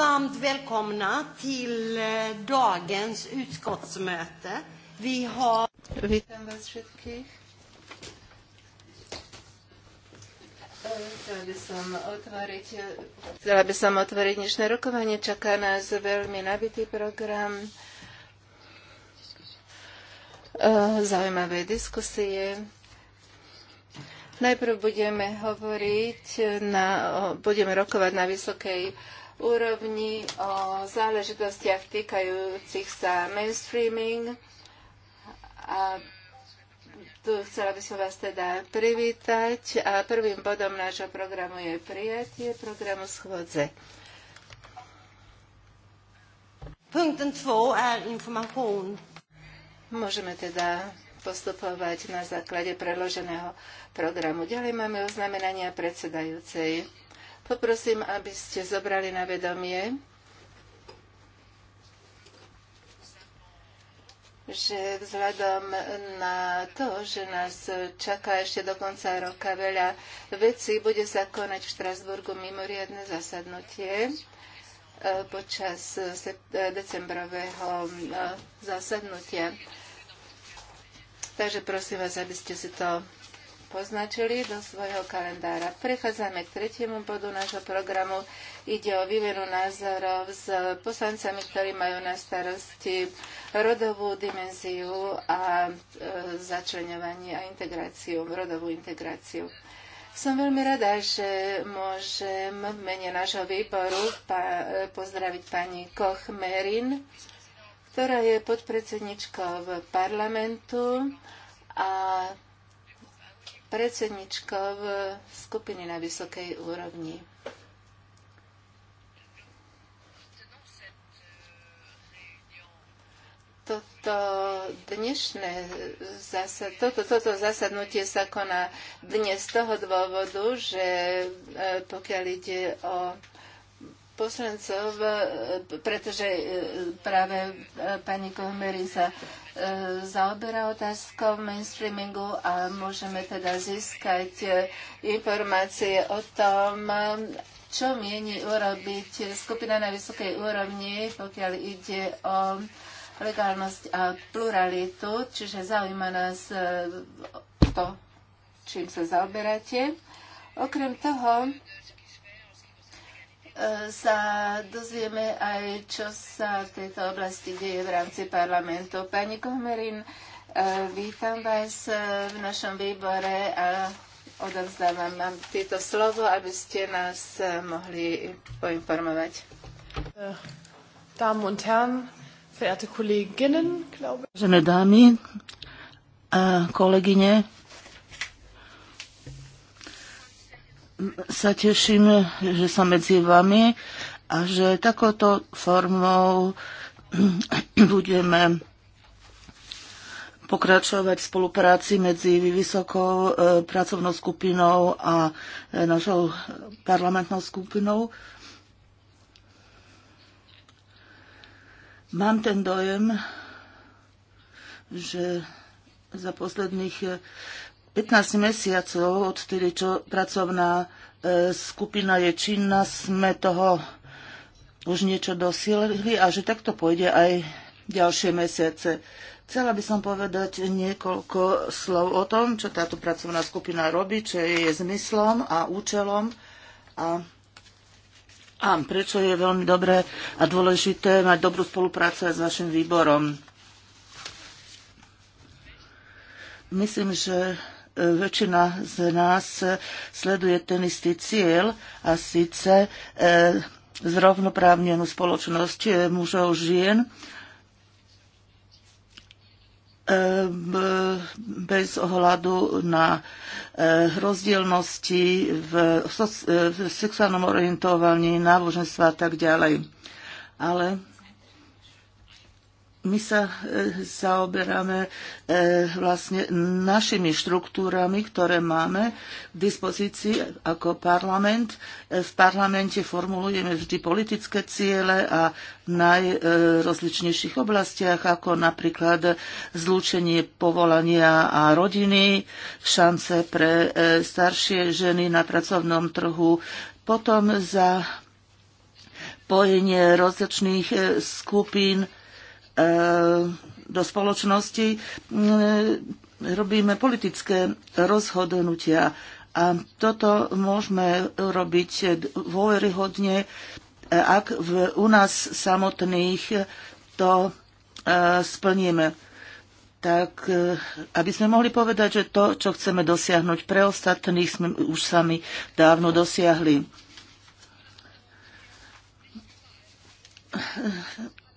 varmt välkomna till eh, dagens utskottsmöte. Vi har... Chcela by, som otvoriť, dnešné rokovanie. Čaká nás veľmi nabitý program, e, zaujímavé diskusie. Najprv budeme hovoriť, na, budeme rokovať na vysokej úrovni o záležitostiach týkajúcich sa mainstreaming a tu chcela by som vás teda privítať a prvým bodom nášho programu je prijatie programu schôdze. Er Môžeme teda postupovať na základe preloženého programu. Ďalej máme oznamenania predsedajúcej. Poprosím, aby ste zobrali na vedomie, že vzhľadom na to, že nás čaká ešte do konca roka veľa vecí, bude sa konať v Štrasburgu mimoriadne zasadnutie e, počas e, decembrového e, zasadnutia. Takže prosím vás, aby ste si to poznačili do svojho kalendára. Prechádzame k tretiemu bodu nášho programu. Ide o výmenu názorov s poslancami, ktorí majú na starosti rodovú dimenziu a e, začlenovanie a integráciu, rodovú integráciu. Som veľmi rada, že môžem v mene nášho výboru pa, e, pozdraviť pani Koch Merin, ktorá je podpredsedničkou parlamentu a predsedničkov skupiny na vysokej úrovni. Toto dnešné zasad, toto, toto zasadnutie sa koná dnes z toho dôvodu, že e, pokiaľ ide o poslancov, e, pretože e, práve e, pani Kohmery sa zaoberá otázkou mainstreamingu a môžeme teda získať informácie o tom, čo mieni urobiť skupina na vysokej úrovni, pokiaľ ide o legálnosť a pluralitu, čiže zaujíma nás to, čím sa zaoberáte. Okrem toho, sa dozvieme aj, čo sa v tejto oblasti deje v rámci parlamentu. Pani Kohmerin, e, vítam vás e, v našom výbore a odovzdávam vám tieto slovo, aby ste nás e, mohli poinformovať. Äh, Damen und Herren, verehrte Kolleginnen, glaube ich. Dámy a kolegyne, sa teším, že som medzi vami a že takouto formou budeme pokračovať v spolupráci medzi vysokou e, pracovnou skupinou a e, našou parlamentnou skupinou. Mám ten dojem, že za posledných e, 15 mesiacov, odtedy čo pracovná e, skupina je činná, sme toho už niečo dosielili a že takto pôjde aj ďalšie mesiace. Chcela by som povedať niekoľko slov o tom, čo táto pracovná skupina robí, čo je zmyslom a účelom a, a prečo je veľmi dobré a dôležité mať dobrú spoluprácu s vašim výborom. Myslím, že väčšina z nás sleduje ten istý cieľ a síce e, zrovnoprávnenú spoločnosť e, mužov žien e, bez ohľadu na rozdielnosti v, sexuálnom orientovaní, náboženstva a tak ďalej. Ale my sa e, zaoberáme e, vlastne našimi štruktúrami, ktoré máme k dispozícii ako parlament. E, v parlamente formulujeme vždy politické ciele a v najrozličnejších oblastiach, ako napríklad zlúčenie povolania a rodiny, šance pre staršie ženy na pracovnom trhu, potom za spojenie rozličných skupín E, do spoločnosti, e, robíme politické rozhodnutia a toto môžeme robiť dôveryhodne, e, ak v, u nás samotných to splníme tak aby sme mohli povedať, že to, čo chceme dosiahnuť pre ostatných, sme už sami dávno dosiahli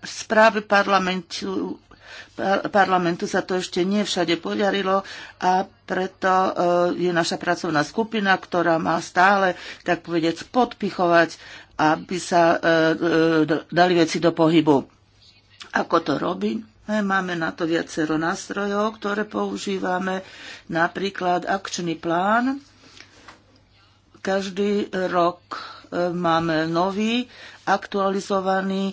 správy parlamentu, parlamentu sa to ešte nie všade podarilo a preto e, je naša pracovná skupina, ktorá má stále, tak povedec, podpichovať, aby sa e, e, dali veci do pohybu. Ako to robím? Máme na to viacero nástrojov, ktoré používame, napríklad akčný plán. Každý rok máme nový, aktualizovaný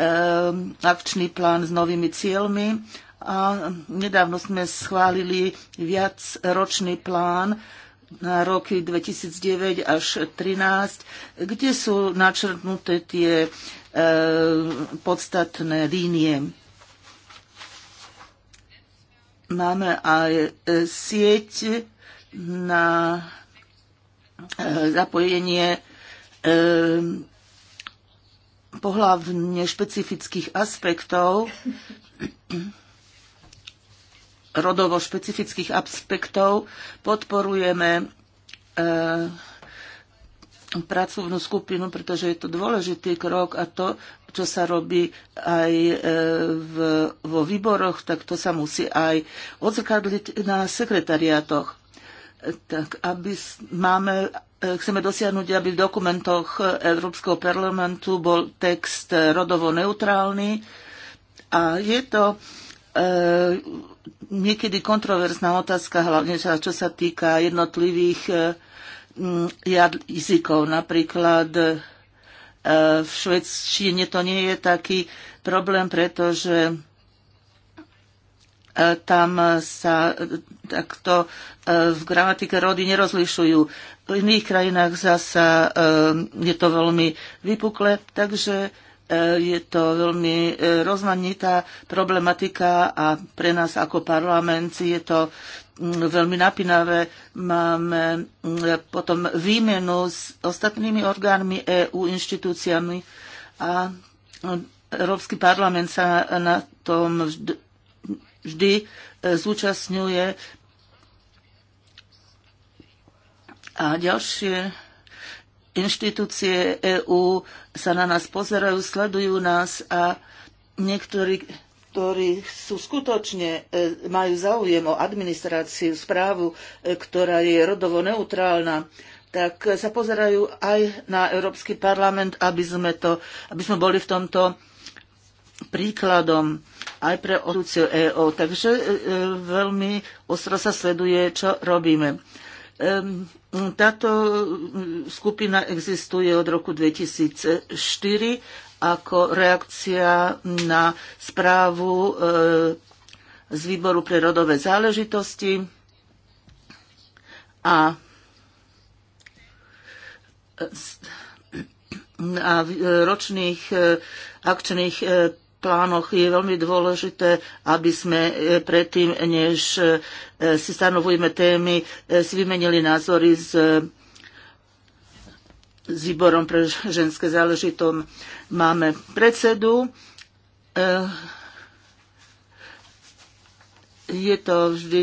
Um, akčný plán s novými cieľmi a nedávno sme schválili viacročný plán na roky 2009 až 2013, kde sú načrtnuté tie e, podstatné línie. Máme aj e, sieť na e, zapojenie e, pohľavne špecifických aspektov, rodovo špecifických aspektov, podporujeme e, pracovnú skupinu, pretože je to dôležitý krok a to, čo sa robí aj e, v, vo výboroch, tak to sa musí aj odzrkadliť na sekretariátoch. E, tak aby máme E, chceme dosiahnuť, aby v dokumentoch Európskeho parlamentu bol text rodovo neutrálny a je to e, niekedy kontroverzná otázka, hlavne čo sa týka jednotlivých e, jazykov. Napríklad e, v švedčine to nie je taký problém, pretože tam sa takto e, v gramatike rody nerozlišujú. V iných krajinách zasa e, je to veľmi vypukle, takže e, je to veľmi rozmanitá problematika a pre nás ako parlament je to mm, veľmi napínavé. Máme mm, potom výmenu s ostatnými orgánmi EU, inštitúciami a mm, Európsky parlament sa na tom vždy e, zúčastňuje. A ďalšie inštitúcie EÚ sa na nás pozerajú, sledujú nás a niektorí ktorí sú skutočne, e, majú záujem o administráciu, správu, e, ktorá je rodovo neutrálna, tak sa pozerajú aj na Európsky parlament, aby sme, to, aby sme boli v tomto príkladom aj pre odúciu EÚ. Takže e, e, veľmi ostro sa sleduje, čo robíme. Táto skupina existuje od roku 2004 ako reakcia na správu e, z výboru pre rodové záležitosti a, a ročných akčných plánoch je veľmi dôležité, aby sme e, predtým, než e, si stanovujeme témy, e, si vymenili názory s, s výborom pre ženské záležitom. Máme predsedu. Je to vždy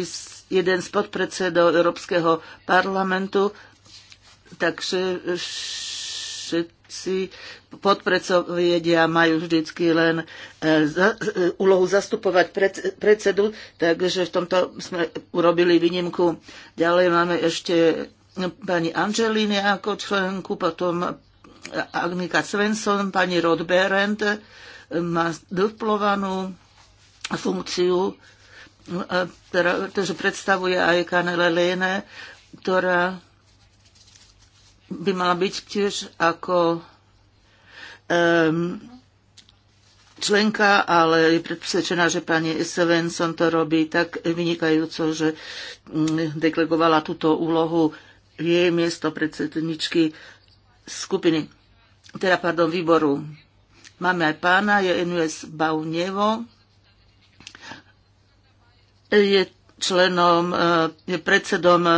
jeden z podpredsedov Európskeho parlamentu, takže všetci podpredsovedia majú vždycky len e, e, úlohu zastupovať predsedu, takže v tomto sme urobili výnimku. Ďalej máme ešte pani Angelina, ako členku, potom Agnika Svensson, pani Rod Berend má duplovanú funkciu, e, teda, predstavuje aj Kanele Lene, ktorá by mala byť tiež ako um, členka, ale je presvedčená, že pani Svensson to robí tak vynikajúco, že mm, deklegovala túto úlohu jej miesto predsedničky skupiny, teda pardon, výboru. Máme aj pána, je NUS Baunevo, je členom, eh, je predsedom eh,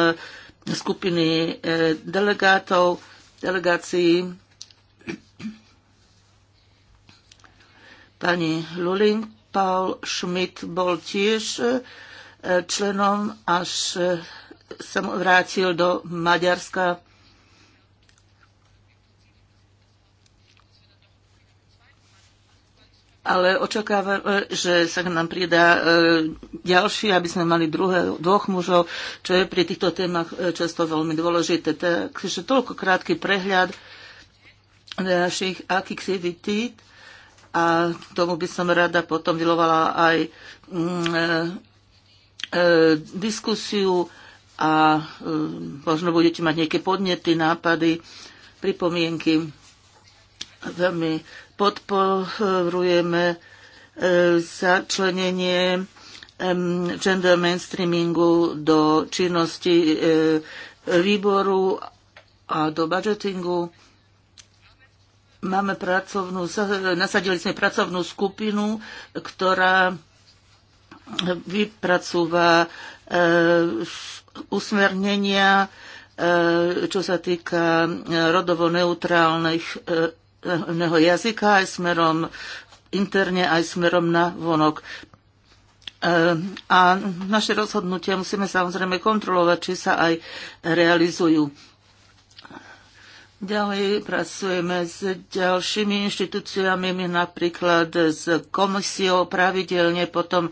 skupiny e, delegátov, delegácií. Pani Luling, Paul Schmidt bol tiež e, členom, až e, sa vrátil do Maďarska ale očakávam, e, že sa k nám pridá e, ďalší, aby sme mali druhé, dvoch mužov, čo je pri týchto témach e, často veľmi dôležité. Takže toľko krátky prehľad našich akixivitít a tomu by som rada potom vylovala aj mm, diskusiu a možno budete mať nejaké podnety, nápady, pripomienky. Veľmi podporujeme e, začlenenie gender mainstreamingu do činnosti e, výboru a do budgetingu. Máme pracovnú, nasadili sme pracovnú skupinu, ktorá vypracúva e, usmernenia, čo sa týka rodovo neutrálnych jazyka aj smerom interne, aj smerom na vonok. E, a naše rozhodnutia musíme samozrejme kontrolovať, či sa aj realizujú. Ďalej pracujeme s ďalšími inštitúciami, napríklad s komisiou pravidelne, potom e,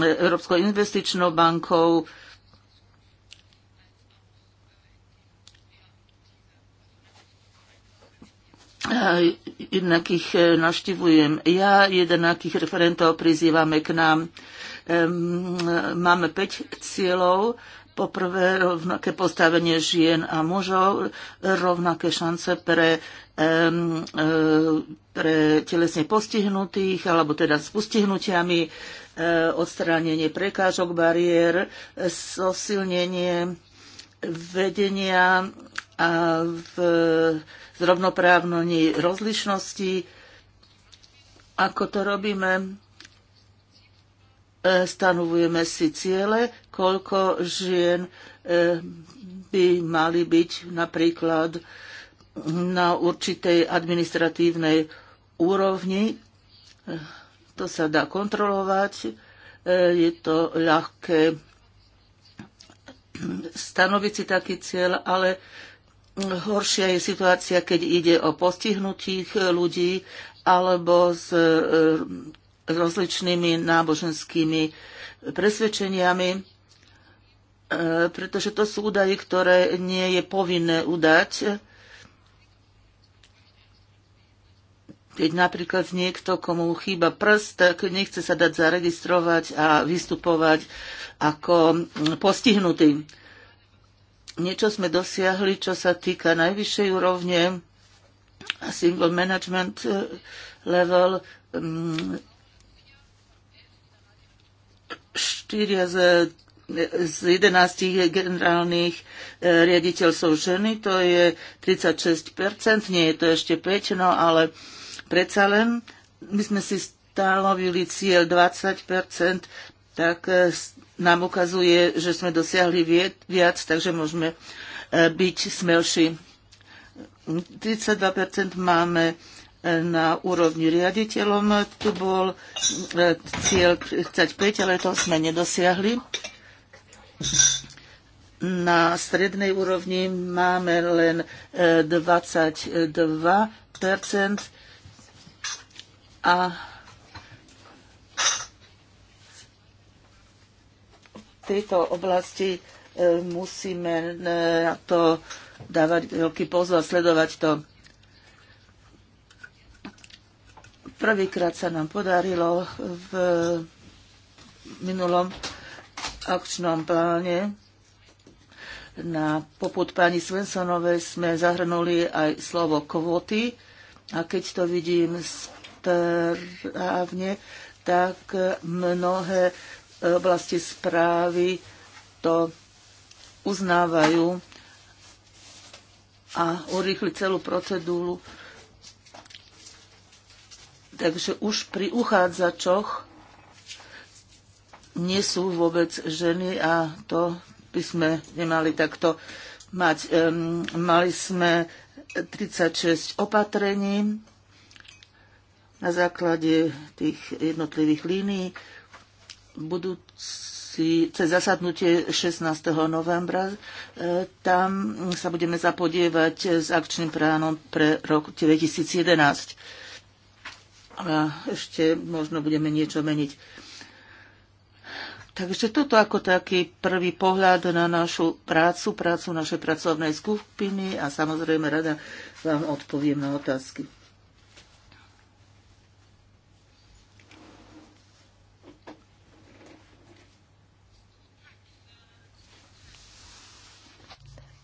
Európskou investičnou bankou, jednak ich e, navštivujem ja, jednak ich referentov prizývame k nám. Máme 5 cieľov. Poprvé rovnaké postavenie žien a mužov, rovnaké šance pre, e, pre telesne postihnutých alebo teda s postihnutiami, e, odstránenie prekážok, bariér, zosilnenie vedenia a v zrovnoprávnení rozlišnosti, ako to robíme, e, stanovujeme si ciele, koľko žien e, by mali byť napríklad na určitej administratívnej úrovni. E, to sa dá kontrolovať, je to ľahké stanoviť si taký cieľ, ale Horšia je situácia, keď ide o postihnutých ľudí alebo s e, rozličnými náboženskými presvedčeniami, e, pretože to sú údaje, ktoré nie je povinné udať. Keď napríklad niekto, komu chýba prst, tak nechce sa dať zaregistrovať a vystupovať ako postihnutý. Niečo sme dosiahli, čo sa týka najvyššej úrovne a single management e, level. Mm, Štyria z z 11 generálnych e, riaditeľ sú ženy, to je 36%, nie je to ešte 5, no ale predsa len my sme si stanovili cieľ 20% tak e, nám ukazuje, že sme dosiahli viac, takže môžeme e, byť smelší. 32% máme e, na úrovni riaditeľom. Tu bol cieľ 35, ale to sme nedosiahli. Na strednej úrovni máme len 22 a tejto oblasti e, musíme na to dávať veľký pozor, sledovať to. Prvýkrát sa nám podarilo v minulom akčnom pláne na poput pani Svensonovej sme zahrnuli aj slovo kvóty a keď to vidím správne, tak mnohé oblasti správy to uznávajú a urýchli celú procedúru. Takže už pri uchádzačoch nie sú vôbec ženy a to by sme nemali takto mať. Mali sme 36 opatrení na základe tých jednotlivých línií budúci, cez zasadnutie 16. novembra. E, tam sa budeme zapodievať s akčným plánom pre rok 2011. A ešte možno budeme niečo meniť. Takže toto ako taký prvý pohľad na našu prácu, prácu našej pracovnej skupiny a samozrejme rada vám odpoviem na otázky.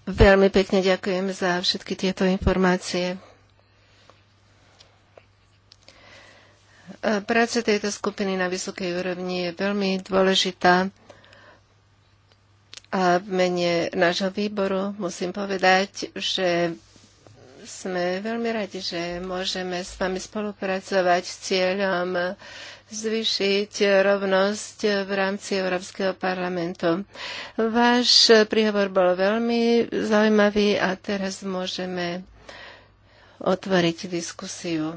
Veľmi pekne ďakujem za všetky tieto informácie. Práca tejto skupiny na vysokej úrovni je veľmi dôležitá a v mene nášho výboru musím povedať, že sme veľmi radi, že môžeme s vami spolupracovať s cieľom zvýšiť rovnosť v rámci Európskeho parlamentu. Váš príhovor bol veľmi zaujímavý a teraz môžeme otvoriť diskusiu.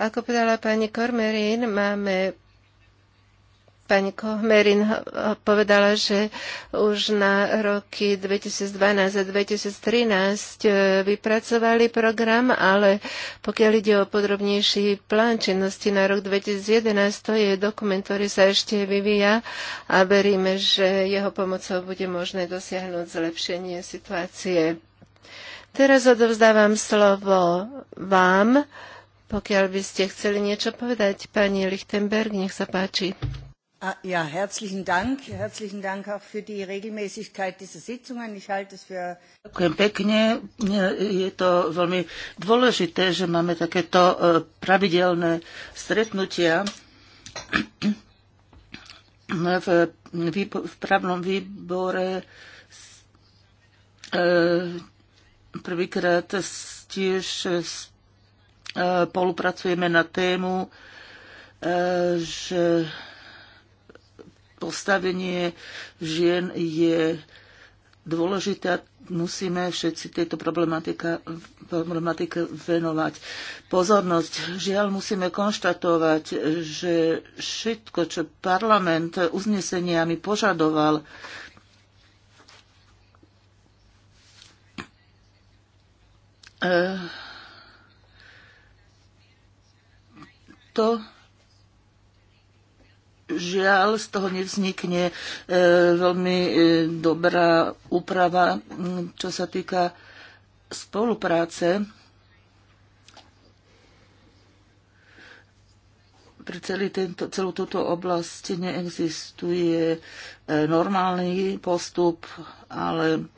Ako povedala pani Kormerín, máme pani Kohmerin povedala, že už na roky 2012 a 2013 e, vypracovali program, ale pokiaľ ide o podrobnejší plán činnosti na rok 2011, to je dokument, ktorý sa ešte vyvíja a veríme, že jeho pomocou bude možné dosiahnuť zlepšenie situácie. Teraz odovzdávam slovo vám, pokiaľ by ste chceli niečo povedať, pani Lichtenberg, nech sa páči. Ah, ja, herzlichen Dank. Herzlichen Dank auch für die Regelmäßigkeit dieser Sitzungen. Ich halte es für... Ďakujem pekne. Je to veľmi dôležité, že máme takéto e, pravidelné stretnutia v, v právnom výbore e, prvýkrát tiež e, spolupracujeme na tému, že postavenie žien je dôležité a musíme všetci tejto problematike venovať pozornosť. Žiaľ, musíme konštatovať, že všetko, čo parlament uzneseniami požadoval, eh, to žiaľ z toho nevznikne e, veľmi e, dobrá úprava, čo sa týka spolupráce pre celý tento, celú túto oblasť neexistuje e, normálny postup, ale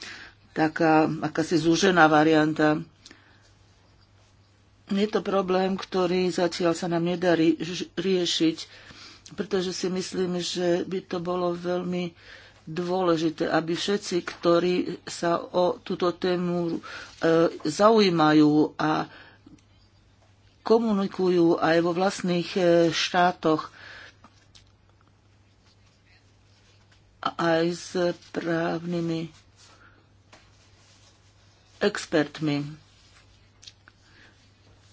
taká akási zúžená varianta. Je to problém, ktorý zatiaľ sa nám nedarí riešiť pretože si myslím, že by to bolo veľmi dôležité, aby všetci, ktorí sa o túto tému e, zaujímajú a komunikujú aj vo vlastných e, štátoch, aj s právnymi expertmi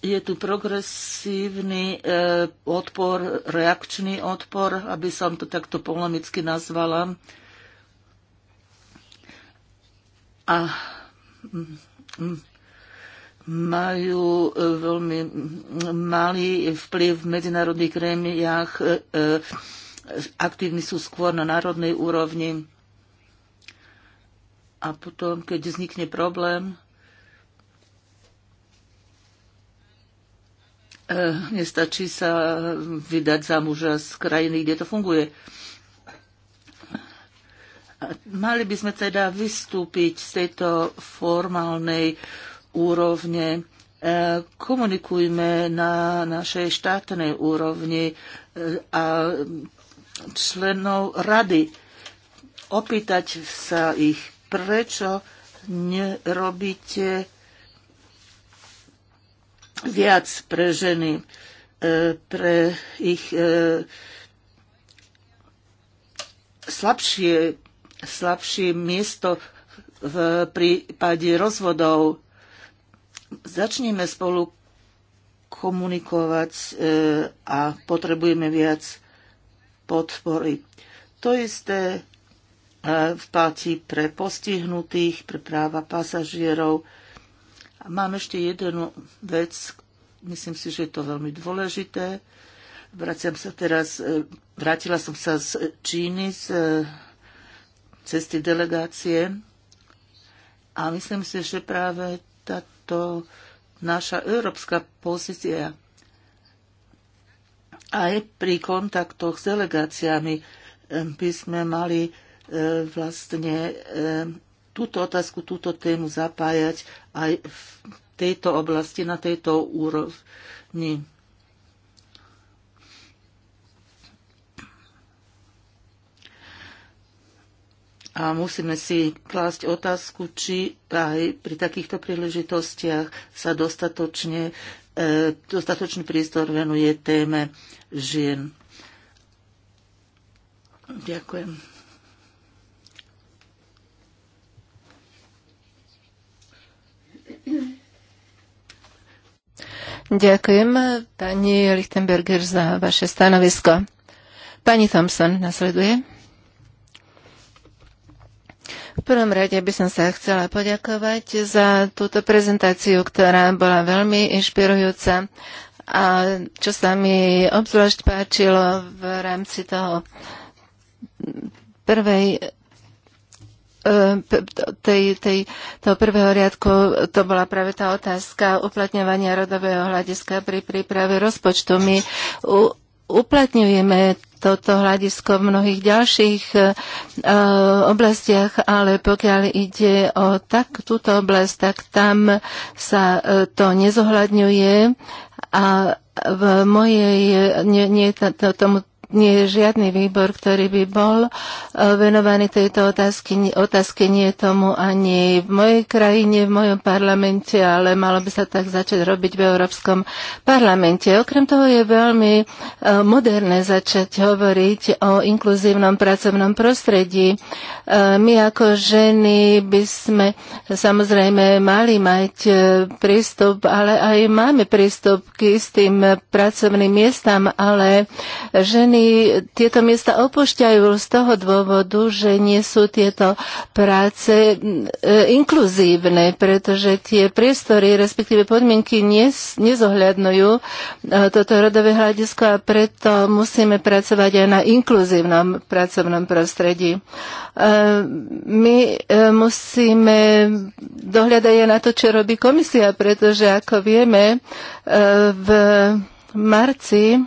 je tu progresívny e, odpor, reakčný odpor, aby som to takto polemicky nazvala. A majú e, veľmi malý vplyv v medzinárodných krémiách, e, aktívni sú skôr na národnej úrovni. A potom, keď vznikne problém, E, nestačí sa vydať za muža z krajiny, kde to funguje. Mali by sme teda vystúpiť z tejto formálnej úrovne. E, komunikujme na našej štátnej úrovni e, a členov rady. Opýtať sa ich, prečo nerobíte viac pre ženy, e, pre ich e, slabšie, slabšie miesto v prípade rozvodov. Začneme spolu komunikovať e, a potrebujeme viac podpory. To isté v páti pre postihnutých, pre práva pasažierov, a Mám ešte jednu vec, myslím si, že je to veľmi dôležité. Vraciam sa teraz, e, vrátila som sa z Číny, z e, cesty delegácie a myslím si, že práve táto naša európska pozícia aj pri kontaktoch s delegáciami e, by sme mali vlastne túto otázku, túto tému zapájať aj v tejto oblasti, na tejto úrovni. A musíme si klásť otázku, či aj pri takýchto príležitostiach sa dostatočne, e, dostatočný prístor venuje téme žien. Ďakujem. Ďakujem pani Lichtenberger za vaše stanovisko. Pani Thompson nasleduje. V prvom rade by som sa chcela poďakovať za túto prezentáciu, ktorá bola veľmi inšpirujúca a čo sa mi obzvlášť páčilo v rámci toho prvej tej, tej, toho prvého riadku to bola práve tá otázka uplatňovania rodového hľadiska pri príprave rozpočtu. My u, uplatňujeme toto hľadisko v mnohých ďalších uh, oblastiach, ale pokiaľ ide o tak, túto oblasť, tak tam sa uh, to nezohľadňuje a v mojej, nie, nie, tomu, nie je žiadny výbor, ktorý by bol e, venovaný tejto otázky. Otázke nie tomu ani v mojej krajine, v mojom parlamente, ale malo by sa tak začať robiť v Európskom parlamente. Okrem toho je veľmi e, moderné začať hovoriť o inkluzívnom pracovnom prostredí. E, my ako ženy by sme samozrejme mali mať prístup, ale aj máme prístup k istým pracovným miestam, ale ženy oni tieto miesta opúšťajú z toho dôvodu, že nie sú tieto práce e, inkluzívne, pretože tie priestory, respektíve podmienky nezohľadnujú nezohľadňujú toto rodové hľadisko a preto musíme pracovať aj na inkluzívnom pracovnom prostredí. E, my e, musíme dohľadať aj na to, čo robí komisia, pretože ako vieme, v marci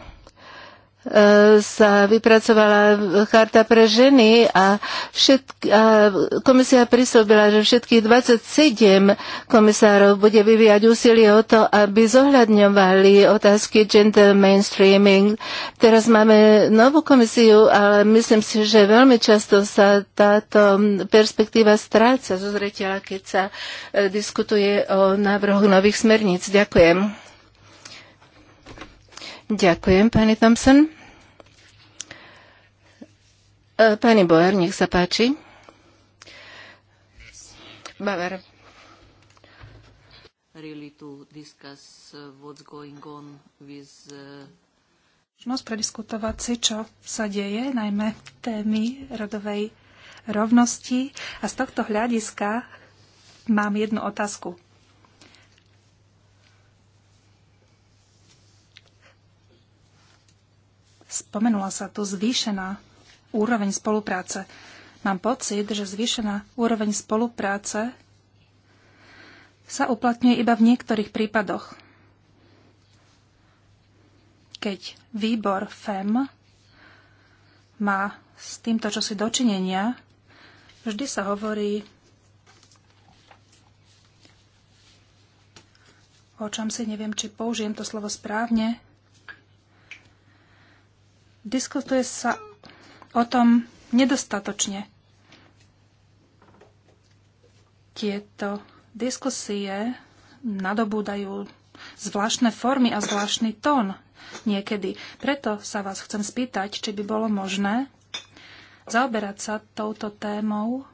E, sa vypracovala charta pre ženy a, všetk- a komisia prislúbila, že všetkých 27 komisárov bude vyvíjať úsilie o to, aby zohľadňovali otázky gender mainstreaming. Teraz máme novú komisiu, ale myslím si, že veľmi často sa táto perspektíva stráca zo zreteľa, keď sa e, diskutuje o návrhu nových smerníc. Ďakujem. Ďakujem, pani Thompson. E, pani Boer, nech sa páči. Bavar. Really to discuss uh, what's going on with uh, možnosť prediskutovať si, čo sa deje, najmä témy rodovej rovnosti. A z tohto hľadiska mám jednu otázku. Spomenula sa tu zvýšená úroveň spolupráce. Mám pocit, že zvýšená úroveň spolupráce sa uplatňuje iba v niektorých prípadoch. Keď výbor FEM má s týmto čosi dočinenia, vždy sa hovorí o čom si neviem, či použijem to slovo správne, Diskutuje sa o tom nedostatočne. Tieto diskusie nadobúdajú zvláštne formy a zvláštny tón niekedy. Preto sa vás chcem spýtať, či by bolo možné zaoberať sa touto témou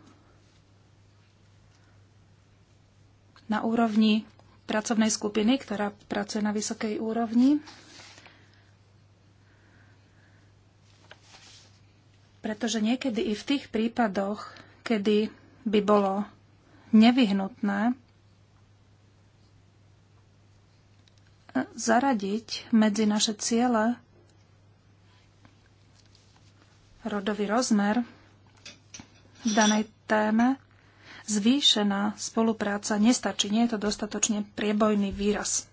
na úrovni pracovnej skupiny, ktorá pracuje na vysokej úrovni Pretože niekedy i v tých prípadoch, kedy by bolo nevyhnutné e, zaradiť medzi naše ciele rodový rozmer v danej téme, zvýšená spolupráca nestačí. Nie je to dostatočne priebojný výraz.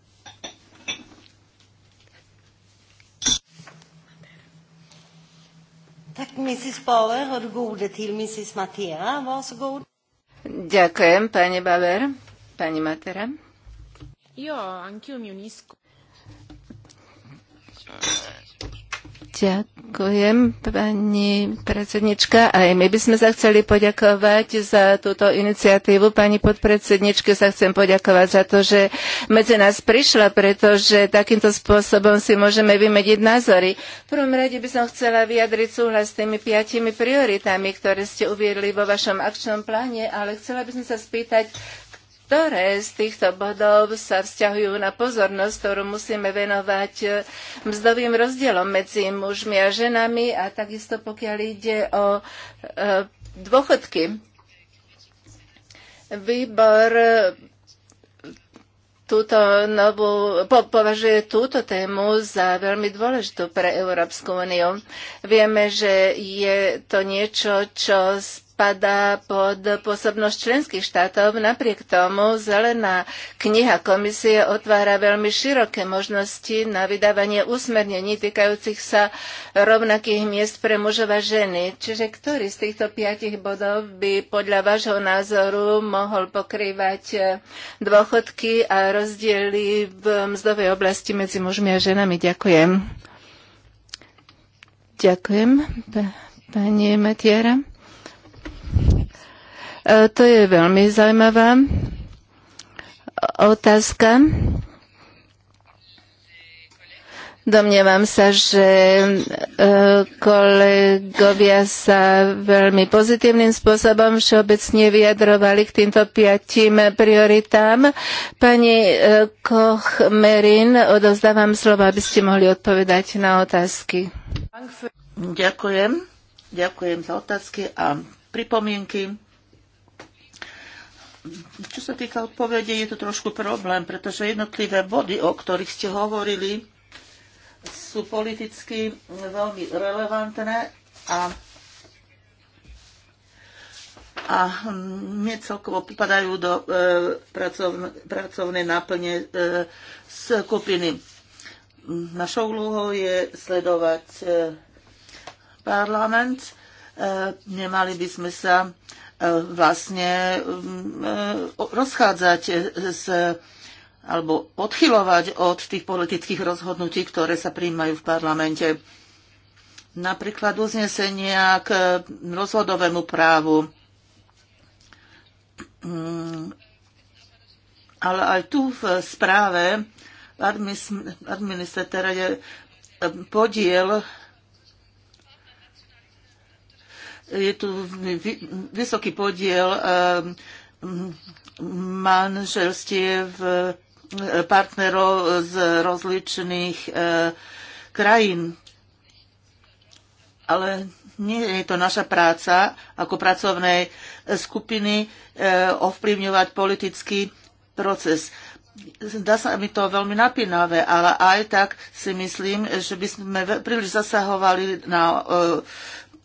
Tak Mrs. Bauer, odgúde til Mrs. Matera, varsågod. Ďakujem, pani Bauer. Pani Matera. Jo, anch'io mi unisco. Eh, Ďakujem, pani predsednička. Aj my by sme sa chceli poďakovať za túto iniciatívu. Pani podpredsedničke sa chcem poďakovať za to, že medzi nás prišla, pretože takýmto spôsobom si môžeme vymediť názory. V prvom rade by som chcela vyjadriť súhlas s tými piatimi prioritami, ktoré ste uviedli vo vašom akčnom pláne, ale chcela by som sa spýtať, ktoré z týchto bodov sa vzťahujú na pozornosť, ktorú musíme venovať eh, mzdovým rozdielom medzi mužmi a ženami a takisto pokiaľ ide o eh, dôchodky. Výbor eh, túto novú, po, považuje túto tému za veľmi dôležitú pre Európsku úniu. Vieme, že je to niečo, čo spadá pod pôsobnosť členských štátov. Napriek tomu zelená kniha komisie otvára veľmi široké možnosti na vydávanie usmernení týkajúcich sa rovnakých miest pre mužov a ženy. Čiže ktorý z týchto piatich bodov by podľa vášho názoru mohol pokrývať eh, dôchodky a rozdiely v mzdovej oblasti medzi mužmi a ženami? Ďakujem. Ďakujem, pani Matiara. E, to je veľmi zaujímavá otázka. Domnievam sa, že e, kolegovia sa veľmi pozitívnym spôsobom všeobecne vyjadrovali k týmto piatim prioritám. Pani e, Koch-Merin, odovzdávam slovo, aby ste mohli odpovedať na otázky. Ďakujem. Ďakujem za otázky a pripomienky. Čo sa týka odpovede, je to trošku problém, pretože jednotlivé body, o ktorých ste hovorili, sú politicky veľmi relevantné a, a mne celkovo popadajú do e, pracovne, pracovnej náplne e, skupiny. Našou úlohou je sledovať e, parlament. E, nemali by sme sa e, vlastne mm, e, rozchádzať s alebo odchylovať od tých politických rozhodnutí, ktoré sa príjmajú v parlamente. Napríklad uznesenia k mm, rozhodovému právu. Mm, ale aj tu v správe administratéra je e, podiel je tu vysoký podiel eh, manželstiev eh, partnerov z rozličných eh, krajín. Ale nie je to naša práca ako pracovnej skupiny ovplyvňovať politický proces. Zdá sa mi to veľmi napínavé, ale aj tak si myslím, že by sme príliš zasahovali na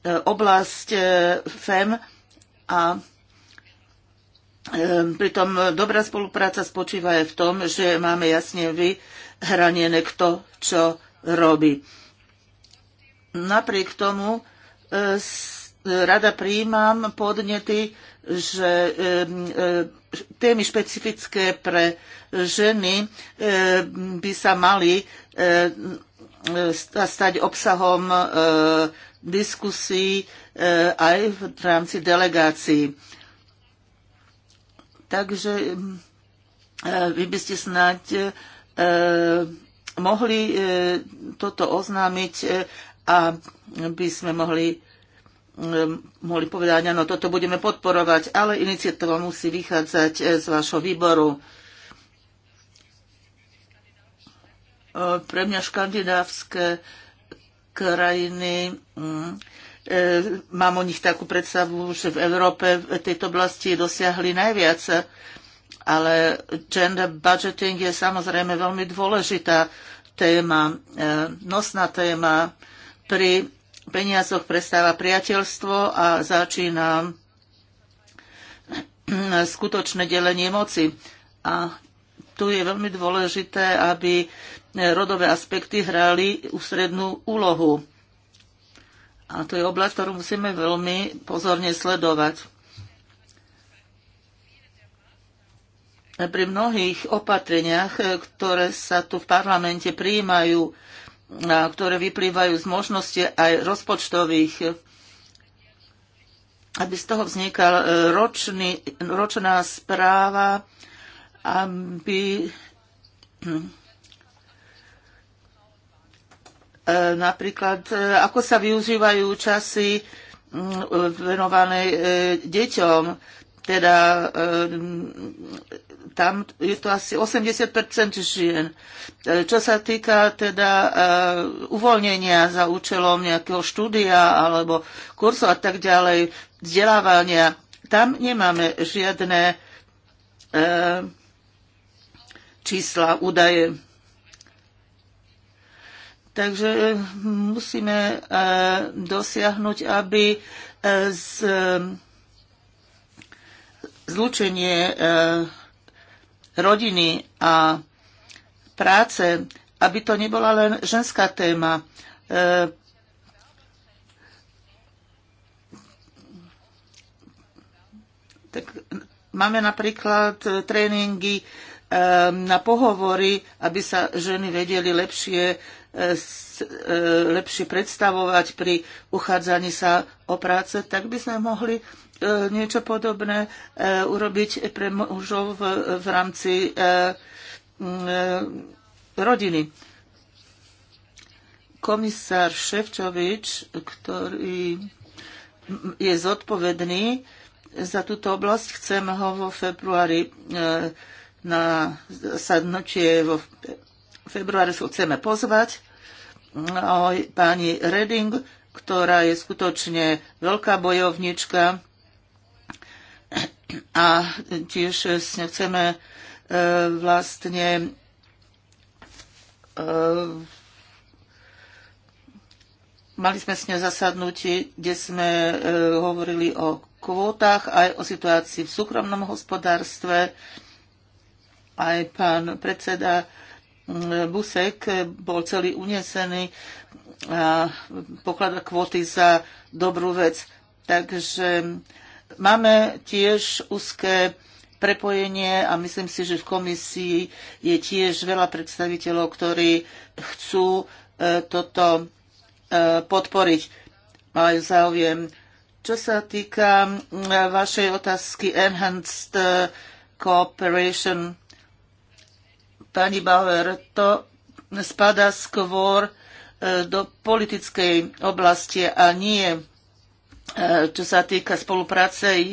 oblasť e, FEM a e, pritom dobrá spolupráca spočíva aj v tom, že máme jasne vyhranené, kto čo robí. Napriek tomu e, rada príjmam podnety, že témy špecifické pre ženy by sa mali stať obsahom diskusí eh, aj v rámci delegácií. Takže mm, eh, vy by ste snáď eh, mohli toto oznámiť a by sme mohli mohli povedať, áno, toto budeme podporovať, ale iniciatíva musí vychádzať z vášho výboru. Pre mňa škandinávské krajiny. Mm, e, mám o nich takú predstavu, že v Európe v tejto oblasti dosiahli najviac, ale gender budgeting je samozrejme veľmi dôležitá téma, e, nosná téma. Pri peniazoch prestáva priateľstvo a začína e, skutočné delenie moci. A tu je veľmi dôležité, aby E, rodové aspekty hrali ústrednú úlohu. A to je oblasť, ktorú musíme veľmi pozorne sledovať. Pri mnohých opatreniach, e, ktoré sa tu v parlamente prijímajú, a ktoré vyplývajú z možnosti aj rozpočtových, e, aby z toho vznikal ročný, ročná správa, aby hm, E, napríklad, e, ako sa využívajú časy venované e, deťom, teda tam je to asi 80 žien. Čo sa týka teda uvoľnenia za účelom nejakého štúdia alebo kursu a tak ďalej, vzdelávania, tam nemáme žiadne čísla, údaje. Takže e, musíme e, dosiahnuť, aby e, z, zlučenie rodiny a práce, aby to nebola len ženská téma. Tak máme napríklad tréningy na pohovory, aby sa ženy vedeli lepšie E, lepšie predstavovať pri uchádzaní sa o práce, tak by sme mohli e, niečo podobné e, urobiť pre mužov v rámci rodiny. Komisár Ševčovič, ktorý je zodpovedný za túto oblasť, chcem ho vo februári na sadnutie vo februári sa chceme pozvať pani Reding, ktorá je skutočne veľká bojovnička a tiež chceme e, vlastne e, mali sme s ňou zasadnutie, kde sme e, hovorili o kvótach, aj o situácii v súkromnom hospodárstve. Aj pán predseda Busek bol celý unesený a poklada kvóty za dobrú vec. Takže máme tiež úzké prepojenie a myslím si, že v komisii je tiež veľa predstaviteľov, ktorí chcú e, toto e, podporiť. Majú záujem. Čo sa týka vašej otázky Enhanced Cooperation Pani Bauer, to spada skôr e, do politickej oblasti a nie e, čo sa týka spolupráce e,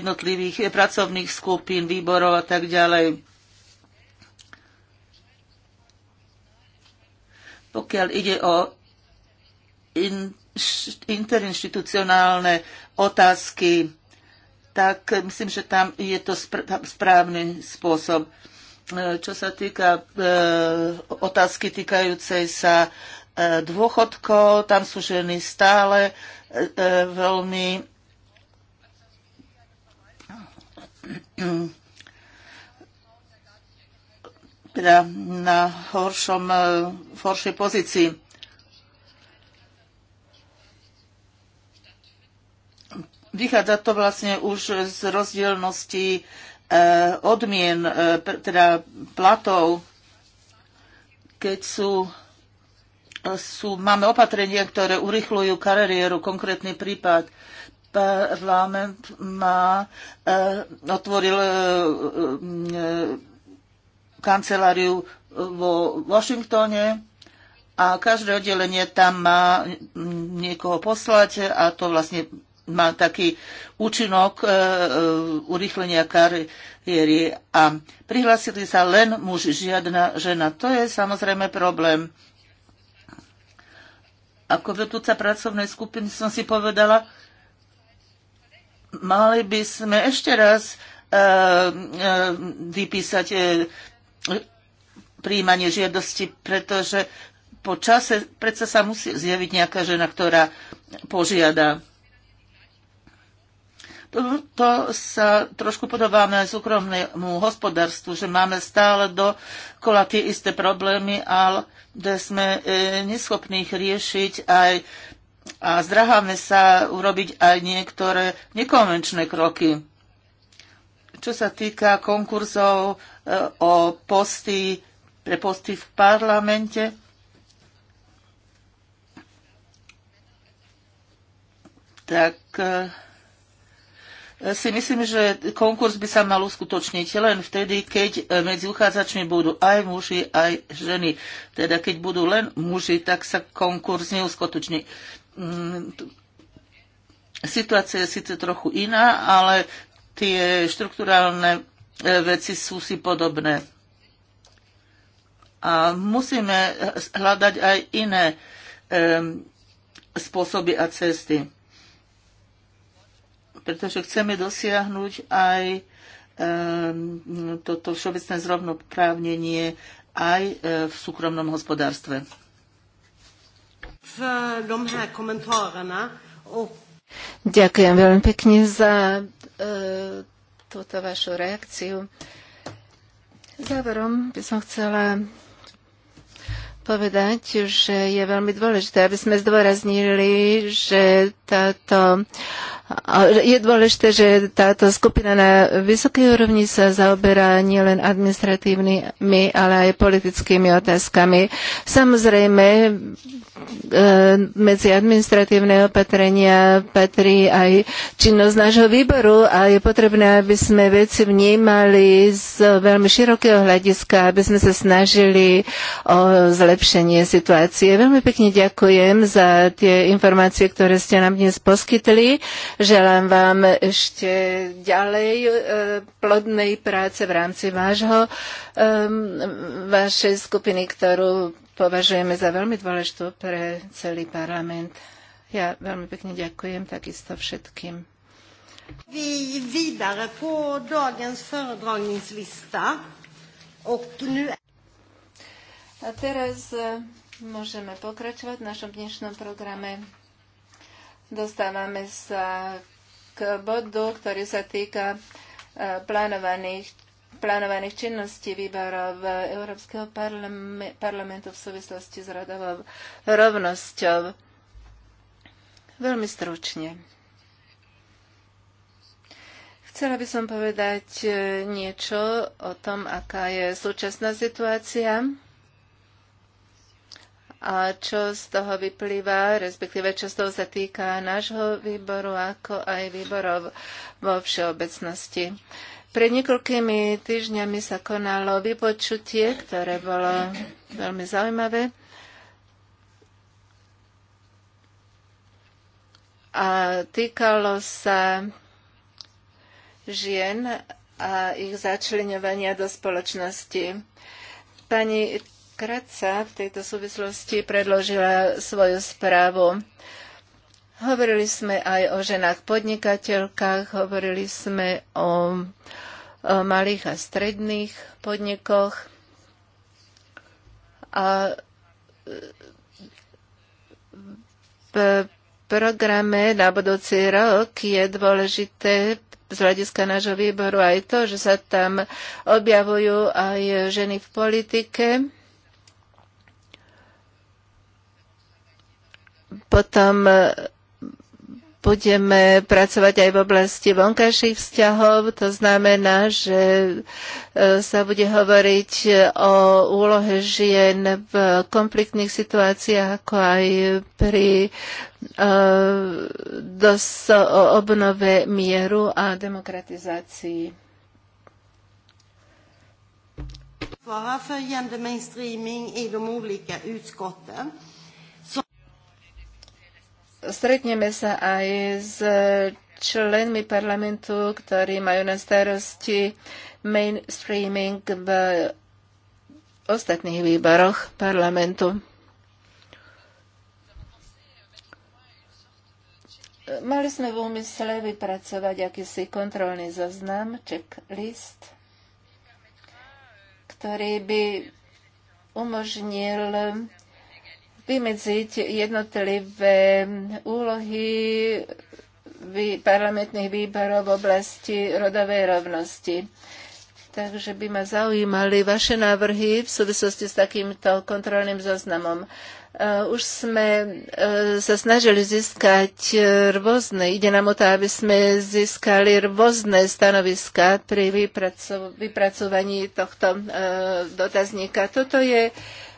jednotlivých pracovných skupín, výborov a tak ďalej. Pokiaľ ide o in, interinstitucionálne otázky, tak myslím, že tam je to správny spôsob. E, čo sa týka e, otázky týkajúcej sa e, dôchodkov, tam sú ženy stále veľmi teda na horšom, v horšej pozícii. Vychádza to vlastne už z rozdielnosti Eh, odmien, eh, teda platov, keď sú, eh, sú, máme opatrenia, ktoré urychľujú kariéru, konkrétny prípad. Parlament má, otvoril kanceláriu vo Washingtone a každé oddelenie tam má niekoho poslať a to vlastne mal taký účinok e, e, urýchlenia kariéry a prihlásili sa len muži, žiadna žena. To je samozrejme problém. Ako vedúca pracovnej skupiny som si povedala, mali by sme ešte raz e, e, vypísať e, príjmanie žiadosti, pretože po čase predsa sa musí zjaviť nejaká žena, ktorá požiada to, to sa trošku podobáme súkromnému hospodárstvu, že máme stále dokola tie isté problémy, ale kde sme e, neschopní ich riešiť aj a zdraháme sa urobiť aj niektoré nekonvenčné kroky. Čo sa týka konkurzov e, o posty, pre posty v parlamente, tak e, si myslím, že konkurs by sa mal uskutočniť len vtedy, keď e, medzi uchádzačmi budú aj muži, aj ženy. Teda keď budú len muži, tak sa konkurs neuskutoční. Mm, situácia je síce trochu iná, ale tie štruktúrálne e, veci sú si podobné. A musíme hľadať aj iné e, spôsoby a cesty pretože chceme dosiahnuť aj ehm, toto to všeobecné zrovnoprávnenie aj e, v súkromnom hospodárstve. Ďakujem veľmi pekne za e, túto vašu reakciu. Záverom by som chcela povedať, že je veľmi dôležité, aby sme zdôraznili, že táto je dôležité, že táto skupina na vysokej úrovni sa zaoberá nielen administratívnymi, ale aj politickými otázkami. Samozrejme, e, medzi administratívne opatrenia patrí aj činnosť nášho výboru a je potrebné, aby sme veci vnímali z veľmi širokého hľadiska, aby sme sa snažili o zlepšenie situácie. Veľmi pekne ďakujem za tie informácie, ktoré ste nám dnes poskytli. Želám vám ešte ďalej e, plodnej práce v rámci vášho, e, vašej skupiny, ktorú považujeme za veľmi dôležitú pre celý parlament. Ja veľmi pekne ďakujem takisto všetkým. Vi vidare po dagens föredragningslista. nu... A teraz e, môžeme pokračovať v našom dnešnom programe. Dostávame sa k bodu, ktorý sa týka e, plánovaných plánovaných činností výborov Európskeho parlamentu v súvislosti s radovou rovnosťou. Veľmi stručne. Chcela by som povedať e, niečo o tom, aká je súčasná situácia a čo z toho vyplýva, respektíve čo z toho sa týka nášho výboru, ako aj výborov vo všeobecnosti. Pred niekoľkými týždňami sa konalo vypočutie, ktoré bolo veľmi zaujímavé. A týkalo sa žien a ich začlenovania do spoločnosti. Pani Kratca v tejto súvislosti predložila svoju správu. Hovorili sme aj o ženách podnikateľkách, hovorili sme o, o malých a stredných podnikoch. A v programe na budúci rok je dôležité z hľadiska nášho výboru aj to, že sa tam objavujú aj ženy v politike Potom e, budeme pracovať aj v oblasti vonkajších vzťahov. To znamená, že e, sa bude hovoriť o úlohe žien v konfliktných situáciách, ako aj pri e, dos- obnove mieru a demokratizácii. Svara följande mainstreaming i de olika utskotten. Stretneme sa aj s členmi parlamentu, ktorí majú na starosti mainstreaming v ostatných výboroch parlamentu. Mali sme v úmysle vypracovať akýsi kontrolný zoznam, checklist, ktorý by umožnil vymedziť jednotlivé úlohy parlamentných výborov v oblasti rodovej rovnosti. Takže by ma zaujímali vaše návrhy v súvislosti s takýmto kontrolným zoznamom. E, už sme e, sa snažili získať e, rôzne, ide nám o to, aby sme získali rôzne stanoviska pri vypracovaní tohto dotazníka. Toto je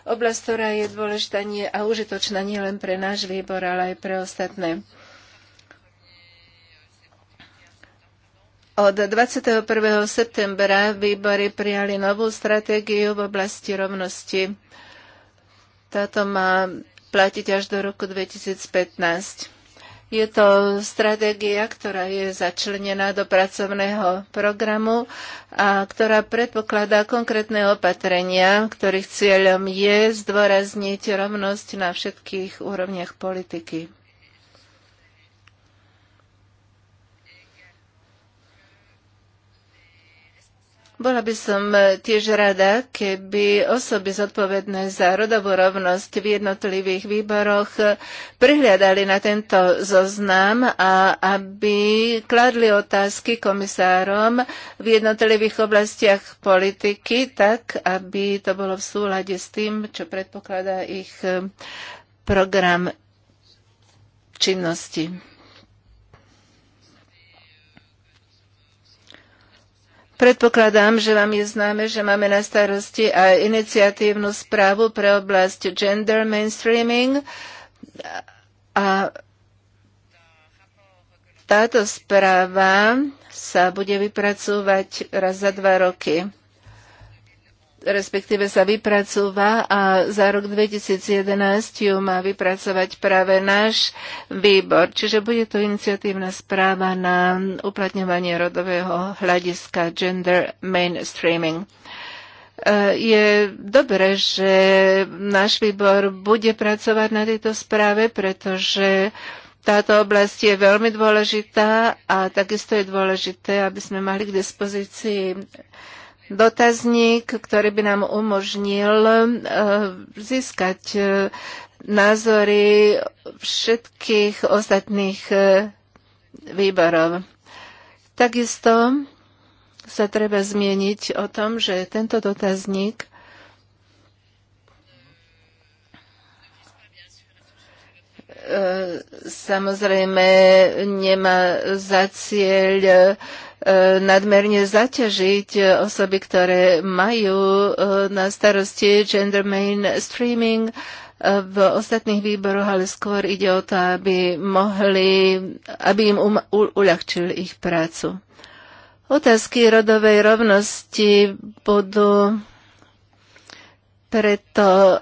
oblasť, ktorá je dôležitá nie, a užitočná nielen pre náš výbor, ale aj pre ostatné. Od 21. septembra výbory prijali novú stratégiu v oblasti rovnosti. Táto má platiť až do roku 2015. Je to stratégia, ktorá je začlenená do pracovného programu a ktorá predpokladá konkrétne opatrenia, ktorých cieľom je zdôrazniť rovnosť na všetkých úrovniach politiky. Bola by som e, tiež rada, keby osoby zodpovedné za rodovú rovnosť v jednotlivých výboroch e, prihľadali na tento zoznam a aby kladli otázky komisárom v jednotlivých oblastiach politiky, tak aby to bolo v súlade s tým, čo predpokladá ich e, program činnosti. Predpokladám, že vám je známe, že máme na starosti aj iniciatívnu správu pre oblasť gender mainstreaming a táto správa sa bude vypracúvať raz za dva roky respektíve sa vypracúva a za rok 2011 ju má vypracovať práve náš výbor. Čiže bude to iniciatívna správa na uplatňovanie rodového hľadiska gender mainstreaming e, je dobré, že náš výbor bude pracovať na tejto správe, pretože táto oblasť je veľmi dôležitá a takisto je dôležité, aby sme mali k dispozícii dotazník, ktorý by nám umožnil e, získať e, názory všetkých ostatných e, výborov. Takisto sa treba zmieniť o tom, že tento dotazník samozrejme nemá za cieľ nadmerne zaťažiť osoby, ktoré majú e, na starosti gender mainstreaming e, v ostatných výboroch, ale skôr ide o to, aby, mohli, aby im um, u, uľahčil ich prácu. Otázky rodovej rovnosti budú preto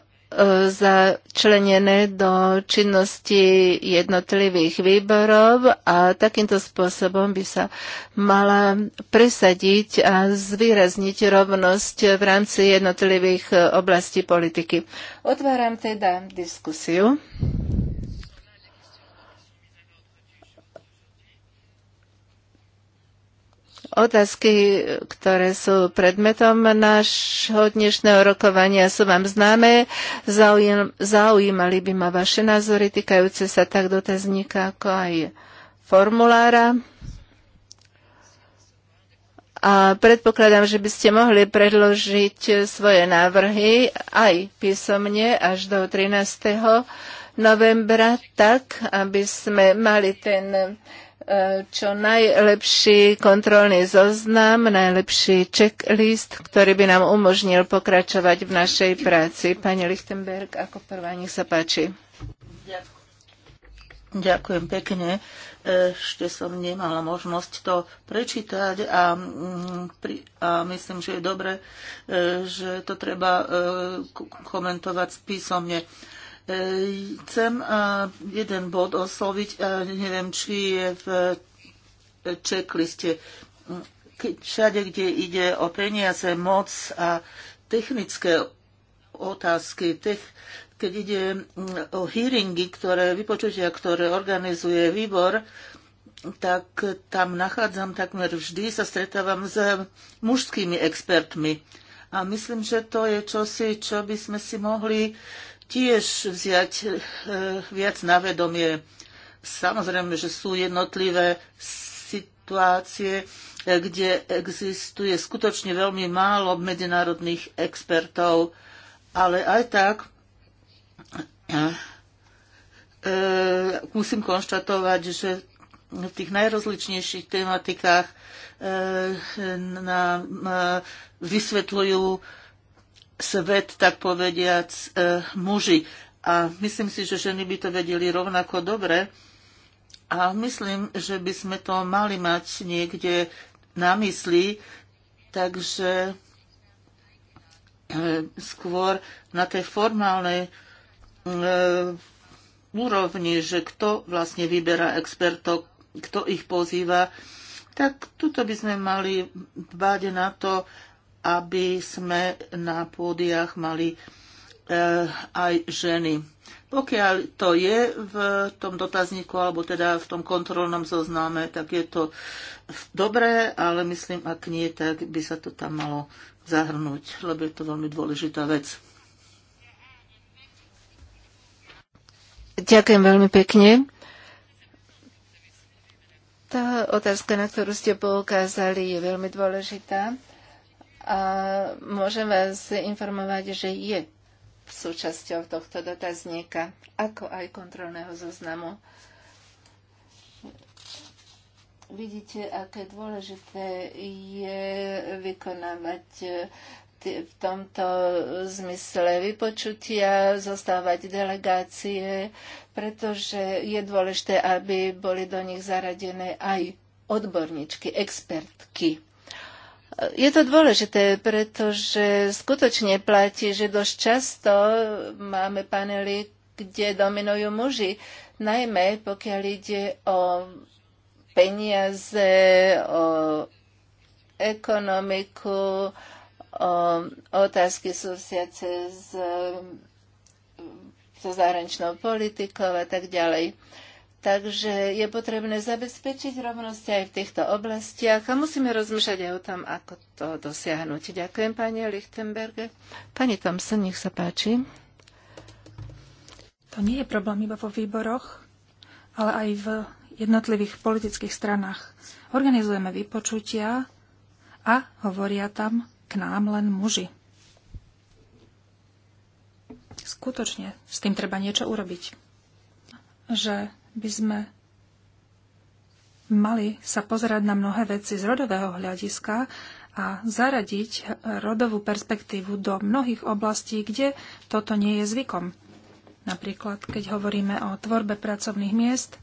začlenené do činnosti jednotlivých výborov a takýmto spôsobom by sa mala presadiť a zvýrazniť rovnosť v rámci jednotlivých oblastí politiky. Otváram teda diskusiu. Otázky, ktoré sú predmetom nášho dnešného rokovania, sú vám známe. Zaujímali by ma vaše názory týkajúce sa tak dotazníka, ako aj formulára. A predpokladám, že by ste mohli predložiť svoje návrhy aj písomne až do 13. novembra, tak aby sme mali ten čo najlepší kontrolný zoznam, najlepší checklist, ktorý by nám umožnil pokračovať v našej práci. Pani Lichtenberg, ako prvá, nech sa páči. Ďakujem pekne. Ešte som nemala možnosť to prečítať a, mm, a myslím, že je dobre, že to treba e, komentovať písomne. E, chcem e, jeden bod osloviť, e, neviem, či je v checkliste. Všade, kde ide o peniaze, moc a technické otázky, tech, keď ide o hearingy, ktoré vypočutia, ktoré organizuje výbor, tak tam nachádzam takmer vždy, sa stretávam s mužskými expertmi. A myslím, že to je čosi, čo by sme si mohli uh, tiež vziať e, viac na vedomie. Samozrejme, že sú jednotlivé situácie, eh, kde existuje skutočne veľmi málo medzinárodných expertov, ale aj tak e, musím konštatovať, že v tých najrozličnejších tematikách e, nám na, vysvetľujú svet, tak povediac, e, muži. A myslím si, že ženy by to vedeli rovnako dobre. A myslím, že by sme to mali mať niekde na mysli, takže e, skôr na tej formálnej e, úrovni, že kto vlastne vyberá expertov, kto ich pozýva, tak tuto by sme mali dbať na to, aby sme na pódiach mali e, aj ženy. Pokiaľ to je v tom dotazníku alebo teda v tom kontrolnom zozname, tak je to dobré, ale myslím, ak nie, tak by sa to tam malo zahrnúť, lebo je to veľmi dôležitá vec. Ďakujem veľmi pekne. Tá otázka, na ktorú ste poukázali, je veľmi dôležitá. A môžem vás informovať, že je súčasťou tohto dotazníka, ako aj kontrolného zoznamu. Vidíte, aké dôležité je vykonávať e, v tomto zmysle vypočutia, zostávať delegácie, pretože je dôležité, aby boli do nich zaradené aj odborníčky, expertky. Je to dôležité, pretože skutočne platí, že dosť často máme panely, kde dominujú muži, najmä pokiaľ ide o peniaze, o ekonomiku, o otázky súsiace s, so zahraničnou politikou a tak ďalej. Takže je potrebné zabezpečiť rovnosť aj v týchto oblastiach a musíme rozmýšľať aj o tom, ako to dosiahnuť. Ďakujem, pani Lichtenberge. Pani Thompson, nech sa páči. To nie je problém iba vo výboroch, ale aj v jednotlivých politických stranách. Organizujeme vypočutia a hovoria tam k nám len muži. Skutočne s tým treba niečo urobiť. Že by sme mali sa pozerať na mnohé veci z rodového hľadiska a zaradiť rodovú perspektívu do mnohých oblastí, kde toto nie je zvykom. Napríklad, keď hovoríme o tvorbe pracovných miest,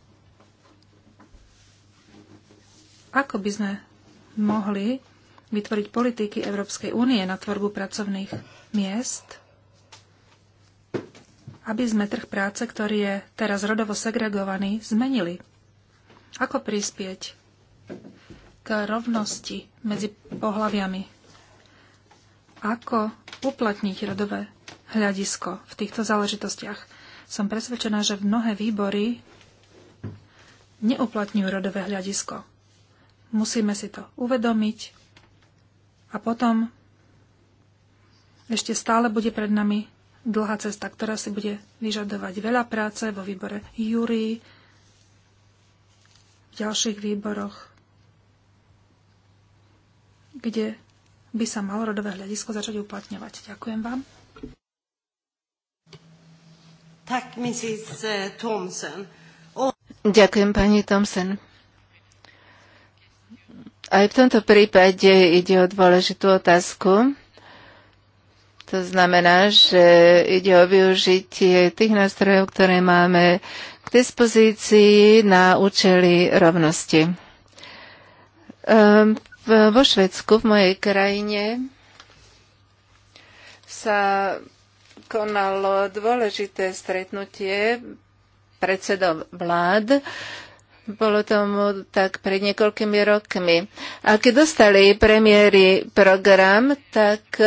ako by sme mohli vytvoriť politiky Európskej únie na tvorbu pracovných miest aby sme trh práce, ktorý je teraz rodovo segregovaný, zmenili. Ako prispieť k rovnosti medzi pohľaviami? Ako uplatniť rodové hľadisko v týchto záležitostiach? Som presvedčená, že mnohé výbory neuplatňujú rodové hľadisko. Musíme si to uvedomiť a potom ešte stále bude pred nami dlhá cesta, ktorá si bude vyžadovať veľa práce vo výbore Júri, v ďalších výboroch, kde by sa malo rodové hľadisko začať uplatňovať. Ďakujem vám. Tak, Mrs. Eh, Thompson. Ďakujem, pani Thompson. Aj v tomto prípade ide o dôležitú otázku. To znamená, že ide o využitie tých nástrojov, ktoré máme k dispozícii na účely rovnosti. Ehm, vo Švedsku, v mojej krajine, sa konalo dôležité stretnutie predsedov vlád bolo tomu tak pred niekoľkými rokmi. A keď dostali premiéry program, tak e,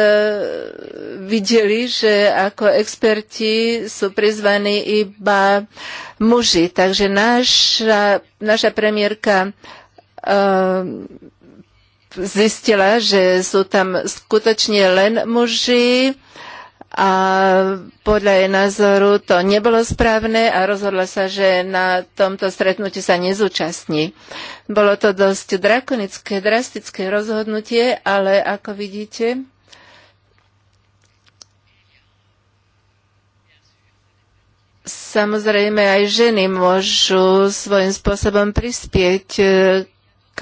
videli, že ako experti sú prizvaní iba muži. Takže naša, naša premiérka e, zistila, že sú tam skutočne len muži a podľa jej názoru to nebolo správne a rozhodla sa, že na tomto stretnutí sa nezúčastní. Bolo to dosť drakonické, drastické rozhodnutie, ale ako vidíte, samozrejme aj ženy môžu svojím spôsobom prispieť e, k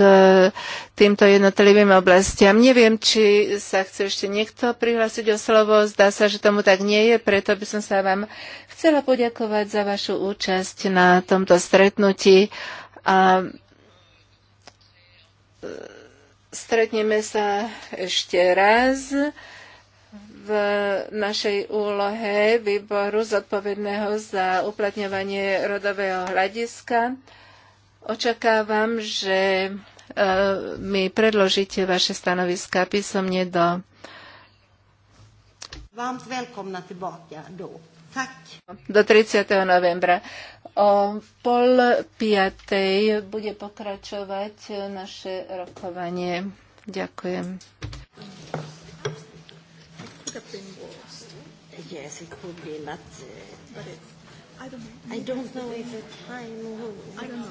týmto jednotlivým oblastiam. Neviem, či sa chce ešte niekto prihlásiť o slovo. Zdá sa, že tomu tak nie je, preto by som sa vám chcela poďakovať za vašu účasť na tomto stretnutí a e, stretneme sa ešte raz v našej úlohe výboru zodpovedného za uplatňovanie rodového hľadiska. Očakávam, že e, mi predložíte vaše stanoviska písomne do. Varmt välkomna tillbaka då. Tack. Do 30. novembra. O pol piatej bude pokračovať naše rokovanie. Ďakujem. Yes, it could be, but, uh, but it, I don't know. I don't know if the time. I don't know.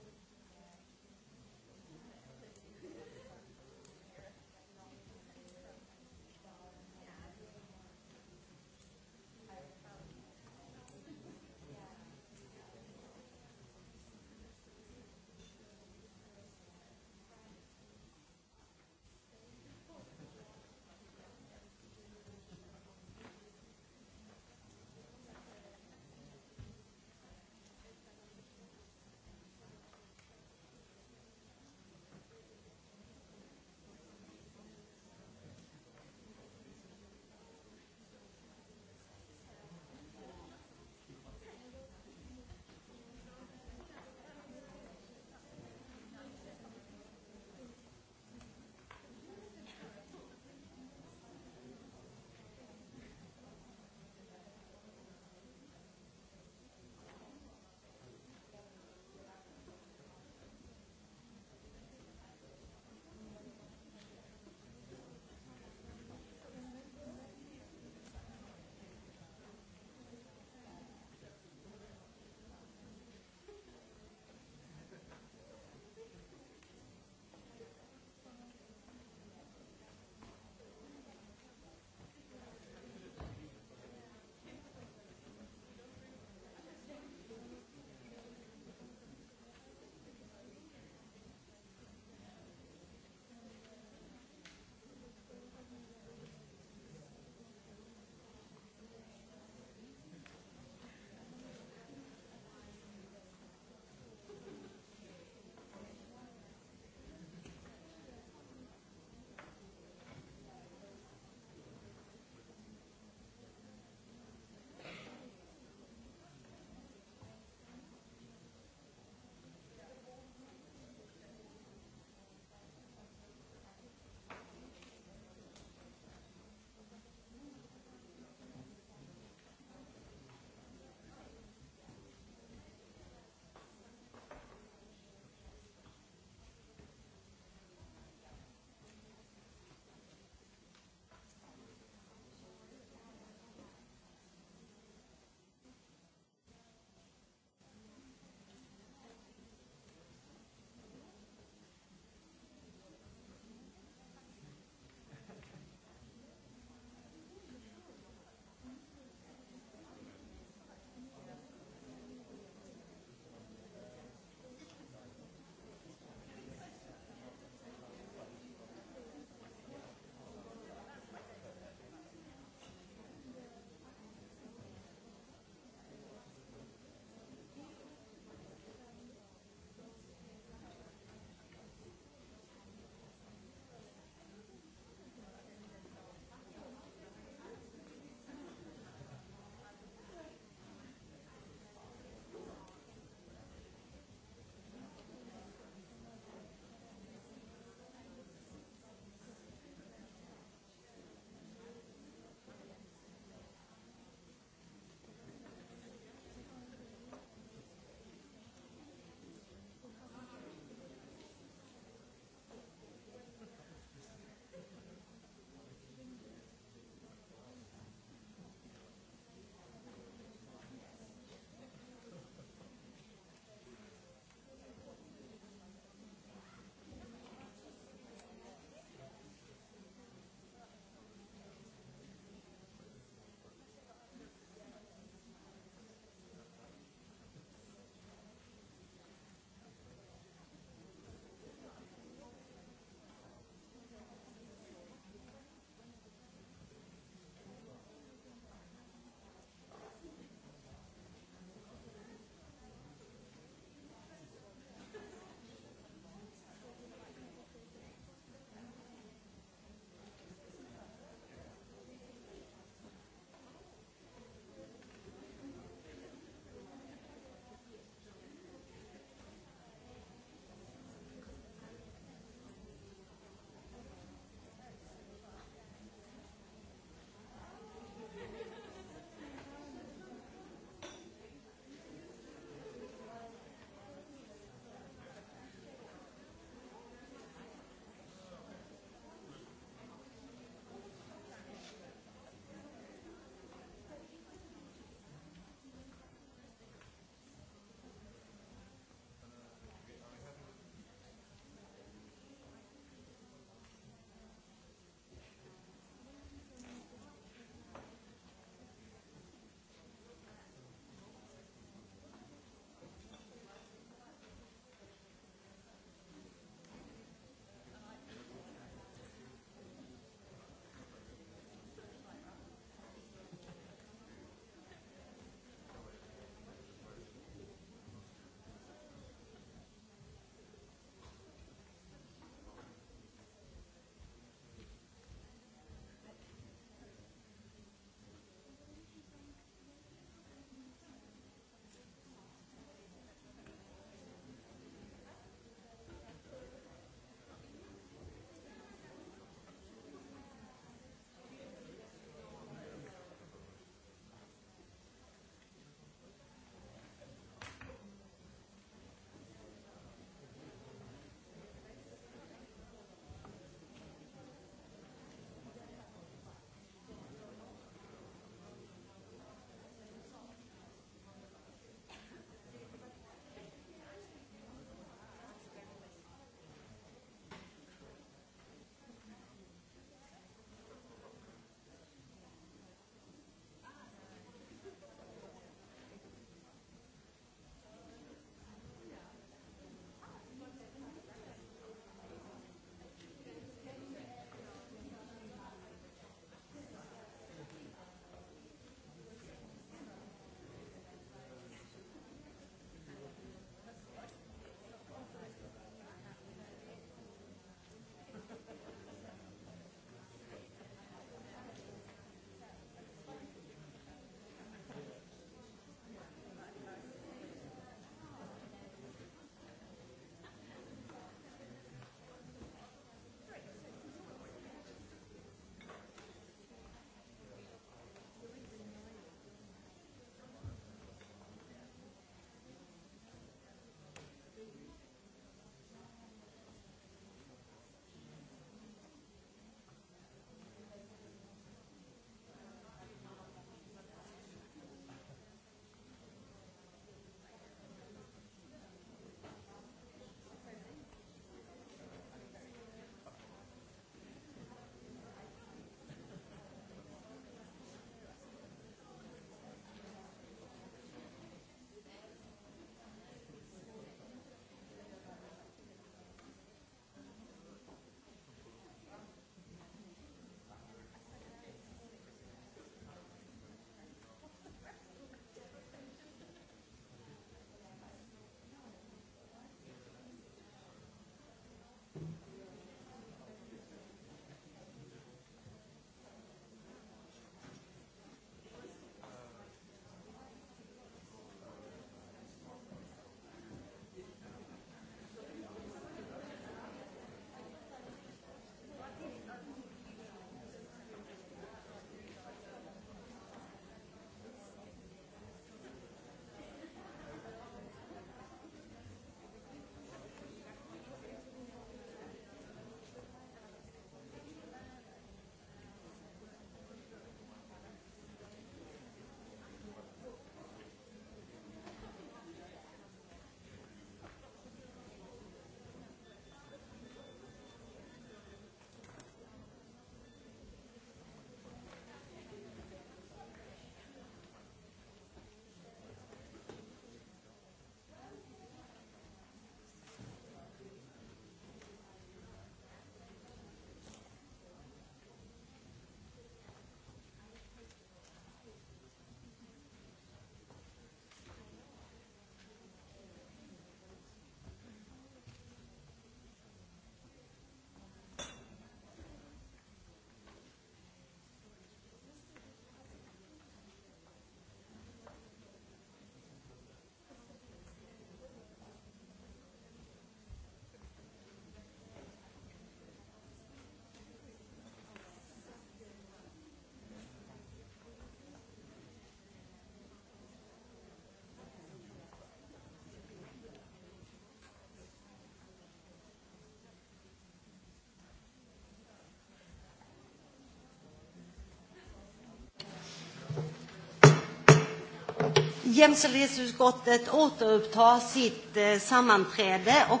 Jämställdhetsutskottet återuppta sitt eh, sammanträde. Och...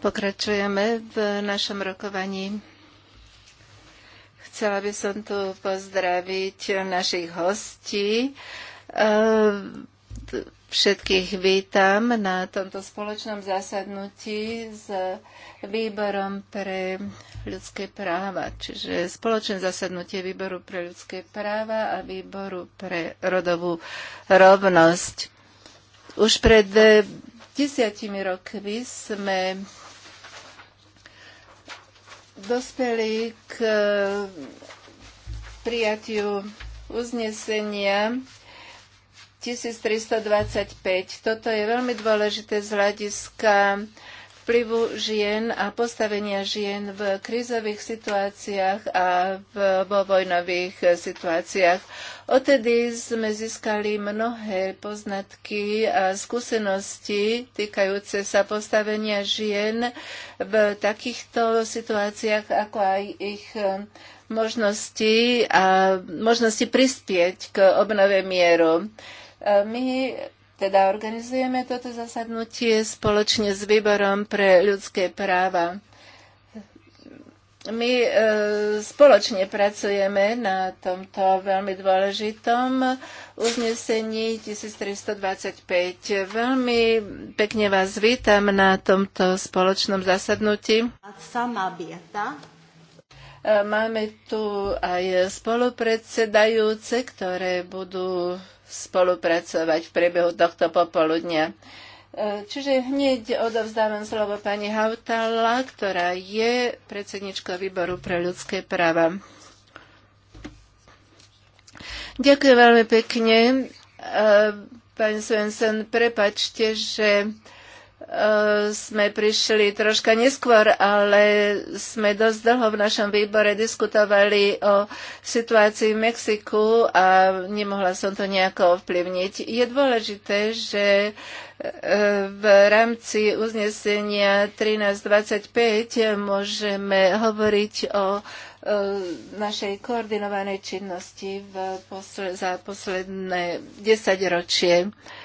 Pokračujeme v našom rokovaní. Chcela by som tu pozdraviť našich hostí. Uh, Všetkých vítam na tomto spoločnom zasadnutí s Výborom pre ľudské práva, čiže spoločné zasadnutie Výboru pre ľudské práva a Výboru pre rodovú rovnosť. Už pred desiatimi rokmi sme dospeli k prijatiu uznesenia 1325. Toto je veľmi dôležité z hľadiska vplyvu žien a postavenia žien v krízových situáciách a v, vo vojnových situáciách. Odtedy sme získali mnohé poznatky a skúsenosti týkajúce sa postavenia žien v takýchto situáciách, ako aj ich e, možnosti a možnosti prispieť k obnove mieru. E, my teda organizujeme toto zasadnutie spoločne s Výborom pre ľudské práva. My e, spoločne pracujeme na tomto veľmi dôležitom uznesení 1325. Veľmi pekne vás vítam na tomto spoločnom zasadnutí. E, máme tu aj spolupredsedajúce, ktoré budú spolupracovať v priebehu tohto popoludnia. E, čiže hneď odovzdávam slovo pani Hautala, ktorá je predsedničkou výboru pre ľudské práva. Ďakujem veľmi pekne. E, pani Svensson, prepačte, že Eh, sme prišli troška neskôr, ale sme dosť dlho v našom výbore diskutovali o situácii v Mexiku a nemohla som to nejako ovplyvniť. Je dôležité, že eh, v rámci uznesenia 1325 môžeme hovoriť o eh, našej koordinovanej činnosti v posled, za posledné desaťročie. ročie.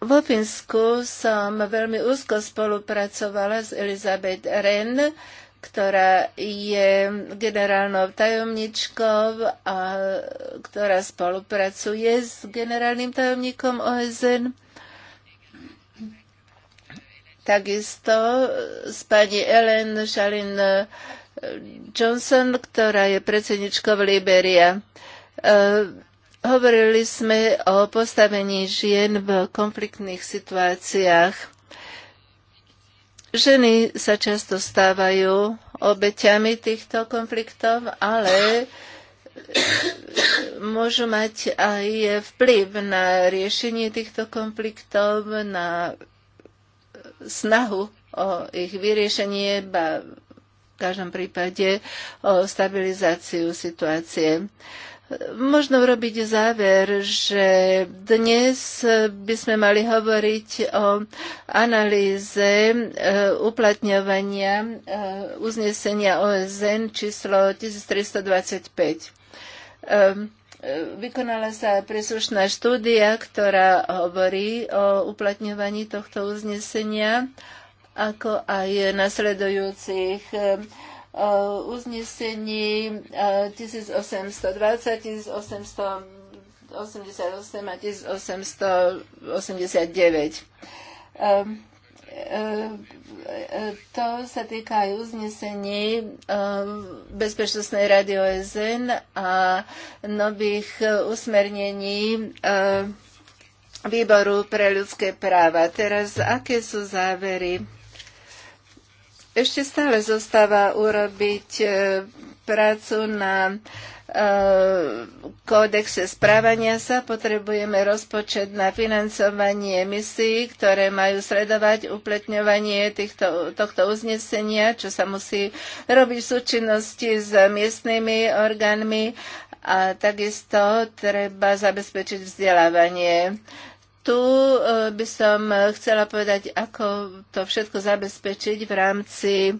Vo Fínsku som veľmi úzko spolupracovala s Elizabeth Ren, ktorá je generálnou tajomničkou a ktorá spolupracuje s generálnym tajomníkom OSN. Takisto s pani Ellen Shalin Johnson, ktorá je predsedničkou Liberia. Hovorili sme o postavení žien v konfliktných situáciách. Ženy sa často stávajú obeťami týchto konfliktov, ale môžu mať aj vplyv na riešenie týchto konfliktov, na snahu o ich vyriešenie, ba v každom prípade o stabilizáciu situácie. Možno urobiť záver, že dnes by sme mali hovoriť o analýze e, uplatňovania e, uznesenia OSN číslo 1325 e, vykonala sa príslušná štúdia, ktorá hovorí o uplatňovaní tohto uznesenia, ako aj nasledujúcich Uh, uznesení 1820, uh, 1888 a 1889. Um, uh, to sa týka aj uznesení Bezpečnostnej rady OSN a nových usmernení Výboru pre ľudské práva. Teraz, aké sú závery ešte stále zostáva urobiť e, prácu na e, kódexe správania sa, potrebujeme rozpočet na financovanie misií, ktoré majú sledovať upletňovanie týchto, tohto uznesenia, čo sa musí robiť v súčinnosti s miestnymi orgánmi a takisto treba zabezpečiť vzdelávanie tu e, by som chcela povedať, ako to všetko zabezpečiť v rámci e,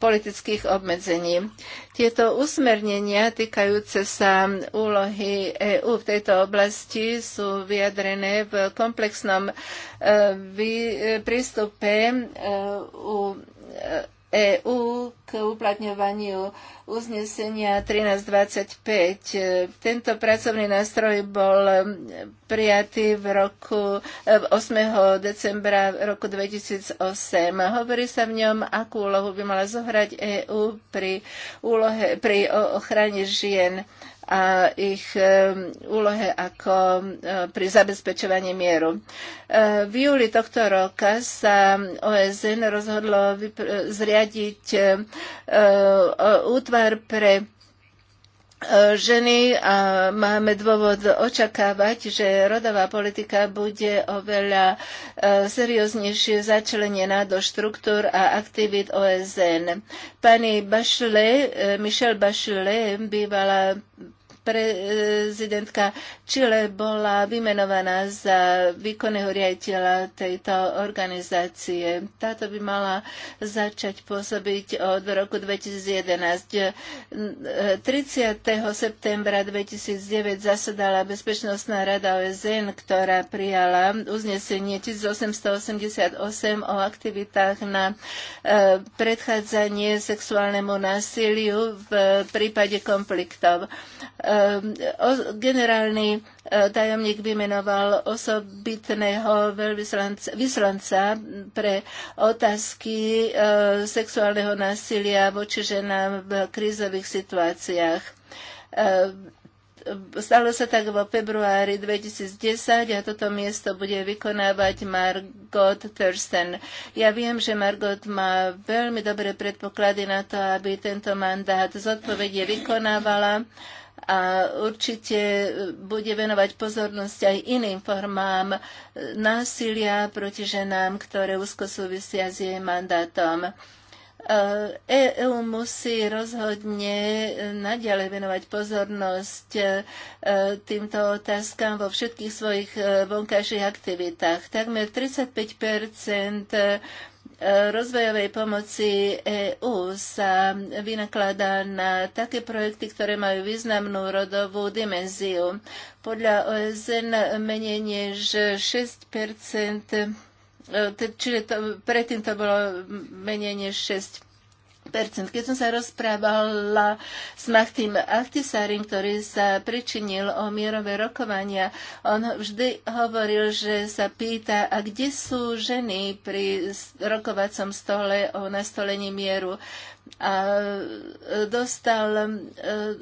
politických obmedzení. Tieto usmernenia týkajúce sa úlohy EÚ v tejto oblasti sú vyjadrené v komplexnom e, prístupe u EÚ k uplatňovaniu uznesenia 1325. Tento pracovný nástroj bol prijatý v roku 8. E, decembra roku 2008. Hovorí sa v ňom, akú úlohu by mala zohrať EÚ pri, úlohe, pri ochrane žien a ich e, úlohe ako e, pri zabezpečovaní mieru. E, v júli tohto roka sa OSN rozhodlo zriadiť útvar pre ženy a máme dôvod očakávať, že rodová politika bude oveľa serióznejšie začlenená do štruktúr a aktivít OSN. Pani Bachelet, Michelle Bachelet, bývalá prezidentka Čile bola vymenovaná za výkonného riaditeľa tejto organizácie. Táto by mala začať pôsobiť od roku 2011. 30. septembra 2009 zasadala Bezpečnostná rada OSN, ktorá prijala uznesenie 1888 o aktivitách na e, predchádzanie sexuálnemu násiliu v prípade konfliktov. E, Ehm, generálny e, tajomník vymenoval osobitného vyslanca pre otázky e, sexuálneho násilia voči ženám v krízových situáciách ehm, stalo sa tak vo februári 2010 a toto miesto bude vykonávať Margot Thurston. Ja viem, že Margot má veľmi dobré predpoklady na to, aby tento mandát zodpovedie vykonávala. Uh, a určite e, bude venovať pozornosť aj iným formám e, násilia proti ženám, ktoré úzko súvisia s jej mandátom. EU e musí rozhodne naďalej venovať pozornosť týmto otázkam vo všetkých svojich vonkajších aktivitách. Takmer 35 rozvojovej pomoci EÚ sa vynakladá na také projekty, ktoré majú významnú rodovú dimenziu. Podľa OSN menej než 6 e, čiže to, predtým to bolo menej než 6 keď som sa rozprávala s Mahtim Achtisárim, ktorý sa pričinil o mierové rokovania, on vždy hovoril, že sa pýta, a kde sú ženy pri rokovacom stole o nastolení mieru a e, dostal e,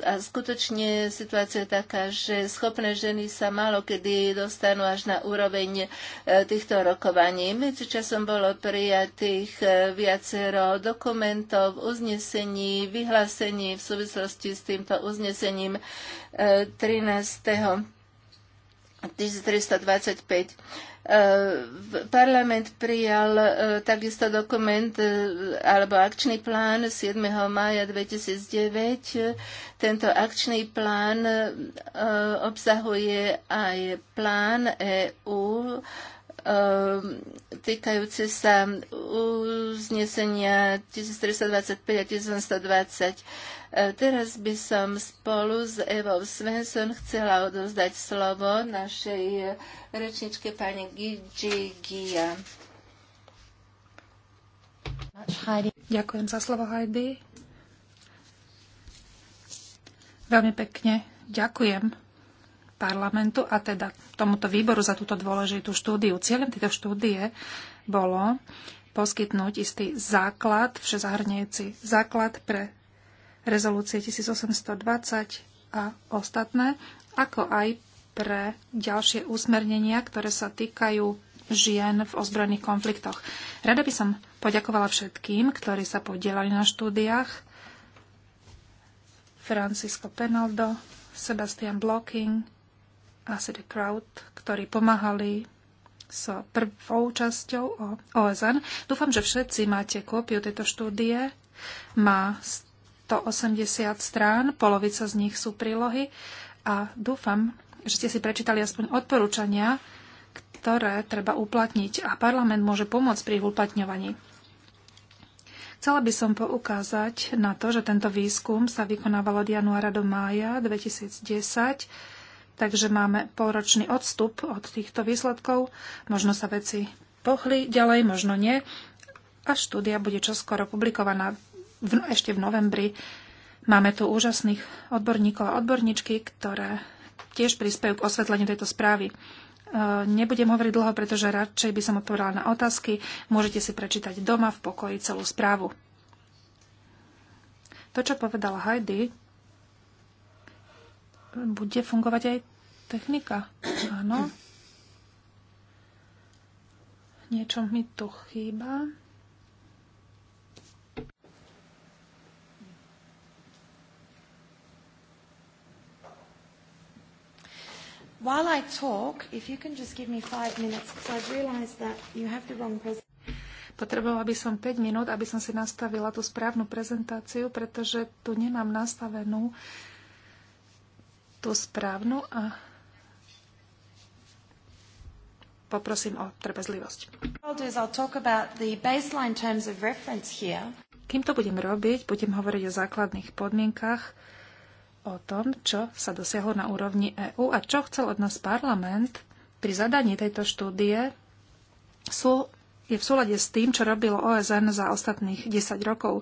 a skutočne situácia je taká, že schopné ženy sa málo kedy dostanú až na úroveň e, týchto rokovaní. Medzičasom bolo prijatých viacero dokumentov, uznesení, vyhlásení v súvislosti s týmto uznesením 13. 1325. Eh, parlament prijal eh, takisto dokument eh, alebo akčný plán 7. maja 2009. Tento akčný plán obsahuje aj plán EÚ týkajúce sa uznesenia 1325 a 1720 E, teraz by som spolu s Evou Svensson chcela odovzdať slovo našej rečničke pani Gigi Gia. Ďakujem za slovo, Heidi. Veľmi pekne ďakujem parlamentu a teda tomuto výboru za túto dôležitú štúdiu. Cieľom tejto štúdie bolo poskytnúť istý základ, všezahrňujúci základ pre rezolúcie 1820 a ostatné, ako aj pre ďalšie usmernenia, ktoré sa týkajú žien v ozbrojených konfliktoch. Rada by som poďakovala všetkým, ktorí sa podielali na štúdiách. Francisco Penaldo, Sebastian Blocking a Crowd, ktorí pomáhali s prvou časťou o OSN. Dúfam, že všetci máte kópiu tejto štúdie. Má 180 strán, polovica z nich sú prílohy a dúfam, že ste si prečítali aspoň odporúčania, ktoré treba uplatniť a parlament môže pomôcť pri uplatňovaní. Chcela by som poukázať na to, že tento výskum sa vykonával od januára do mája 2010, takže máme polročný odstup od týchto výsledkov. Možno sa veci pohli ďalej, možno nie. A štúdia bude čoskoro publikovaná v, ešte v novembri. Máme tu úžasných odborníkov a odborníčky, ktoré tiež prispejú k osvetleniu tejto správy. E, nebudem hovoriť dlho, pretože radšej by som odpovedala na otázky. Môžete si prečítať doma v pokoji celú správu. To, čo povedala Heidi, bude fungovať aj technika. Áno. Niečo mi tu chýba. While I talk, if you can just give me five minutes, because I've realized that you have the wrong presentation. Potrebovala by som 5 minút, aby som si nastavila tú správnu prezentáciu, pretože tu nemám nastavenú tú správnu a poprosím o trpezlivosť. Kým to budem robiť, budem hovoriť o základných podmienkach, o tom, čo sa dosiahlo na úrovni EÚ a čo chcel od nás parlament pri zadaní tejto štúdie, sú, je v súlade s tým, čo robilo OSN za ostatných 10 rokov.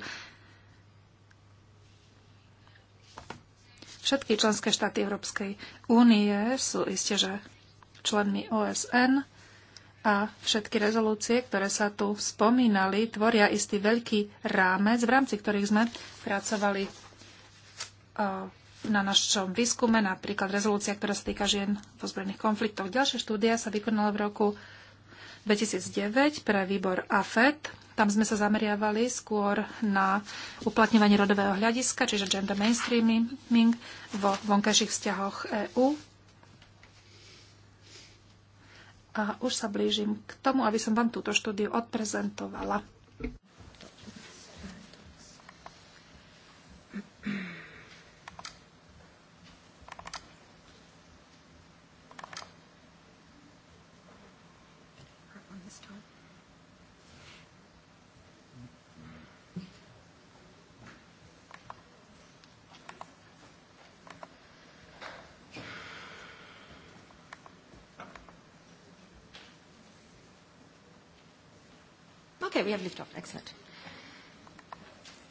Všetky členské štáty Európskej únie sú isté, že členmi OSN a všetky rezolúcie, ktoré sa tu spomínali, tvoria istý veľký rámec, v rámci ktorých sme pracovali na našom výskume, napríklad rezolúcia, ktorá sa týka žien v ozbrojených konfliktoch. Ďalšia štúdia sa vykonala v roku 2009 pre výbor AFET. Tam sme sa zameriavali skôr na uplatňovanie rodového hľadiska, čiže gender mainstreaming vo vonkajších vzťahoch EÚ. A už sa blížim k tomu, aby som vám túto štúdiu odprezentovala. Okay, we have lift off. Excellent.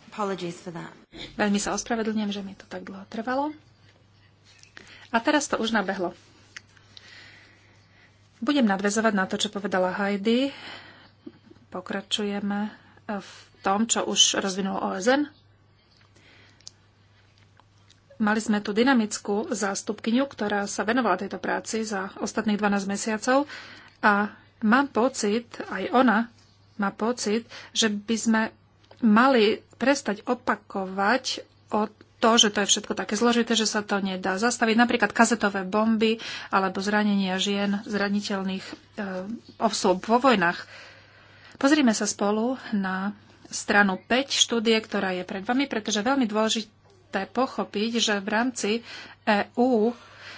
Apologies for that. Veľmi sa ospravedlňujem, že mi to tak dlho trvalo. A teraz to už nabehlo. Budem nadvezovať na to, čo povedala Heidi. Pokračujeme v tom, čo už rozvinulo OSN. Mali sme tu dynamickú zástupkyňu, ktorá sa venovala tejto práci za ostatných 12 mesiacov a mám pocit, aj ona má pocit, že by sme mali prestať opakovať o to, že to je všetko také zložité, že sa to nedá zastaviť. Napríklad kazetové bomby alebo zranenia žien, zraniteľných e, osôb vo vojnách. Pozrime sa spolu na stranu 5 štúdie, ktorá je pred vami, pretože veľmi dôležité pochopiť, že v rámci EÚ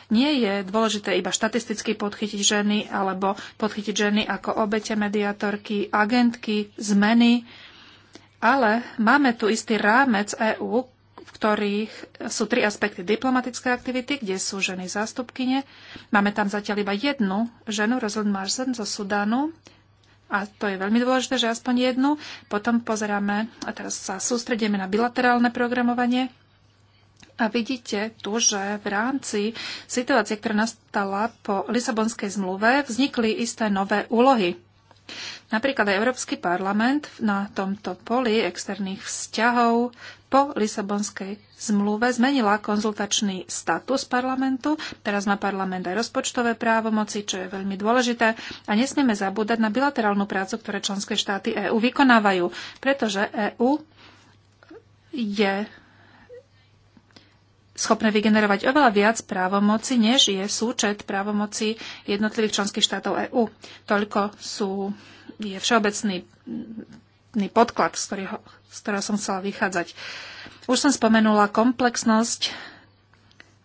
nie je dôležité iba štatisticky podchytiť ženy alebo podchytiť ženy ako obete, mediatorky, agentky, zmeny, ale máme tu istý rámec EÚ, v ktorých sú tri aspekty diplomatické aktivity, kde sú ženy zástupkyne. Máme tam zatiaľ iba jednu ženu, Rosalind Marsen zo Sudánu, a to je veľmi dôležité, že aspoň jednu. Potom pozeráme, a teraz sa sústredíme na bilaterálne programovanie, a vidíte tu, že v rámci situácie, ktorá nastala po Lisabonskej zmluve, vznikli isté nové úlohy. Napríklad aj Európsky parlament na tomto poli externých vzťahov po Lisabonskej zmluve zmenila konzultačný status parlamentu. Teraz má parlament aj rozpočtové právomoci, čo je veľmi dôležité. A nesmieme zabúdať na bilaterálnu prácu, ktoré členské štáty EÚ vykonávajú, pretože EÚ je schopné vygenerovať oveľa viac právomoci, než je súčet právomoci jednotlivých členských štátov EÚ. Toľko sú, je všeobecný mm, podklad, z ktorého, z ktorého som chcela vychádzať. Už som spomenula komplexnosť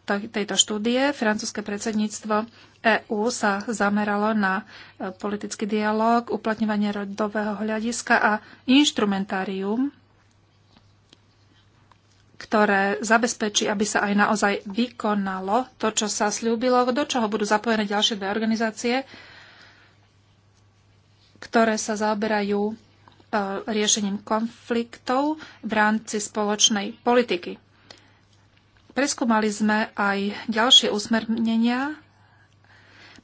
tejto štúdie. Francúzske predsedníctvo EÚ sa zameralo na e, politický dialog, uplatňovanie rodového hľadiska a inštrumentárium ktoré zabezpečí, aby sa aj naozaj vykonalo to, čo sa slúbilo, do čoho budú zapojené ďalšie dve organizácie, ktoré sa zaoberajú e, riešením konfliktov v rámci spoločnej politiky. Preskúmali sme aj ďalšie usmernenia.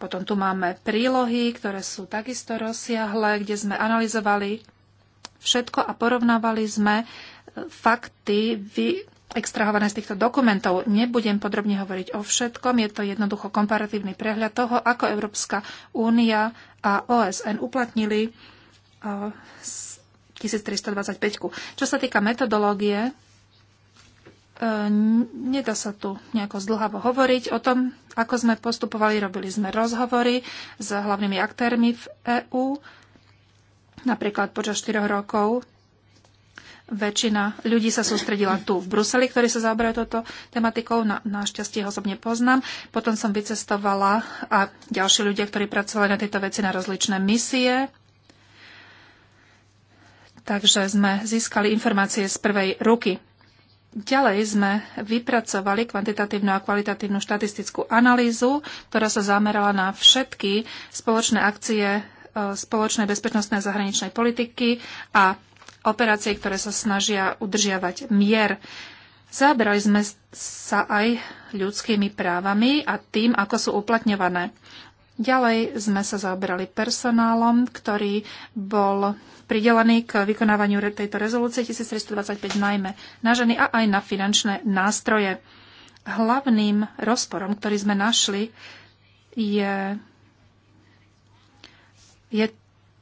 Potom tu máme prílohy, ktoré sú takisto rozsiahle, kde sme analyzovali všetko a porovnávali sme fakty vy extrahované z týchto dokumentov. Nebudem podrobne hovoriť o všetkom, je to jednoducho komparatívny prehľad toho, ako Európska únia a OSN uplatnili 1325. Eh, Čo sa týka metodológie, eh, nedá sa tu nejako zdlhavo hovoriť o tom, ako sme postupovali. Robili sme rozhovory s hlavnými aktérmi v EÚ. Napríklad počas 4 rokov väčšina ľudí sa sústredila tu v Bruseli, ktorí sa zaoberajú touto tematikou. Na, našťastie ho osobne poznám. Potom som vycestovala a ďalší ľudia, ktorí pracovali na tejto veci na rozličné misie. Takže sme získali informácie z prvej ruky. Ďalej sme vypracovali kvantitatívnu a kvalitatívnu štatistickú analýzu, ktorá sa zamerala na všetky spoločné akcie e, spoločnej bezpečnostnej a zahraničnej politiky a operácie, ktoré sa snažia udržiavať mier. Zabrali sme sa aj ľudskými právami a tým, ako sú uplatňované. Ďalej sme sa zaoberali personálom, ktorý bol pridelený k vykonávaniu tejto rezolúcie 1325 najmä na ženy a aj na finančné nástroje. Hlavným rozporom, ktorý sme našli, je, je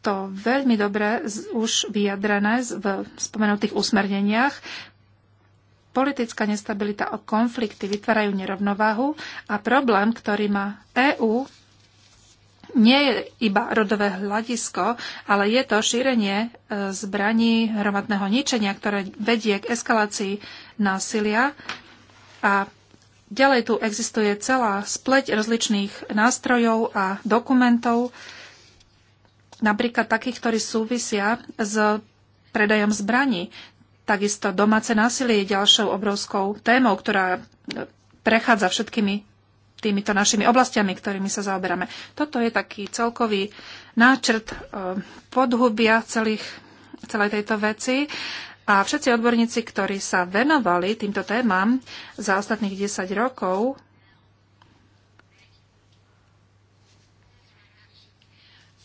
to veľmi dobre už vyjadrené v spomenutých usmerneniach. Politická nestabilita a konflikty vytvárajú nerovnováhu a problém, ktorý má EÚ, nie je iba rodové hľadisko, ale je to šírenie e, zbraní hromadného ničenia, ktoré vedie k eskalácii násilia a Ďalej tu existuje celá spleť rozličných nástrojov a dokumentov, napríklad takých, ktorí súvisia s predajom zbraní. Takisto domáce násilie je ďalšou obrovskou témou, ktorá e, prechádza všetkými týmito našimi oblastiami, ktorými sa zaoberáme. Toto je taký celkový náčrt e, podhubia celých, celej tejto veci. A všetci odborníci, ktorí sa venovali týmto témam za ostatných 10 rokov,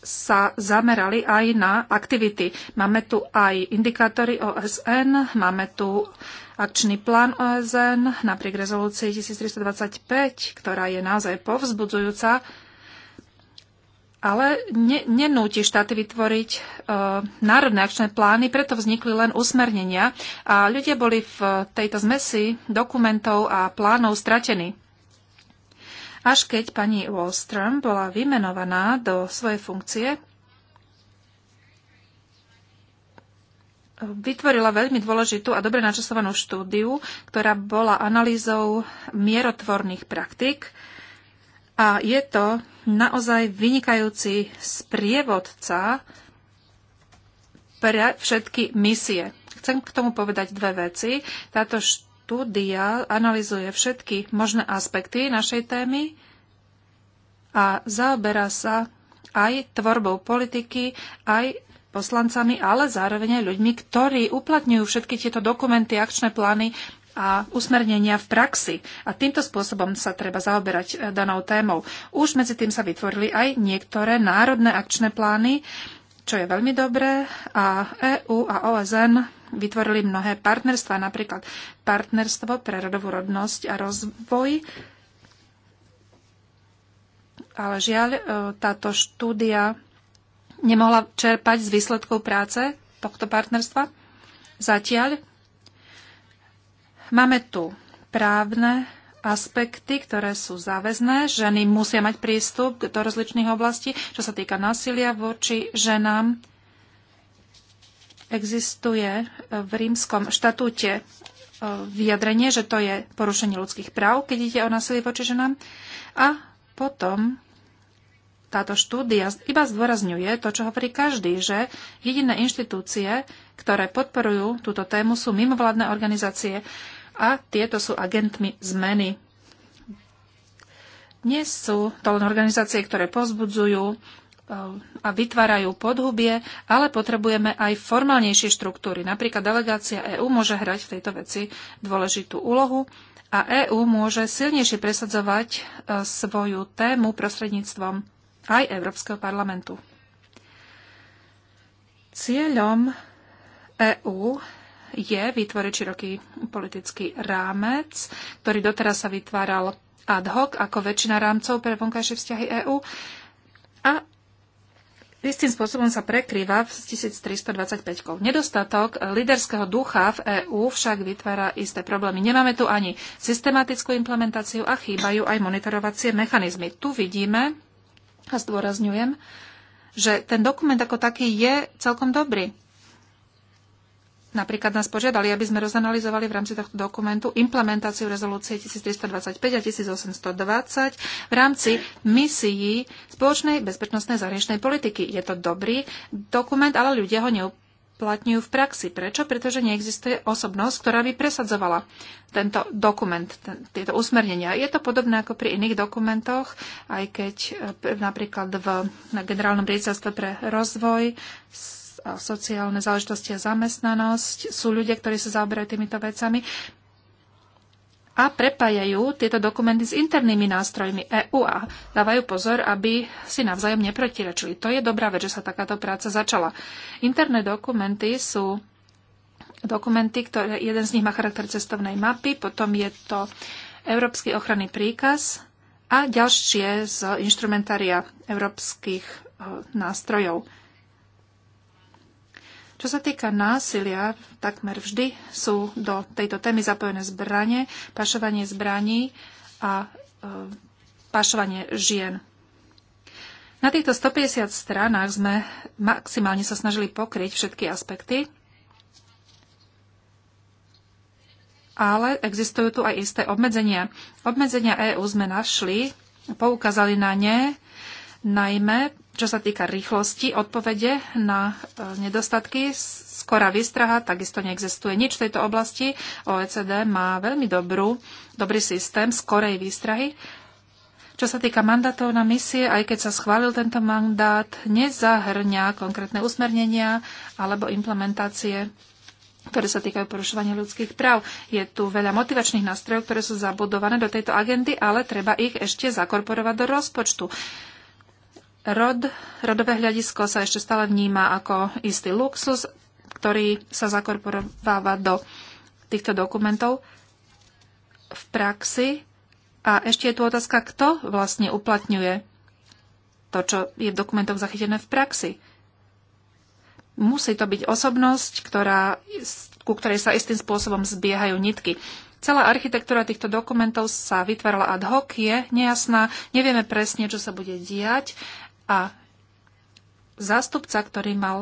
sa zamerali aj na aktivity. Máme tu aj indikátory OSN, máme tu akčný plán OSN napriek rezolúcii 1325, ktorá je naozaj povzbudzujúca, ale ne, nenúti štáty vytvoriť e, národné akčné plány, preto vznikli len usmernenia a ľudia boli v tejto zmesi dokumentov a plánov stratení. Až keď pani Wallström bola vymenovaná do svojej funkcie, vytvorila veľmi dôležitú a dobre načasovanú štúdiu, ktorá bola analýzou mierotvorných praktik a je to naozaj vynikajúci sprievodca pre všetky misie. Chcem k tomu povedať dve veci. Táto štúdia štúdia analizuje všetky možné aspekty našej témy a zaoberá sa aj tvorbou politiky, aj poslancami, ale zároveň aj ľuďmi, ktorí uplatňujú všetky tieto dokumenty, akčné plány a usmernenia v praxi. A týmto spôsobom sa treba zaoberať e, danou témou. Už medzi tým sa vytvorili aj niektoré národné akčné plány, čo je veľmi dobré a EU a OSN vytvorili mnohé partnerstva, napríklad partnerstvo pre rodovú rodnosť a rozvoj. Ale žiaľ, e, táto štúdia nemohla čerpať z výsledkov práce tohto partnerstva. Zatiaľ máme tu právne aspekty, ktoré sú záväzné. Ženy musia mať prístup do rozličných oblastí, čo sa týka násilia voči ženám, Existuje eh, v rímskom štatúte eh, vyjadrenie, že to je porušenie ľudských práv, keď ide o násilie voči ženám. A potom táto štúdia iba zdôrazňuje to, čo hovorí každý, že jediné inštitúcie, ktoré podporujú túto tému, sú mimovládne organizácie a tieto sú agentmi zmeny. Dnes sú to len organizácie, ktoré pozbudzujú, a vytvárajú podhubie, ale potrebujeme aj formálnejšie štruktúry. Napríklad delegácia EÚ môže hrať v tejto veci dôležitú úlohu a EÚ môže silnejšie presadzovať e, svoju tému prostredníctvom aj Európskeho parlamentu. Cieľom EÚ je vytvoriť široký politický rámec, ktorý doteraz sa vytváral ad hoc ako väčšina rámcov pre vonkajšie vzťahy EÚ a Istým spôsobom sa prekrýva s 1325. Nedostatok e, líderského ducha v EÚ však vytvára isté problémy. Nemáme tu ani systematickú implementáciu a chýbajú aj monitorovacie mechanizmy. Tu vidíme, a zdôrazňujem, že ten dokument ako taký je celkom dobrý. Napríklad nás požiadali, aby sme rozanalizovali v rámci tohto dokumentu implementáciu rezolúcie 1325 a 1820 v rámci misií spoločnej bezpečnostnej zahraničnej politiky. Je to dobrý dokument, ale ľudia ho neuplatňujú v praxi. Prečo? Pretože neexistuje osobnosť, ktorá by presadzovala tento dokument, tieto usmernenia. Je to podobné ako pri iných dokumentoch, aj keď e, napríklad v, na generálnom riaditeľstve pre rozvoj sociálne záležitosti a zamestnanosť sú ľudia, ktorí sa zaoberajú týmito vecami a prepájajú tieto dokumenty s internými nástrojmi EU a dávajú pozor, aby si navzájom neprotirečili. To je dobrá vec, že sa takáto práca začala. Interné dokumenty sú dokumenty, ktoré jeden z nich má charakter cestovnej mapy, potom je to Európsky ochranný príkaz a ďalšie z inštrumentária európskych e, nástrojov. Čo sa týka násilia, takmer vždy sú do tejto témy zapojené zbranie, pašovanie zbraní a e, pašovanie žien. Na týchto 150 stranách sme maximálne sa snažili pokryť všetky aspekty, ale existujú tu aj isté obmedzenia. Obmedzenia EÚ sme našli, poukázali na ne, najmä čo sa týka rýchlosti odpovede na e, nedostatky, skorá výstraha, takisto neexistuje nič v tejto oblasti. OECD má veľmi dobrú, dobrý systém skorej výstrahy. Čo sa týka mandátov na misie, aj keď sa schválil tento mandát, nezahrňa konkrétne usmernenia alebo implementácie ktoré sa týkajú porušovania ľudských práv. Je tu veľa motivačných nástrojov, ktoré sú zabudované do tejto agendy, ale treba ich ešte zakorporovať do rozpočtu. Rod, rodové hľadisko sa ešte stále vníma ako istý luxus, ktorý sa zakorporováva do týchto dokumentov v praxi. A ešte je tu otázka, kto vlastne uplatňuje to, čo je v dokumentoch zachytené v praxi. Musí to byť osobnosť, ktorá, ku ktorej sa istým spôsobom zbiehajú nitky. Celá architektúra týchto dokumentov sa vytvárala ad hoc, je nejasná, nevieme presne, čo sa bude diať a zástupca, ktorý mal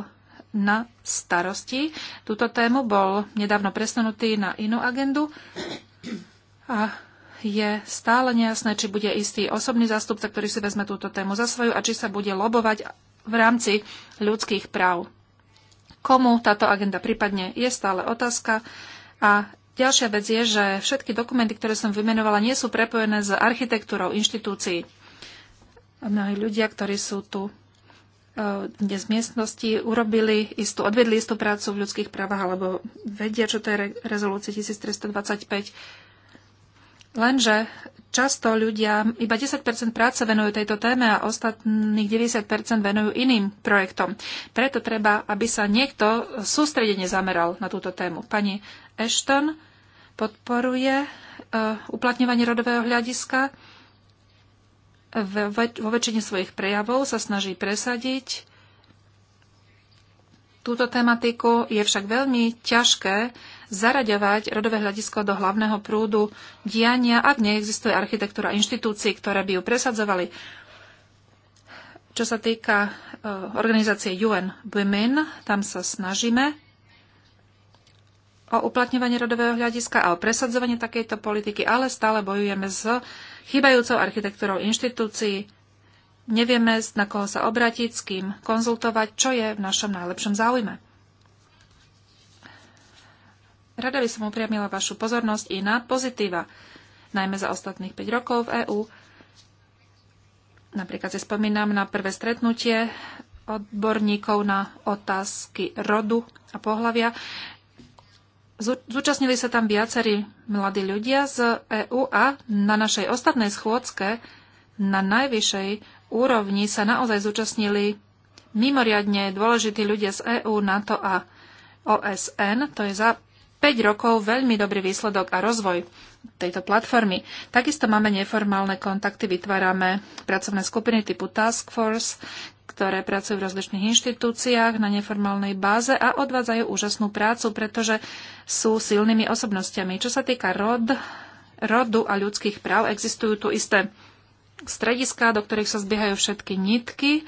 na starosti túto tému, bol nedávno presunutý na inú agendu a je stále nejasné, či bude istý osobný zástupca, ktorý si vezme túto tému za svoju a či sa bude lobovať v rámci ľudských práv. Komu táto agenda prípadne je stále otázka a ďalšia vec je, že všetky dokumenty, ktoré som vymenovala, nie sú prepojené s architektúrou inštitúcií mnohí ľudia, ktorí sú tu e, dnes v miestnosti, urobili istú, odvedli istú prácu v ľudských právach, alebo vedia, čo to je rezolúcia 1325. Lenže často ľudia iba 10 práce venujú tejto téme a ostatných 90 venujú iným projektom. Preto treba, aby sa niekto sústredene zameral na túto tému. Pani Ashton podporuje uh, uplatňovanie rodového hľadiska vo väčšine svojich prejavov sa snaží presadiť. Túto tematiku je však veľmi ťažké zaraďovať rodové hľadisko do hlavného prúdu diania, ak neexistuje architektúra inštitúcií, ktoré by ju presadzovali. Čo sa týka eh, organizácie UN Women, tam sa snažíme o uplatňovanie rodového hľadiska a o presadzovanie takejto politiky, ale stále bojujeme s chýbajúcou architektúrou inštitúcií. Nevieme, na koho sa obratiť, s kým konzultovať, čo je v našom najlepšom záujme. Rada by som upriamila vašu pozornosť i na pozitíva, najmä za ostatných 5 rokov v EÚ. Napríklad si spomínam na prvé stretnutie odborníkov na otázky rodu a pohlavia. Zúčastnili sa tam viacerí mladí ľudia z EÚ a na našej ostatnej schôdzke na najvyššej úrovni sa naozaj zúčastnili mimoriadne dôležití ľudia z EÚ, NATO a OSN. To je za 5 rokov veľmi dobrý výsledok a rozvoj tejto platformy. Takisto máme neformálne kontakty, vytvárame pracovné skupiny typu Task Force, ktoré pracujú v rozličných inštitúciách na neformálnej báze a odvádzajú úžasnú prácu, pretože sú silnými osobnostiami. Čo sa týka rod, rodu a ľudských práv, existujú tu isté strediská, do ktorých sa zbiehajú všetky nitky.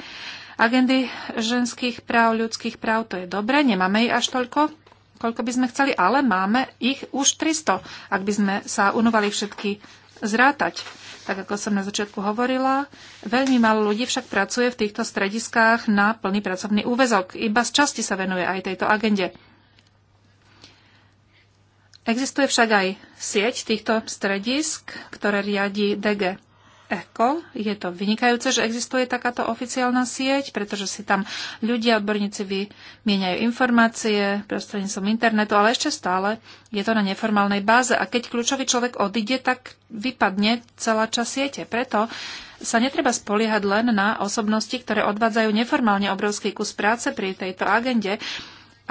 Agendy ženských práv, ľudských práv, to je dobre, nemáme ich až toľko, koľko by sme chceli, ale máme ich už 300, ak by sme sa unovali všetky zrátať tak ako som na začiatku hovorila. Veľmi málo ľudí však pracuje v týchto strediskách na plný pracovný úvezok. Iba z časti sa venuje aj tejto agende. Existuje však aj sieť týchto stredisk, ktoré riadi DG Eko, Je to vynikajúce, že existuje takáto oficiálna sieť, pretože si tam ľudia, odborníci vymieňajú informácie prostredníctvom internetu, ale ešte stále je to na neformálnej báze. A keď kľúčový človek odíde, tak vypadne celá časť siete. Preto sa netreba spoliehať len na osobnosti, ktoré odvádzajú neformálne obrovský kus práce pri tejto agende.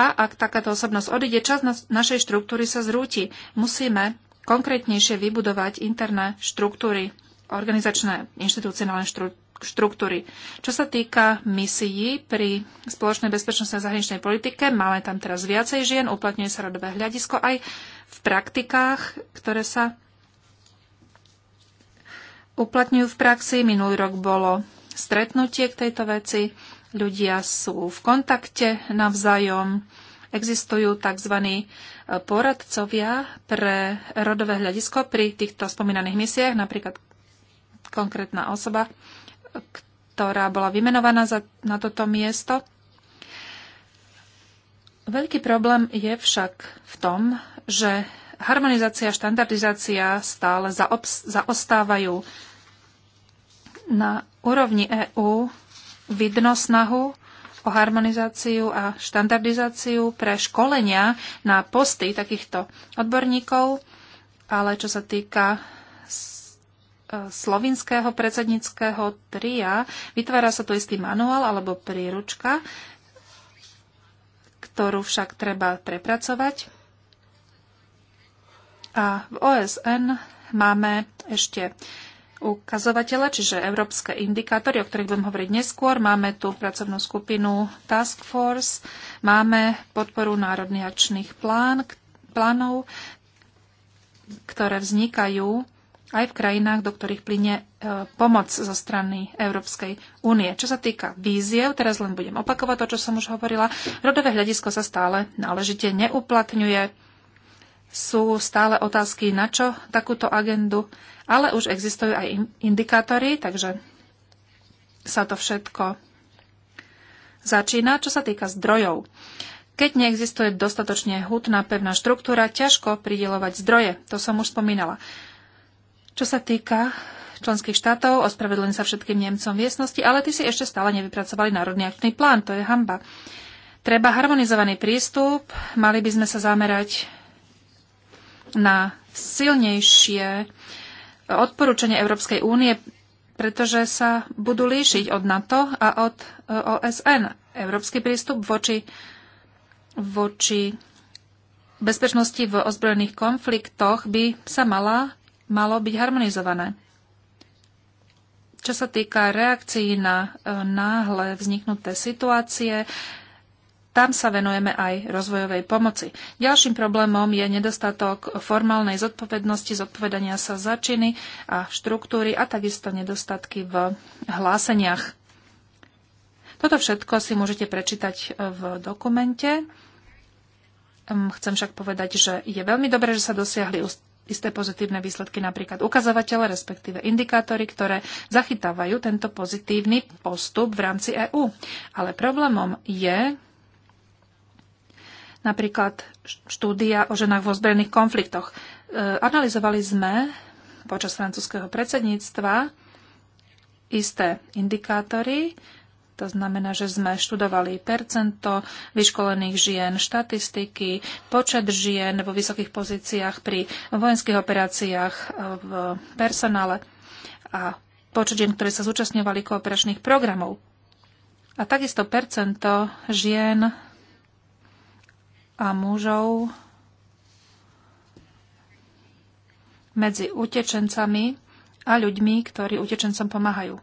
A ak takáto osobnosť odíde, čas na našej štruktúry sa zrúti. Musíme konkrétnejšie vybudovať interné štruktúry organizačné inštitúcionálne štru, štruktúry. Čo sa týka misií pri spoločnej bezpečnostnej a zahraničnej politike, máme tam teraz viacej žien, uplatňuje sa rodové hľadisko aj v praktikách, ktoré sa uplatňujú v praxi. Minulý rok bolo stretnutie k tejto veci. Ľudia sú v kontakte navzájom. Existujú tzv. Eh, poradcovia pre rodové hľadisko pri týchto spomínaných misiách, napríklad konkrétna osoba, ktorá bola vymenovaná za, na toto miesto. Veľký problém je však v tom, že harmonizácia a štandardizácia stále zaostávajú. Na úrovni EÚ vidno snahu o harmonizáciu a štandardizáciu pre školenia na posty takýchto odborníkov, ale čo sa týka slovinského predsedníckého tria. Vytvára sa tu istý manuál alebo príručka, ktorú však treba prepracovať. A v OSN máme ešte ukazovatele, čiže európske indikátory, o ktorých budem hovoriť neskôr. Máme tu pracovnú skupinu Task Force, máme podporu národných plán, plánov, ktoré vznikajú aj v krajinách, do ktorých plyne e, pomoc zo strany Európskej únie. Čo sa týka víziev, teraz len budem opakovať to, čo som už hovorila, rodové hľadisko sa stále náležite neuplatňuje. Sú stále otázky, na čo takúto agendu, ale už existujú aj indikátory, takže sa to všetko začína. Čo sa týka zdrojov, keď neexistuje dostatočne hutná pevná štruktúra, ťažko pridelovať zdroje. To som už spomínala. Čo sa týka členských štátov, ospravedlňujem sa všetkým Nemcom v ale ty si ešte stále nevypracovali národný aktný plán, to je hamba. Treba harmonizovaný prístup, mali by sme sa zamerať na silnejšie odporúčanie Európskej únie, pretože sa budú líšiť od NATO a od e, OSN. Európsky prístup voči, voči bezpečnosti v ozbrojených konfliktoch by sa mala malo byť harmonizované. Čo sa týka reakcií na e, náhle vzniknuté situácie, tam sa venujeme aj rozvojovej pomoci. Ďalším problémom je nedostatok formálnej zodpovednosti, zodpovedania sa za činy a štruktúry a takisto nedostatky v hláseniach. Toto všetko si môžete prečítať e, v dokumente. Hm, chcem však povedať, že je veľmi dobré, že sa dosiahli isté pozitívne výsledky, napríklad ukazovatele, respektíve indikátory, ktoré zachytávajú tento pozitívny postup v rámci EÚ. Ale problémom je napríklad štúdia o ženách vo zbrojených konfliktoch. E, Analizovali sme počas francúzského predsedníctva isté indikátory, to znamená, že sme študovali percento vyškolených žien, štatistiky, počet žien vo vysokých pozíciách pri vojenských operáciách eh, v personále a počet žien, ktoré sa zúčastňovali kooperačných programov. A takisto percento žien a mužov medzi utečencami a ľuďmi, ktorí utečencom pomáhajú.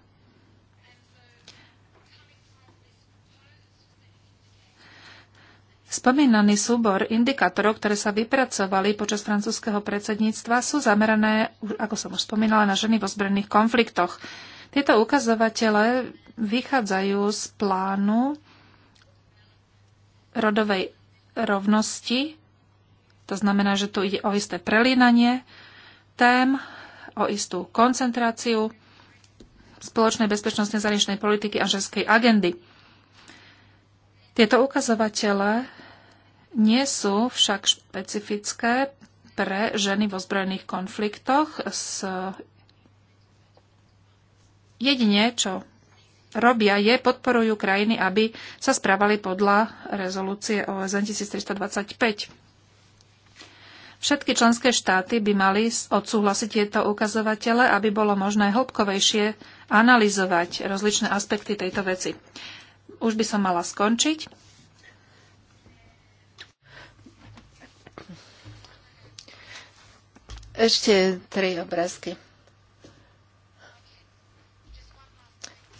Spomínaný súbor indikátorov, ktoré sa vypracovali počas francúzského predsedníctva, sú zamerané, ako som už spomínala, na ženy v ozbrojených konfliktoch. Tieto ukazovatele vychádzajú z plánu rodovej rovnosti, to znamená, že tu ide o isté prelínanie tém, o istú koncentráciu spoločnej bezpečnostnej zahraničnej politiky a ženskej agendy. Tieto ukazovatele nie sú však špecifické pre ženy v ozbrojených konfliktoch s jedine, čo robia, je podporujú krajiny, aby sa správali podľa rezolúcie OSN 1325. Všetky členské štáty by mali odsúhlasiť tieto ukazovatele, aby bolo možné hĺbkovejšie analyzovať rozličné aspekty tejto veci. Už by som mala skončiť. Ešte tri obrázky.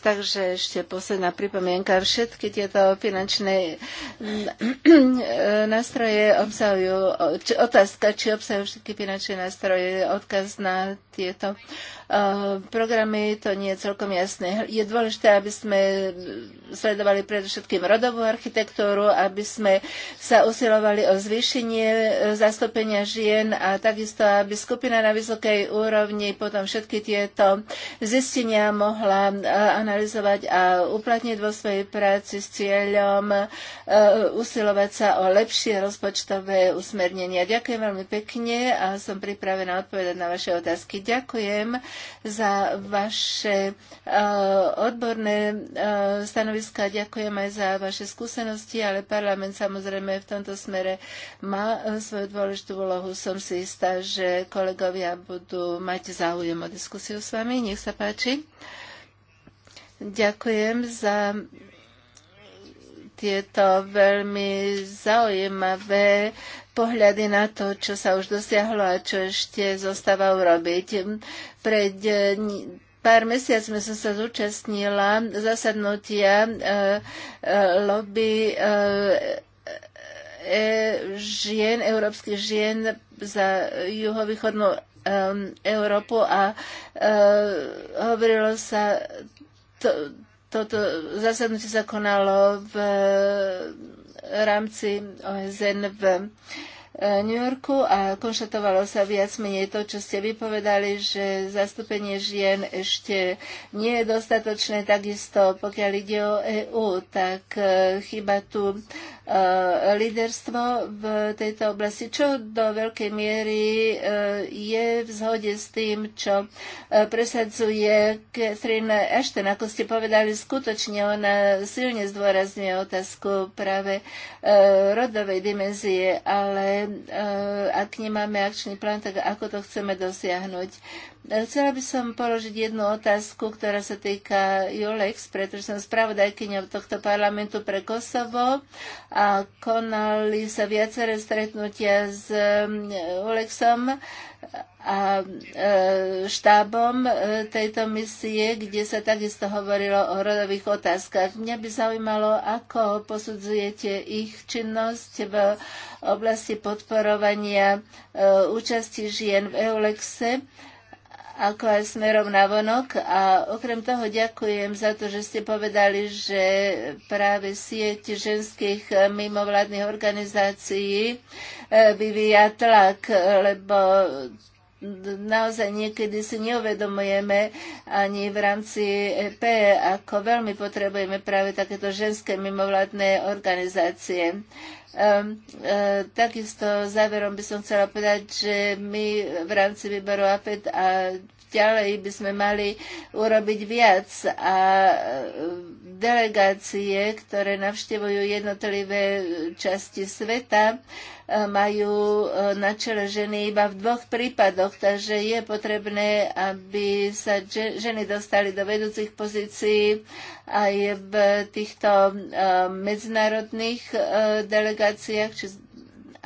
Takže ešte posledná pripomienka. Všetky tieto finančné mm, nástroje obsahujú, či otázka, či obsahujú všetky finančné nástroje, odkaz na tieto Eh, programy, to nie je celkom jasné. Je dôležité, aby sme sledovali predovšetkým rodovú architektúru, aby sme sa usilovali o zvýšenie eh, zastúpenia žien a takisto, aby skupina na vysokej úrovni potom všetky tieto zistenia mohla eh, analyzovať a uplatniť vo svojej práci s cieľom usilovať sa o lepšie rozpočtové usmernenia. Ďakujem veľmi pekne a som pripravená odpovedať na vaše otázky. Ďakujem za vaše eh, odborné eh, stanoviska, ďakujem aj za vaše skúsenosti, ale parlament samozrejme v tomto smere má eh, svoju dôležitú úlohu. Som si istá, že kolegovia budú mať záujem o diskusiu s vami. Nech sa páči. Ďakujem za tieto veľmi zaujímavé pohľady na to, čo sa už dosiahlo a čo ešte zostáva urobiť. Pred pár mesiacmi som sa zúčastnila zasadnutia e, e, lobby e, žien, európskych žien za juhovýchodnú Európu a hovorilo sa, to, toto zasadnutie sa konalo v rámci OSN v e, New Yorku a konštatovalo sa viac menej to, čo ste vypovedali, že zastúpenie žien ešte nie je dostatočné, takisto pokiaľ ide o EÚ, tak e, chyba tu Eh, líderstvo v tejto oblasti, čo do veľkej miery eh, je v zhode s tým, čo eh, presadzuje Catherine Ashton. Ako ste povedali, skutočne ona silne zdôrazňuje otázku práve rodovej dimenzie, ale ak nemáme akčný plán, tak ako to chceme dosiahnuť? Chcela by som položiť jednu otázku, ktorá sa týka Julex, pretože som spravodajkyňou tohto parlamentu pre Kosovo a konali sa viaceré stretnutia s um, Julexom a e, štábom e, tejto misie, kde sa takisto hovorilo o rodových otázkach. Mňa by zaujímalo, ako posudzujete ich činnosť v oblasti podporovania e, účasti žien v EULEXe ako aj smerom na vonok. A okrem toho ďakujem za to, že ste povedali, že práve sieť ženských mimovládnych organizácií eh, vyvíja tlak, lebo naozaj niekedy si neuvedomujeme ani v rámci EP, ako veľmi potrebujeme práve takéto ženské mimovládne organizácie. Um, e, takisto záverom by som chcela povedať, že my v rámci výboru APET a ďalej by sme mali urobiť viac a e, delegácie, ktoré navštevujú jednotlivé časti sveta, e, majú e, na čele ženy iba v dvoch prípadoch, takže je potrebné, aby sa ženy dostali do vedúcich pozícií aj v týchto medzinárodných delegáciách či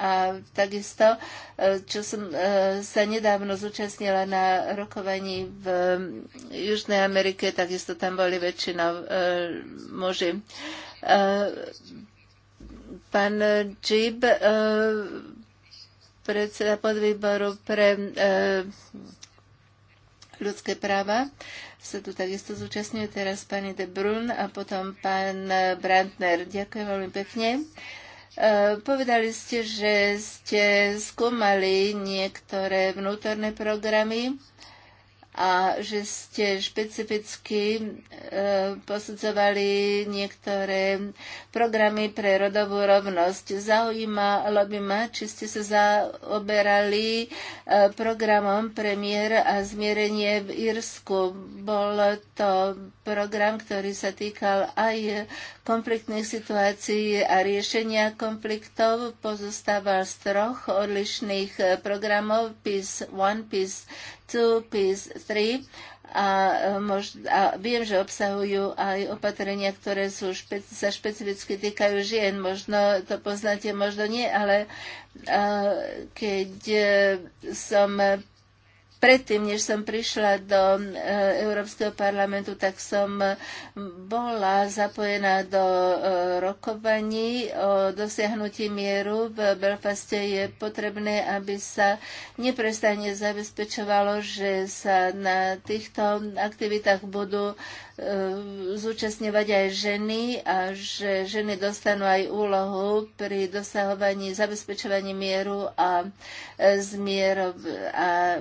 a takisto, e, čo som e, sa nedávno zúčastnila na rokovaní v e, Južnej Amerike, takisto tam boli väčšina muži. Pán Džib, predseda podvýboru pre ľudské práva, sa tu takisto zúčastňuje teraz pani De Brun a potom pán Brandner. Ďakujem veľmi pekne. Uh, E, povedali ste, že ste skúmali niektoré vnútorné programy a že ste špecificky e, posudzovali niektoré programy pre rodovú rovnosť. Zaujímalo by ma, či ste sa zaoberali e, programom premier a zmierenie v Írsku. Bol to program, ktorý sa týkal aj konfliktných situácií a riešenia konfliktov. Pozostával z troch odlišných programov PIS 1, PIS 2 piece, 3 a, e, mož, a viem, že obsahujú aj opatrenia, ktoré sú špe, sa špecificky týkajú žien. Možno to poznáte, možno nie, ale a, e, keď e, som Predtým, než som prišla do eh, Európskeho parlamentu, tak som bola zapojená do eh, rokovaní o dosiahnutí mieru. V Belfaste je potrebné, aby sa neprestane zabezpečovalo, že sa na týchto aktivitách budú eh, zúčastňovať aj ženy a že ženy dostanú aj úlohu pri dosahovaní, zabezpečovaní mieru a, zmier, a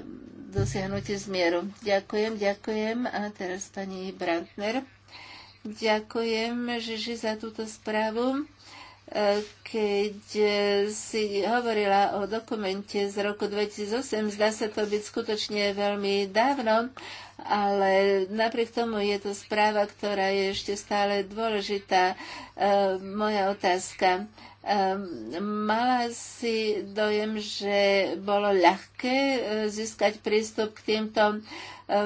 dosiahnutie zmieru. Ďakujem, ďakujem. A teraz pani Brantner. Ďakujem, Žiži, za túto správu e, keď si hovorila o dokumente z roku 2008, zdá sa to byť skutočne veľmi dávno, ale napriek tomu je to správa, ktorá je ešte stále dôležitá. E, moja otázka mala si dojem, že bolo ľahké e, získať prístup k týmto e,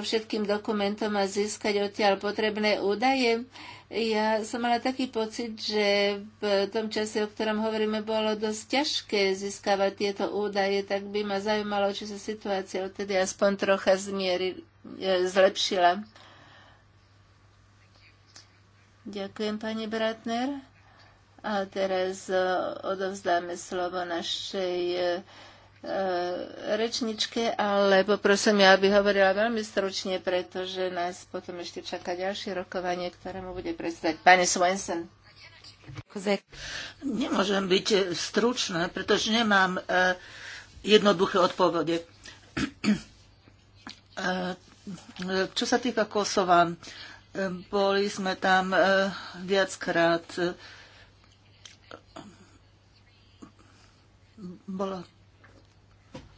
všetkým dokumentom a získať odtiaľ potrebné údaje. Ja som mala taký pocit, že v tom čase, o ktorom hovoríme, bolo dosť ťažké získavať tieto údaje, tak by ma zaujímalo, či sa situácia odtedy aspoň trocha zmieri, e, zlepšila. Ďakujem, pani Bratner. A teraz e, odovzdáme slovo našej e, e, rečničke, ale poprosím ja, aby hovorila veľmi stručne, pretože nás potom ešte čaká ďalšie rokovanie, ktorému bude predstaviť pani Swensen. Nemôžem byť stručná, pretože nemám jednoduché odpovede. Čo sa týka Kosova, boli sme tam viackrát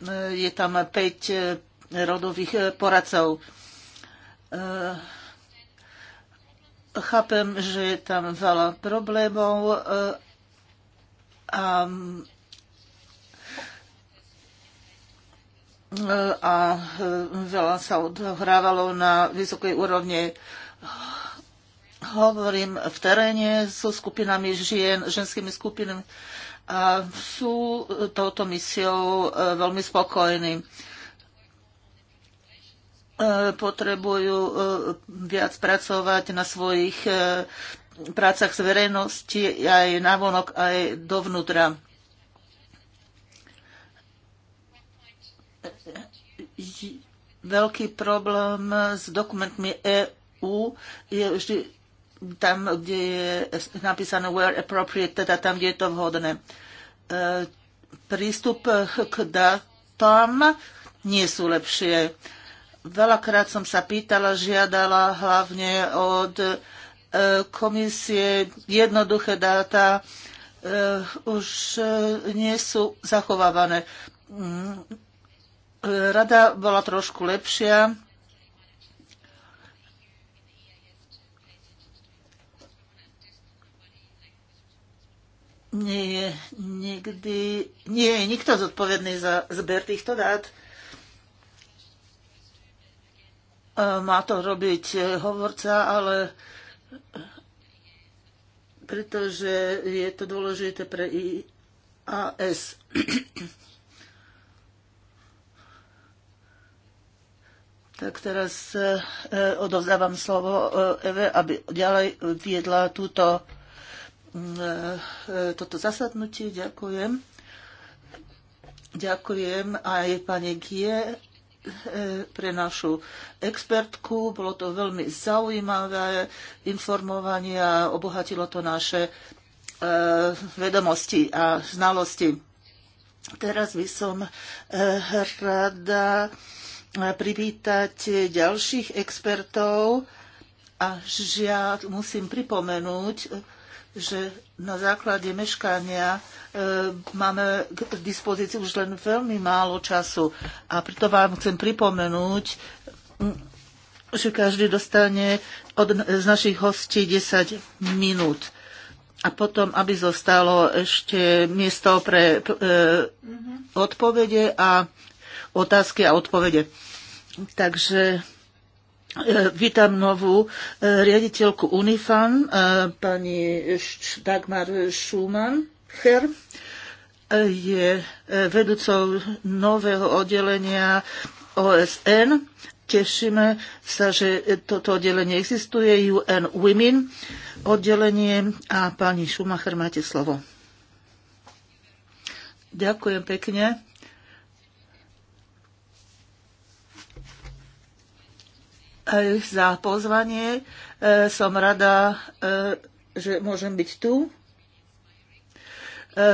E, je tam 5 e, rodových e, poradcov. Chápem, že je tam veľa problémov a a veľa sa odhrávalo na vysokej úrovni. Hovorím v teréne so skupinami žien, ženskými skupinami a sú touto misiou e, veľmi spokojní. E, potrebujú e, viac pracovať na svojich prácach z verejnosti aj navonok, aj dovnútra. Veľký problém s dokumentmi EU je vždy tam, kde je napísané where appropriate, teda tam, kde je to vhodné. E, prístup k datám nie sú lepšie. Veľakrát som sa pýtala, žiadala hlavne od e, komisie jednoduché dáta, e, už nie sú zachovávané. Mm, rada bola trošku lepšia nie je nikdy, nie je nikto zodpovedný za zber týchto dát. E, má to robiť hovorca, ale pretože je to dôležité pre IAS. Tak teraz e, odovzdávam slovo e, Eve, aby ďalej viedla túto E, toto zasadnutie. Ďakujem. Ďakujem aj pani Gie e, pre našu expertku. Bolo to veľmi zaujímavé informovanie a obohatilo to naše e, vedomosti a znalosti. Teraz by som rada privítať ďalších expertov a žiaľ musím pripomenúť, že na základe meškania e, máme k dispozícii už len veľmi málo času. A preto vám chcem pripomenúť, že každý dostane od, z našich hostí 10 minút. A potom, aby zostalo ešte miesto pre e, mhm. odpovede a otázky a odpovede. Takže E, vítam novú e, riaditeľku Unifan, e, pani Dagmar Schumann. Her je vedúcou nového oddelenia OSN. Tešíme sa, že toto oddelenie existuje, UN Women oddelenie. A pani Schumacher, máte slovo. Ďakujem pekne. za pozvanie. E, som rada, e, že môžem byť tu. E,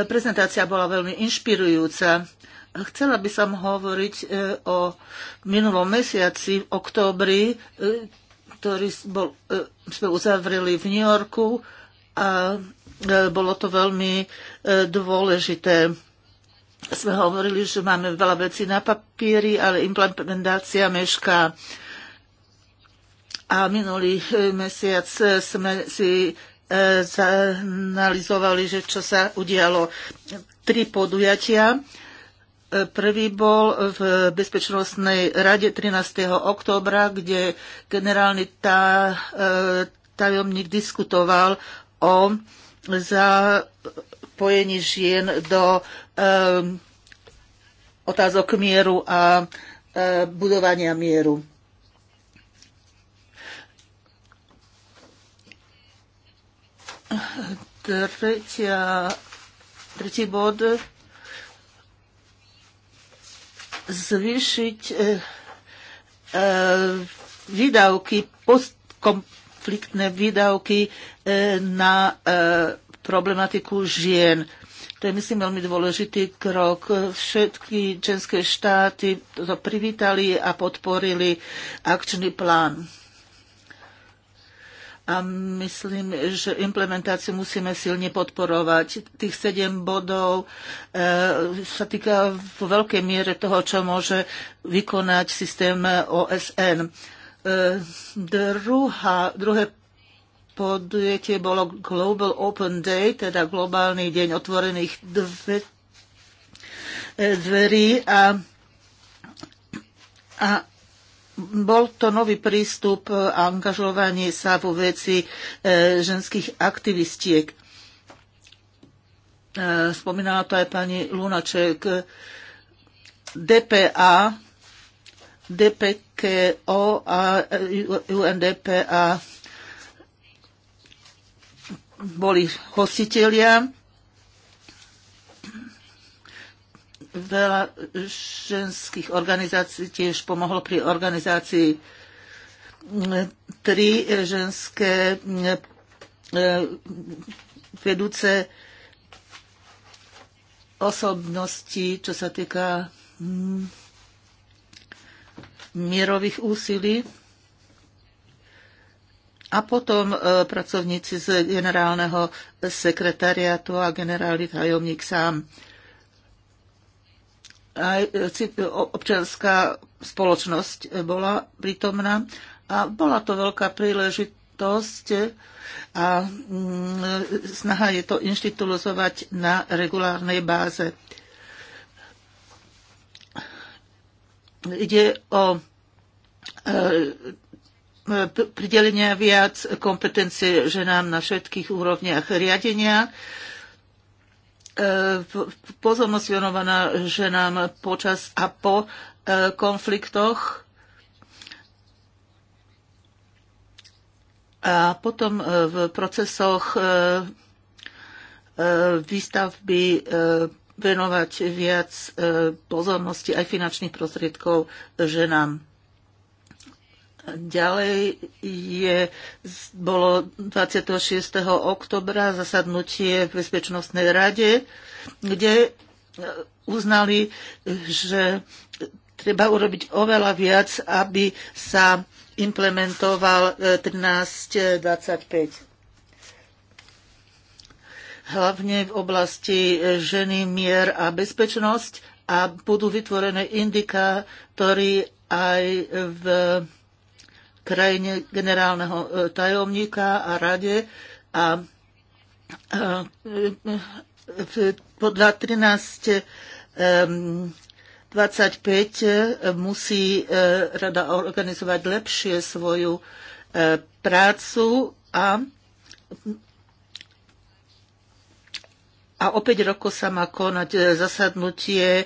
prezentácia bola veľmi inšpirujúca. Chcela by som hovoriť o minulom mesiaci v októbri, ktorý bol, sme uzavreli v New Yorku a bolo to veľmi dôležité. Sme hovorili, že máme veľa vecí na papíri, ale implementácia mešká. A minulý e, mesiac e, sme si e, zanalizovali, že čo sa udialo. Tri podujatia. Prvý bol v Bezpečnostnej rade 13. októbra, kde generálny tá, tajomník diskutoval o zapojení žien do otázok mieru a budovania mieru. Tretia, tretí bod zvýšiť e, e, výdavky, postkonfliktné výdavky e, na e, problematiku žien. To je, myslím, veľmi dôležitý krok. Všetky členské štáty to privítali a podporili akčný plán a myslím, že implementáciu musíme silne podporovať. Tých sedem bodov e, sa týka v veľkej miere toho, čo môže vykonať systém OSN. E, eh, druhá, druhé podujete bolo Global Open Day, teda globálny deň otvorených dve, e, dverí a, a bol to nový prístup a angažovanie sa vo veci e, ženských aktivistiek. E, spomínala to aj pani Lunaček. DPA, DPKO a UNDPA boli hostitelia Veľa ženských organizácií tiež pomohlo pri organizácii tri ženské e, vedúce osobnosti, čo sa týka hm, mierových úsilí. A potom e, pracovníci z generálneho sekretariátu a generálny tajomník sám aj e, občianská spoločnosť e, bola prítomná a bola to veľká príležitosť e, a mm, snaha je to inštitulizovať na regulárnej báze. Ide o pridelenia viac kompetencie ženám na všetkých úrovniach riadenia. E, pozornosť venovaná ženám počas a po e, konfliktoch. A potom e, v procesoch výstavby venovať viac pozornosti aj finančných prostriedkov ženám. Ďalej je, bolo 26. oktobra zasadnutie v Bezpečnostnej rade, kde e, uznali, že treba urobiť oveľa viac, aby sa implementoval 1325 e, hlavne v oblasti e, ženy, mier a bezpečnosť a budú vytvorené indikátory aj v krajine generálneho e, tajomníka a rade a e, e, podľa 13 25 musí rada organizovať lepšie svoju prácu a a opäť roko sa má konať zasadnutie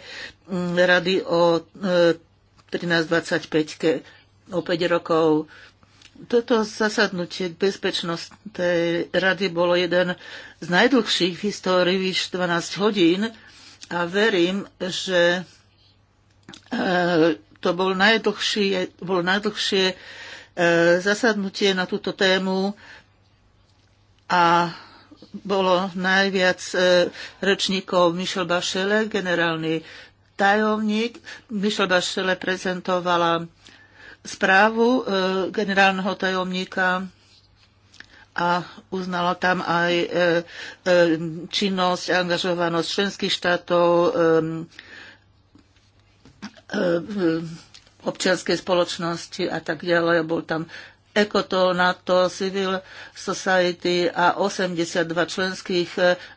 rady o 13.25 o 5 rokov. Toto zasadnutie k tej rady bolo jeden z najdlhších v histórii, vyš 12 hodín a verím, že e, to bol najdlhšie, bolo najdlhšie e, zasadnutie na túto tému a bolo najviac e, rečníkov Michel Bachelet, generálny tajomník. Michel Bachelet prezentovala správu e, generálneho tajomníka a uznala tam aj e, e, činnosť a angažovanosť členských štátov, občianskej spoločnosti a tak ďalej. Bol tam ECOTO, NATO, Civil Society a 82 členských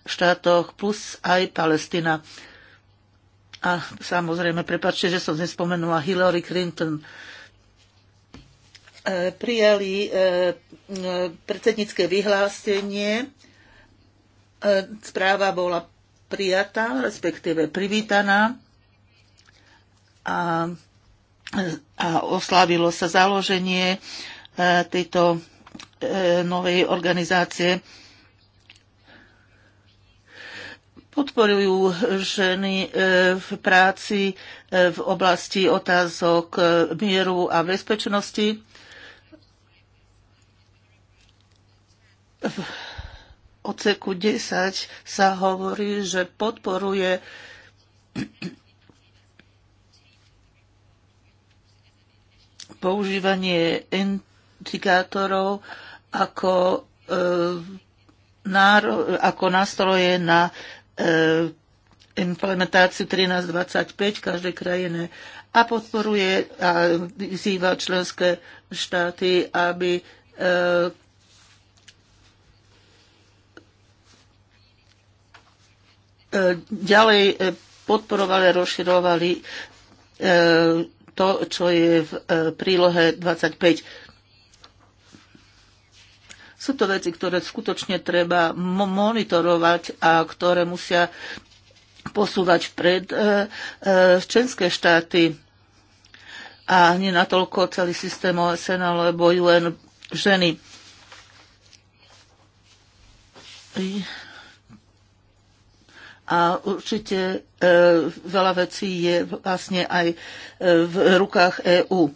štátoch plus aj Palestina. A samozrejme, prepačte, že som nespomenula Hillary Clinton. Uh, E, prijali e, e, predsednícke vyhlásenie. Správa bola prijatá, respektíve privítaná a, a oslávilo sa založenie tejto novej organizácie. Podporujú ženy v práci v oblasti otázok mieru a bezpečnosti v oceku 10 sa hovorí, že podporuje používanie indikátorov ako, e, náro, ako nástroje na e, implementáciu 1325 každej krajine a podporuje a vyzýva členské štáty, aby e, ďalej e, podporovali a rozširovali e, to, čo je v e, prílohe 25. Sú to veci, ktoré skutočne treba monitorovať a ktoré musia posúvať pred členské štáty a nie natoľko celý systém OSN alebo UN ženy. A určite e, veľa vecí je vlastne aj e, v rukách EÚ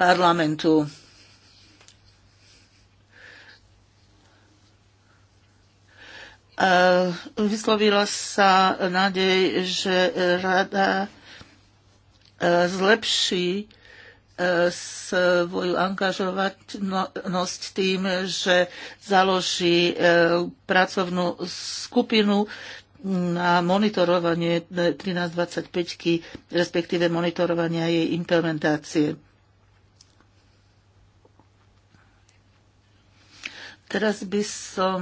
parlamentu. E, vyslovila sa nádej, že rada zlepší svoju angažovanosť tým, že založí pracovnú skupinu na monitorovanie 1325, respektíve monitorovania jej implementácie. Teraz by som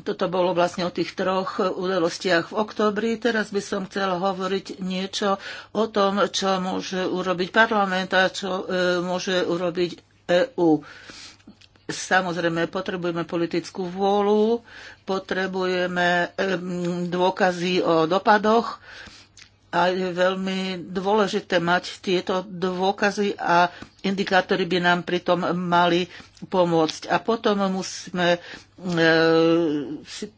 Toto bolo vlastne o tých troch udalostiach v oktobri, Teraz by som chcela hovoriť niečo o tom, čo môže urobiť parlament a čo e, môže urobiť EÚ. EU Samozrejme, potrebujeme politickú vôľu, potrebujeme dôkazy o dopadoch a je veľmi dôležité mať tieto dôkazy a indikátory by nám pritom mali pomôcť. A potom musíme e,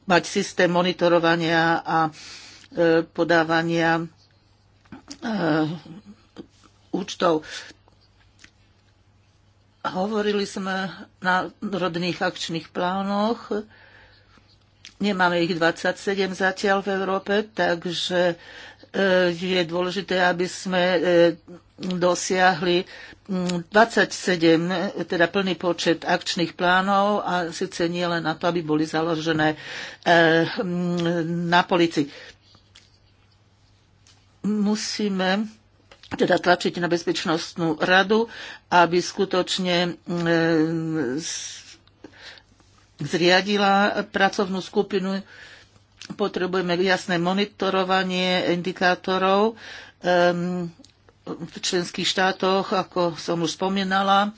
mať systém monitorovania a e, podávania e, účtov. Hovorili sme na rodných akčných plánoch. Nemáme ich 27 zatiaľ v Európe, takže e, je dôležité, aby sme e, dosiahli 27, teda plný počet akčných plánov a síce nie len na to, aby boli založené e, na polici. Musíme teda tlačiť na bezpečnostnú radu, aby skutočne e, zriadila pracovnú skupinu. Potrebujeme jasné monitorovanie indikátorov v členských štátoch, ako som už spomínala.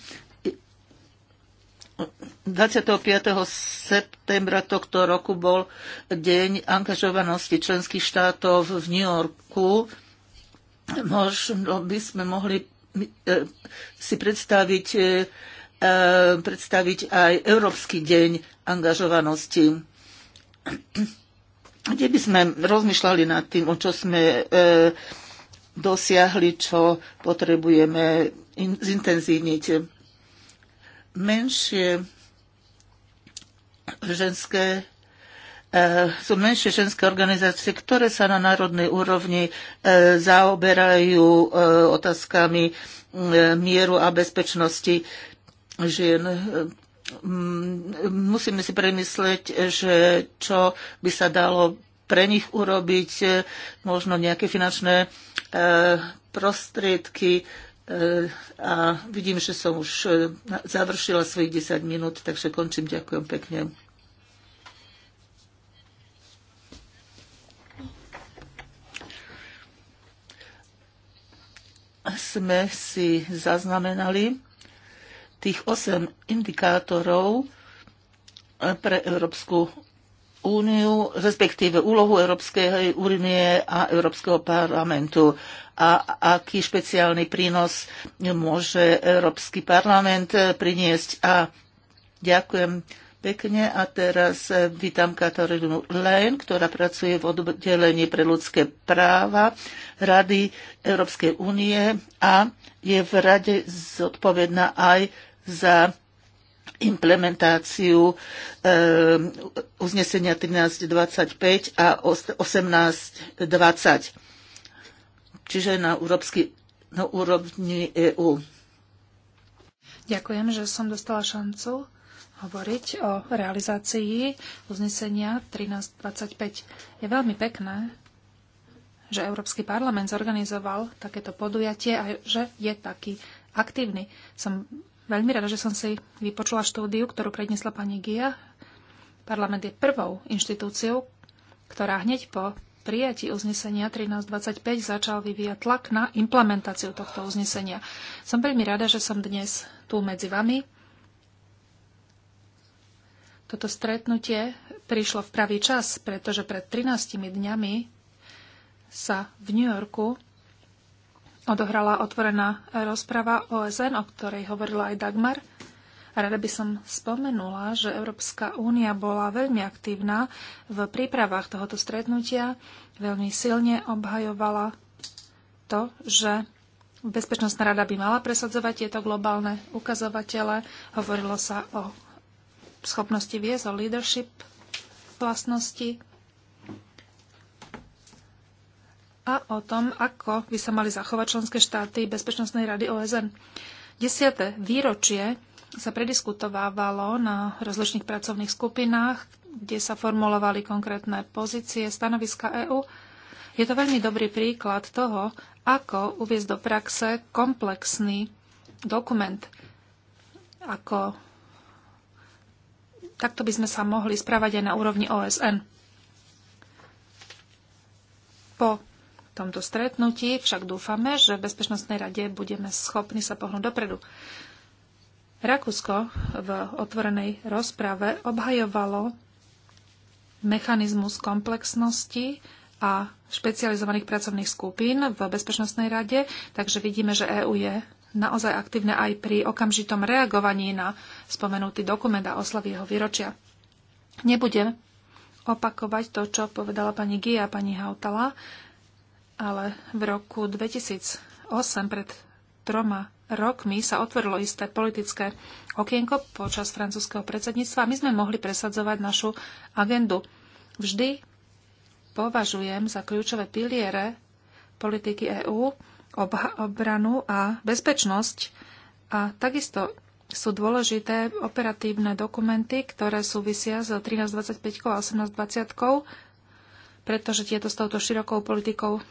25. septembra tohto roku bol deň angažovanosti členských štátov v New Yorku možno by sme mohli e, si predstaviť, e, e, predstaviť aj Európsky deň angažovanosti, kde by sme rozmýšľali nad tým, o čo sme dosiahli, čo potrebujeme zintenzívniť. Menšie ženské E, sú menšie ženské organizácie, ktoré sa na národnej úrovni e, zaoberajú e, otázkami mieru a bezpečnosti žien. Musíme si premyslieť, že čo by sa dalo pre nich urobiť, možno nejaké finančné prostriedky. A vidím, že som už završila svojich 10 minút, takže končím. Ďakujem pekne. sme si zaznamenali tých 8 indikátorov eh, pre Európsku úniu, respektíve úlohu Európskej únie a Európskeho parlamentu a aký špeciálny prínos môže Európsky parlament eh, priniesť. A ďakujem pekne a teraz eh, vítam Katarínu Lén, ktorá pracuje v oddelení pre ľudské práva Rady Európskej únie a je v rade zodpovedná aj za implementáciu eh, uznesenia 1325 a 1820, čiže na, európsky, na úrovni EÚ. Ďakujem, že som dostala šancu hovoriť o realizácii uznesenia 1325. Je veľmi pekné, že Európsky parlament zorganizoval takéto podujatie a že je taký aktívny. Som veľmi rada, že som si vypočula štúdiu, ktorú prednesla pani Gia. Parlament je prvou inštitúciou, ktorá hneď po prijatí uznesenia 1325 začal vyvíjať tlak na implementáciu tohto uznesenia. Som veľmi rada, že som dnes tu medzi vami toto stretnutie prišlo v pravý čas, pretože pred 13 dňami sa v New Yorku odohrala otvorená rozprava OSN, o ktorej hovorila aj Dagmar. Rada by som spomenula, že Európska únia bola veľmi aktívna v prípravách tohoto stretnutia, veľmi silne obhajovala to, že Bezpečnostná rada by mala presadzovať tieto globálne ukazovatele. Hovorilo sa o schopnosti viesť, o leadership vlastnosti a o tom, ako by sa mali zachovať členské štáty Bezpečnostnej rady OSN. Desiate výročie sa prediskutovávalo na rozličných pracovných skupinách, kde sa formulovali konkrétne pozície, stanoviska EÚ. Je to veľmi dobrý príklad toho, ako uviezť do praxe komplexný dokument, ako takto by sme sa mohli správať aj na úrovni OSN. Po tomto stretnutí však dúfame, že v Bezpečnostnej rade budeme schopní sa pohnúť dopredu. Rakúsko v otvorenej rozprave obhajovalo mechanizmus komplexnosti a špecializovaných pracovných skupín v Bezpečnostnej rade, takže vidíme, že EÚ je naozaj aktívne aj pri okamžitom reagovaní na spomenutý dokument a oslavy jeho výročia. Nebudem opakovať to, čo povedala pani Gia a pani Hautala, ale v roku 2008 pred troma rokmi sa otvorilo isté politické okienko počas francúzského predsedníctva a my sme mohli presadzovať našu agendu. Vždy považujem za kľúčové piliere politiky EÚ obranu a bezpečnosť. A takisto sú dôležité operatívne dokumenty, ktoré súvisia s 1325 a 1820, pretože tieto s touto širokou politikou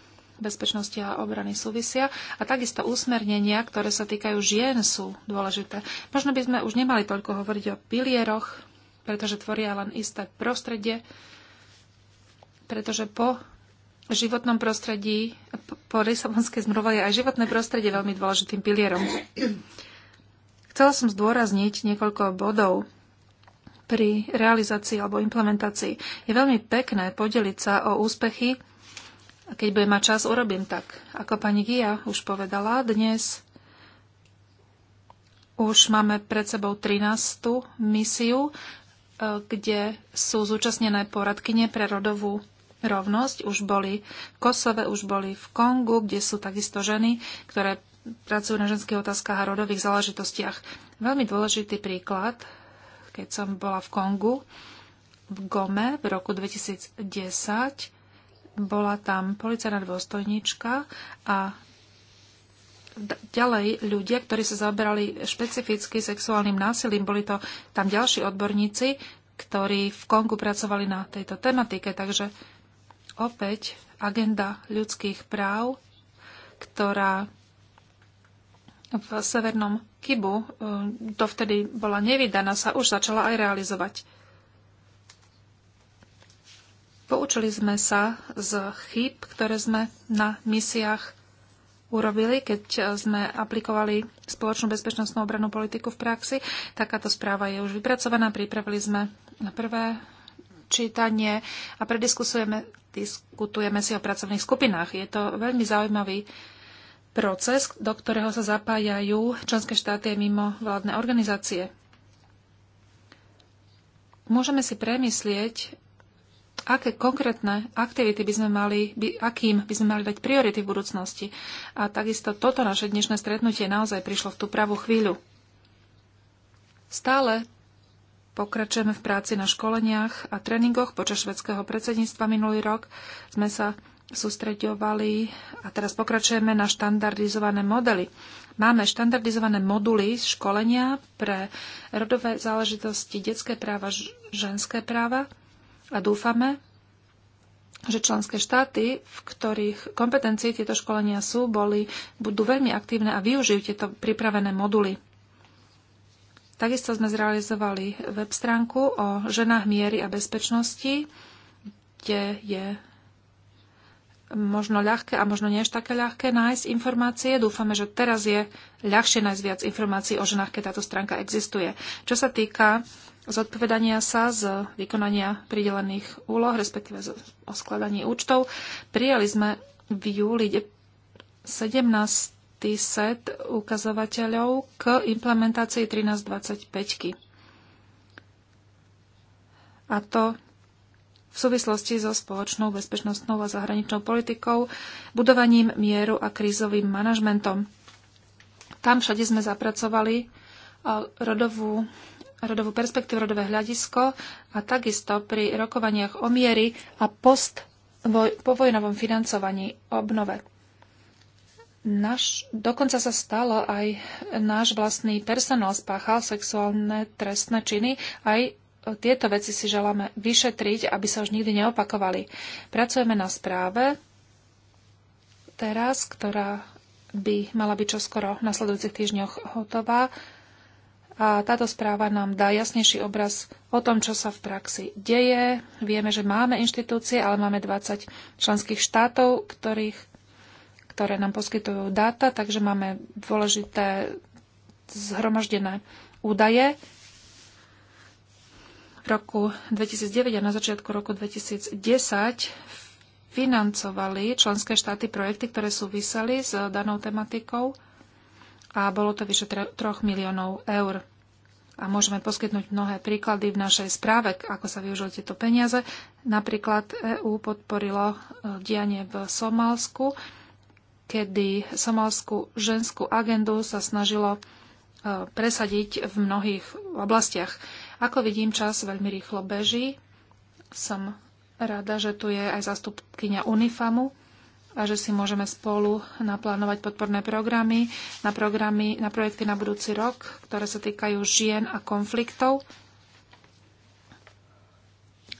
bezpečnosti a obrany súvisia. A takisto úsmernenia, ktoré sa týkajú žien, sú dôležité. Možno by sme už nemali toľko hovoriť o pilieroch, pretože tvoria len isté prostredie, pretože po životnom prostredí po Lisabonskej zmluve je aj životné prostredie veľmi dôležitým pilierom. Chcela som zdôrazniť niekoľko bodov pri realizácii alebo implementácii. Je veľmi pekné podeliť sa o úspechy a keď budem mať čas, urobím tak. Ako pani Gia už povedala, dnes už máme pred sebou 13. misiu, e, kde sú zúčastnené poradkyne pre rodovú rovnosť. Už boli v Kosove, už boli v Kongu, kde sú takisto ženy, ktoré pracujú na ženských otázkach a rodových záležitostiach. Veľmi dôležitý príklad, keď som bola v Kongu, v Gome v roku 2010, bola tam policajná dôstojnička a ďalej ľudia, ktorí sa zaoberali špecificky sexuálnym násilím, boli to tam ďalší odborníci, ktorí v Kongu pracovali na tejto tematike, takže opäť agenda ľudských práv, ktorá v severnom Kibu, e, to vtedy bola nevydaná, sa už začala aj realizovať. Poučili sme sa z chýb, ktoré sme na misiách urobili, keď sme aplikovali spoločnú bezpečnostnú obranú politiku v praxi. Takáto správa je už vypracovaná, pripravili sme na prvé čítanie a prediskusujeme diskutujeme si o pracovných skupinách. Je to veľmi zaujímavý proces, do ktorého sa zapájajú členské štáty a mimo vládne organizácie. Môžeme si premyslieť, aké konkrétne aktivity by sme mali, by, akým by sme mali dať priority v budúcnosti. A takisto toto naše dnešné stretnutie naozaj prišlo v tú pravú chvíľu. Stále Pokračujeme v práci na školeniach a tréningoch. Počas švedského predsedníctva minulý rok sme sa sústreďovali a teraz pokračujeme na štandardizované modely. Máme štandardizované moduly školenia pre rodové záležitosti, detské práva, ženské práva a dúfame, že členské štáty, v ktorých kompetencii tieto školenia sú, boli, budú veľmi aktívne a využijú tieto pripravené moduly. Takisto sme zrealizovali web stránku o ženách miery a bezpečnosti, kde je možno ľahké a možno nie až také ľahké nájsť informácie. Dúfame, že teraz je ľahšie nájsť viac informácií o ženách, keď táto stránka existuje. Čo sa týka zodpovedania sa z vykonania pridelených úloh, respektíve z oskladaní účtov, prijali sme v júli 17 istý set ukazovateľov k implementácii 1325. A to v súvislosti so spoločnou bezpečnostnou a zahraničnou politikou, budovaním mieru a krízovým manažmentom. Tam všade sme zapracovali rodovú, rodovú perspektívu, rodové hľadisko a takisto pri rokovaniach o miery a post po vojnovom financovaní obnove. Naš, dokonca sa stalo aj náš vlastný personál spáchal sexuálne trestné činy. Aj tieto veci si želáme vyšetriť, aby sa už nikdy neopakovali. Pracujeme na správe teraz, ktorá by mala byť čoskoro v nasledujúcich týždňoch hotová. A táto správa nám dá jasnejší obraz o tom, čo sa v praxi deje. Vieme, že máme inštitúcie, ale máme 20 členských štátov, ktorých ktoré nám poskytujú dáta, takže máme dôležité zhromaždené údaje. V roku 2009 a na začiatku roku 2010 financovali členské štáty projekty, ktoré súviseli s danou tematikou a bolo to vyše 3 miliónov eur. A môžeme poskytnúť mnohé príklady v našej správe, ako sa využili tieto peniaze. Napríklad EÚ podporilo e, dianie v Somálsku, kedy somalskú ženskú agendu sa snažilo e, presadiť v mnohých oblastiach. Ako vidím, čas veľmi rýchlo beží. Som rada, že tu je aj zastupkynia Unifamu a že si môžeme spolu naplánovať podporné programy na, programy, na projekty na budúci rok, ktoré sa týkajú žien a konfliktov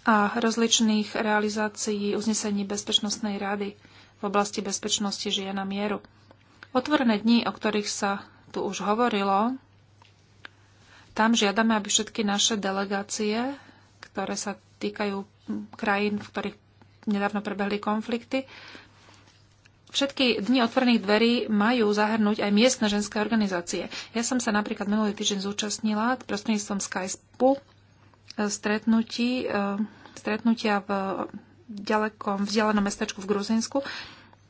a rozličných realizácií uznesení Bezpečnostnej rady v oblasti bezpečnosti žije na mieru. Otvorené dni, o ktorých sa tu už hovorilo, tam žiadame, aby všetky naše delegácie, ktoré sa týkajú krajín, v ktorých nedávno prebehli konflikty, Všetky dni otvorených dverí majú zahrnúť aj miestne ženské organizácie. Ja som sa napríklad minulý týždeň zúčastnila prostredníctvom Skype eh, stretnutí, eh, stretnutia v ďalekom vzdialenom mestečku v Gruzinsku,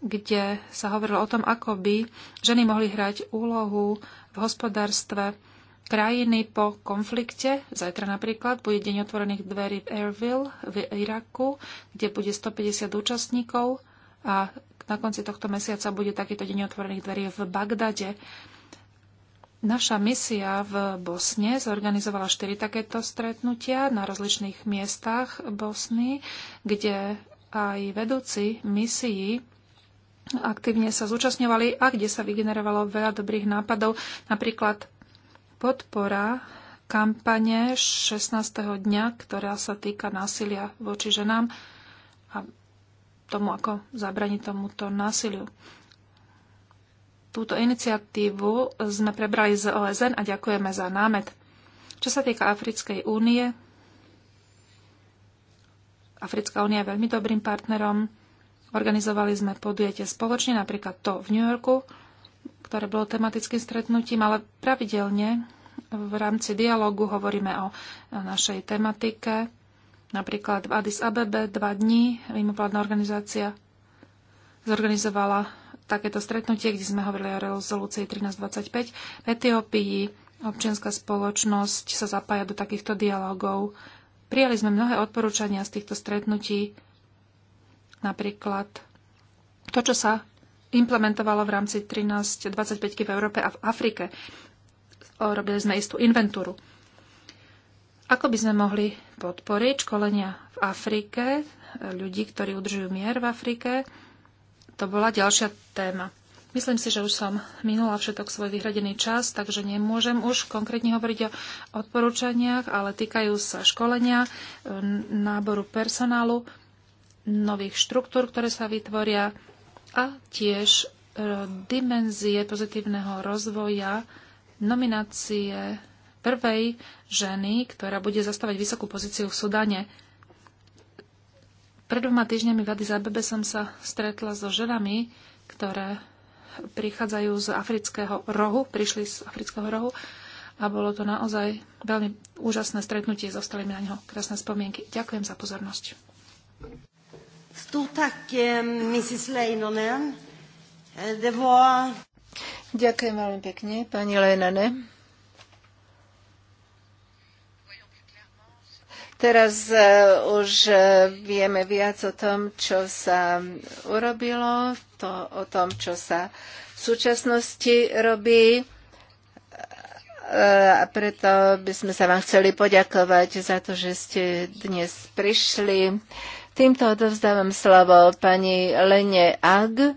kde sa hovorilo o tom, ako by ženy mohli hrať úlohu v hospodárstve krajiny po konflikte. Zajtra napríklad bude deň otvorených dverí v Airville v Iraku, kde bude 150 účastníkov a na konci tohto mesiaca bude takýto deň otvorených dverí v Bagdade. Naša misia v Bosne zorganizovala štyri takéto stretnutia na rozličných miestach Bosny, kde aj vedúci misií aktívne sa zúčastňovali a kde sa vygenerovalo veľa dobrých nápadov. Napríklad podpora kampane 16. dňa, ktorá sa týka násilia voči ženám a tomu, ako zabraniť tomuto násiliu. Túto iniciatívu sme prebrali z OSN a ďakujeme za námet. Čo sa týka Africkej únie, Africká únia je veľmi dobrým partnerom. Organizovali sme podujete spoločne, napríklad to v New Yorku, ktoré bolo tematickým stretnutím, ale pravidelne v rámci dialogu hovoríme o našej tematike. Napríklad v Addis Abebe dva dní mimovládna organizácia zorganizovala takéto stretnutie, kde sme hovorili o rezolúcii 1325. V Etiópii občianská spoločnosť sa zapája do takýchto dialogov. Prijali sme mnohé odporúčania z týchto stretnutí, napríklad to, čo sa implementovalo v rámci 1325 v Európe a v Afrike. Robili sme istú inventúru. Ako by sme mohli podporiť školenia v Afrike, ľudí, ktorí udržujú mier v Afrike, to bola ďalšia téma. Myslím si, že už som minula všetok svoj vyhradený čas, takže nemôžem už konkrétne hovoriť o odporúčaniach, ale týkajú sa školenia, náboru personálu, nových štruktúr, ktoré sa vytvoria a tiež e, dimenzie pozitívneho rozvoja nominácie prvej ženy, ktorá bude zastávať vysokú pozíciu v Sudane. Pred dvoma týždňami v Addis Abebe som sa stretla so ženami, ktoré prichádzajú z afrického rohu, prišli z afrického rohu a bolo to naozaj veľmi úžasné stretnutie. Zostali mi na neho krásne spomienky. Ďakujem za pozornosť. Eh, eh, Ďakujem veľmi pekne, pani Lejnane. Teraz e, už e, vieme viac o tom, čo sa urobilo, to, o tom, čo sa v súčasnosti robí. E, a preto by sme sa vám chceli poďakovať za to, že ste dnes prišli. Týmto odovzdávam slovo pani Lene Ag,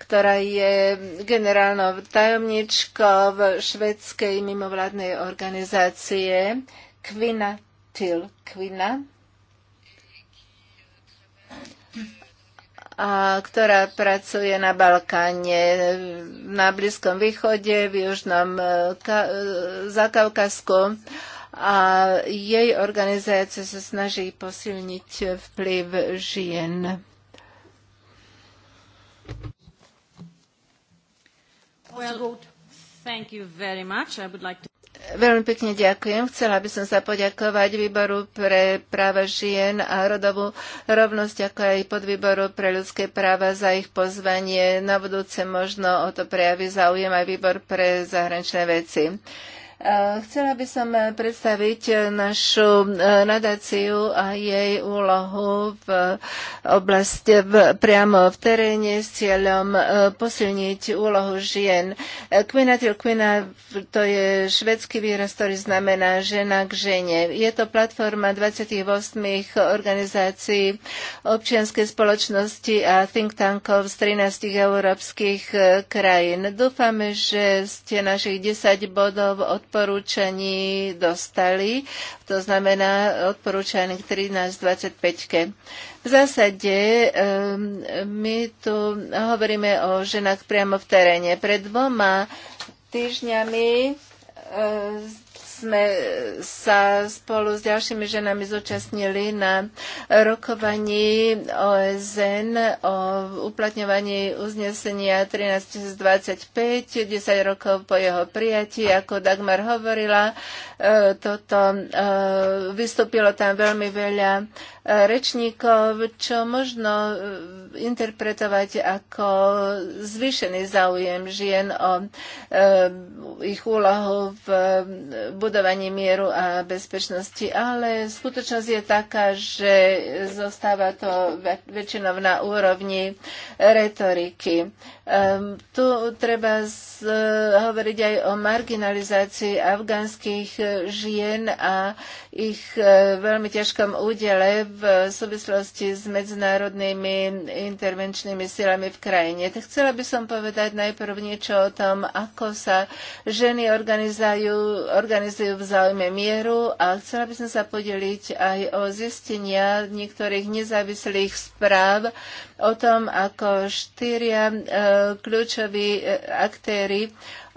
ktorá je generálnou tajomničkou švedskej mimovládnej organizácie Kvina Til Kvina, a ktorá pracuje na Balkáne, na Blízkom východe, v Južnom e, Ka- e, Zakaukasku a jej organizácia sa snaží posilniť vplyv žien. Well, thank you very much. I would like to... Veľmi pekne ďakujem. Chcela by som sa poďakovať výboru pre práva žien a rodovú rovnosť, ako aj podvýboru pre ľudské práva za ich pozvanie. Na budúce možno o to prejaví záujem aj výbor pre zahraničné veci. Eh, chcela by som eh, predstaviť eh, našu nadáciu a jej úlohu v oblasti v, priamo v teréne s cieľom posilniť úlohu žien. til Kvina to je švedský výraz, ktorý znamená žena k žene. Je to platforma 28 organizácií občianskej spoločnosti a think tankov z 13 európskych krajín. Dúfame, že ste našich 10 bodov od odporúčaní dostali, to znamená odporúčaní k 1325. V zásade ehm, my tu hovoríme o ženách priamo v teréne. Pred dvoma týždňami ehm, sme e, sa spolu s ďalšími ženami zúčastnili na rokovaní OSN o uplatňovaní uznesenia 1325, 10 rokov po jeho prijatí. Ako Dagmar hovorila, e, toto e, vystúpilo tam veľmi veľa rečníkov, čo možno interpretovať ako zvýšený záujem žien o ich úlohu v budúcnosti budovanie mieru a bezpečnosti, ale skutočnosť je taká, že zostáva to väčšinou na úrovni retoriky. Ehm, tu treba hovoriť aj o marginalizácii afgánskych žien a ich e, veľmi ťažkom údele v súvislosti s medzinárodnými intervenčnými silami v krajine. Chcela by som povedať najprv niečo o tom, ako sa ženy organizujú, organizujú realizujú v záujme mieru a chcela by som sa podeliť aj o zistenia niektorých nezávislých správ o tom, ako štyria e, kľúčoví e, aktéry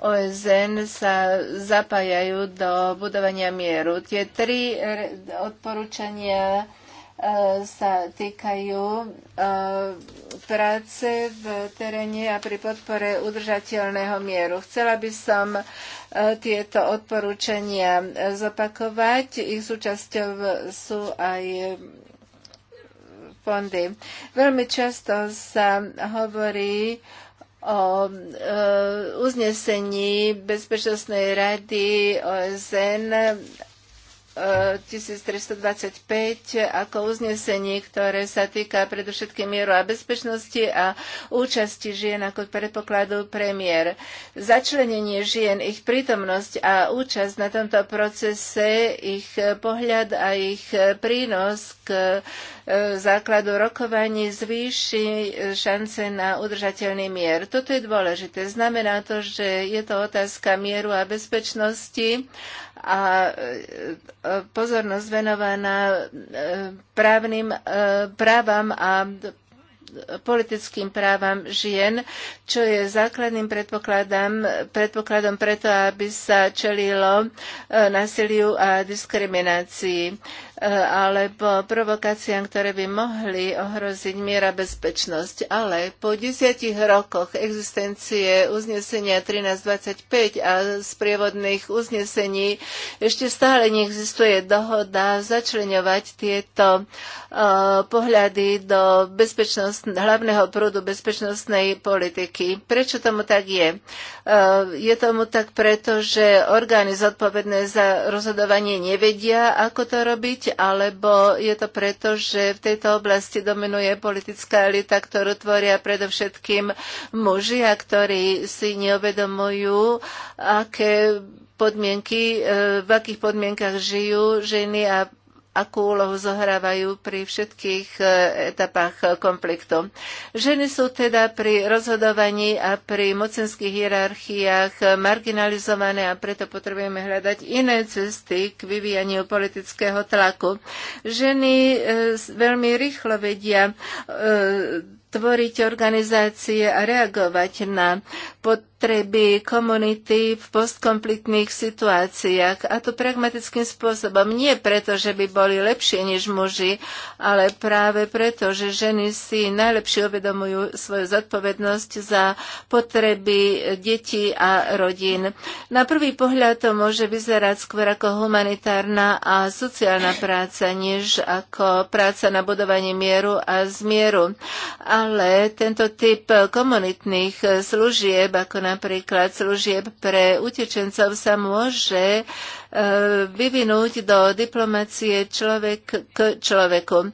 OSN sa zapájajú do budovania mieru. Tie tri e, odporúčania sa týkajú eh, práce v teréne a pri podpore udržateľného mieru. Chcela by som eh, tieto odporúčania eh, zopakovať. Ich súčasťou sú aj fondy. Veľmi často sa hovorí o uznesení Bezpečnostnej rady OSN 1325 e, ako uznesenie, ktoré sa týka predovšetkým mieru a bezpečnosti a účasti žien ako predpokladu premiér. Začlenenie žien, ich prítomnosť a účasť na tomto procese, ich pohľad a ich prínos k e, základu rokovaní zvýši šance na udržateľný mier. Toto je dôležité. Znamená to, že je to otázka mieru a bezpečnosti a e, e, pozornosť venovaná e, právnym právam a politickým právam žien, čo je základným predpokladom, predpokladom preto, aby sa čelilo násiliu a diskriminácii alebo provokáciám, ktoré by mohli ohroziť miera bezpečnosť. Ale po desiatich rokoch existencie uznesenia 1325 a sprievodných uznesení ešte stále neexistuje dohoda začleňovať tieto e, pohľady do hlavného prúdu bezpečnostnej politiky. Prečo tomu tak je? E, je tomu tak preto, že orgány zodpovedné za rozhodovanie nevedia, ako to robiť alebo je to preto, že v tejto oblasti dominuje politická elita, ktorú tvoria predovšetkým muži a ktorí si neuvedomujú, aké podmienky, v akých podmienkach žijú ženy a akú úlohu zohrávajú pri všetkých e, etapách e, konfliktu. Ženy sú teda pri rozhodovaní a pri mocenských hierarchiách e, marginalizované a preto potrebujeme hľadať iné cesty k vyvíjaniu politického tlaku. Ženy veľmi rýchlo vedia tvoriť organizácie a reagovať na potreby komunity v postkonfliktných situáciách. A to pragmatickým spôsobom. Nie preto, že by boli lepšie než muži, ale práve preto, že ženy si najlepšie uvedomujú svoju zodpovednosť za potreby detí a rodín. Na prvý pohľad to môže vyzerať skôr ako humanitárna a sociálna práca, než ako práca na budovanie mieru a zmieru. A ale tento typ komunitných služieb, ako napríklad služieb pre utečencov, sa môže e, vyvinúť do diplomacie človek k človeku. E,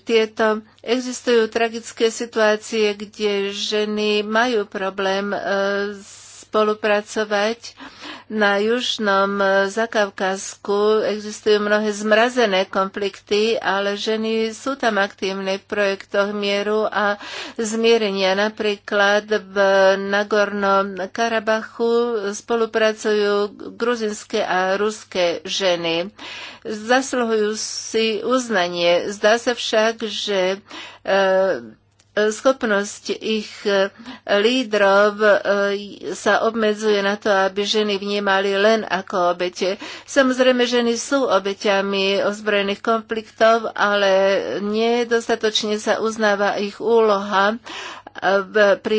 tieto existujú tragické situácie, kde ženy majú problém e, s spolupracovať. Na južnom Zakavkazku existujú mnohé zmrazené konflikty, ale ženy sú tam aktívne v projektoch mieru a zmierenia. Napríklad v Nagorno-Karabachu spolupracujú gruzinské a ruské ženy. Zasluhujú si uznanie. Zdá sa však, že e, schopnosť ich e, lídrov e, sa obmedzuje na to, aby ženy vnímali len ako obete. Samozrejme, ženy sú obeťami ozbrojených konfliktov, ale nedostatočne sa uznáva ich úloha v, pri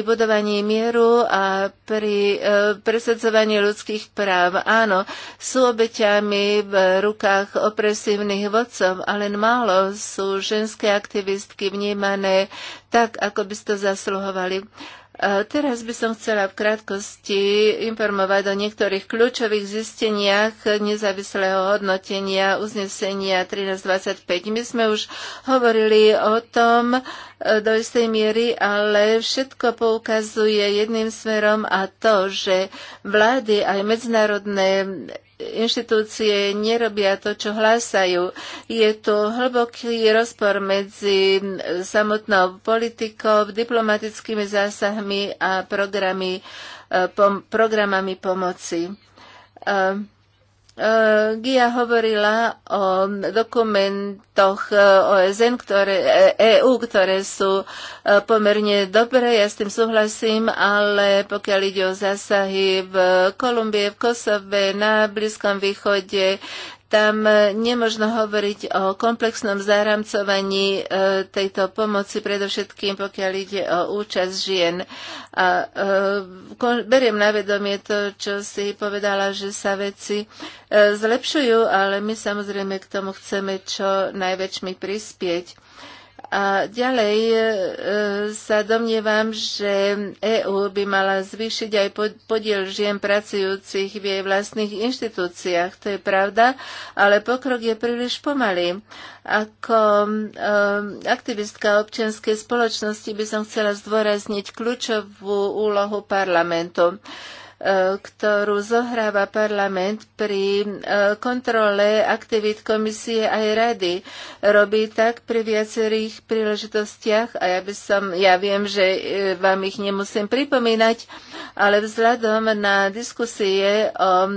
mieru a pri e, presadzovaní ľudských práv. Áno, sú obeťami v rukách opresívnych vodcov, ale málo sú ženské aktivistky vnímané tak, ako by ste zasluhovali. Teraz by som chcela v krátkosti informovať o niektorých kľúčových zisteniach nezávislého hodnotenia uznesenia 1325. My sme už hovorili o tom e, do istej miery, ale všetko poukazuje jedným smerom a to, že vlády aj medzinárodné inštitúcie nerobia to, čo hlásajú. Je to hlboký rozpor medzi samotnou politikou, diplomatickými zásahmi a programy, eh, pom, programami pomoci. Uh, E, Gia hovorila o dokumentoch e, OSN, ktoré, EU, e ktoré sú pomerne dobré, ja s tým súhlasím, ale pokiaľ ide o zásahy v Kolumbie, v Kosove, na Blízkom východe, tam e, nemožno hovoriť o komplexnom zaramcovaní e, tejto pomoci, predovšetkým pokiaľ ide o účasť žien. A e, beriem na vedomie to, čo si povedala, že sa veci zlepšujú, ale my samozrejme k tomu chceme čo najväčšmi prispieť. A ďalej e, e, sa domnievam, že EÚ by mala zvýšiť aj podiel žien pracujúcich v jej vlastných inštitúciách. To je pravda, ale pokrok je príliš pomalý. Ako e, aktivistka občianskej spoločnosti by som chcela zdôrazniť kľúčovú úlohu parlamentu ktorú zohráva parlament pri e, kontrole aktivít komisie aj rady. Robí tak pri viacerých príležitostiach a ja by som, ja viem, že e, vám ich nemusím pripomínať, ale vzhľadom na diskusie o e,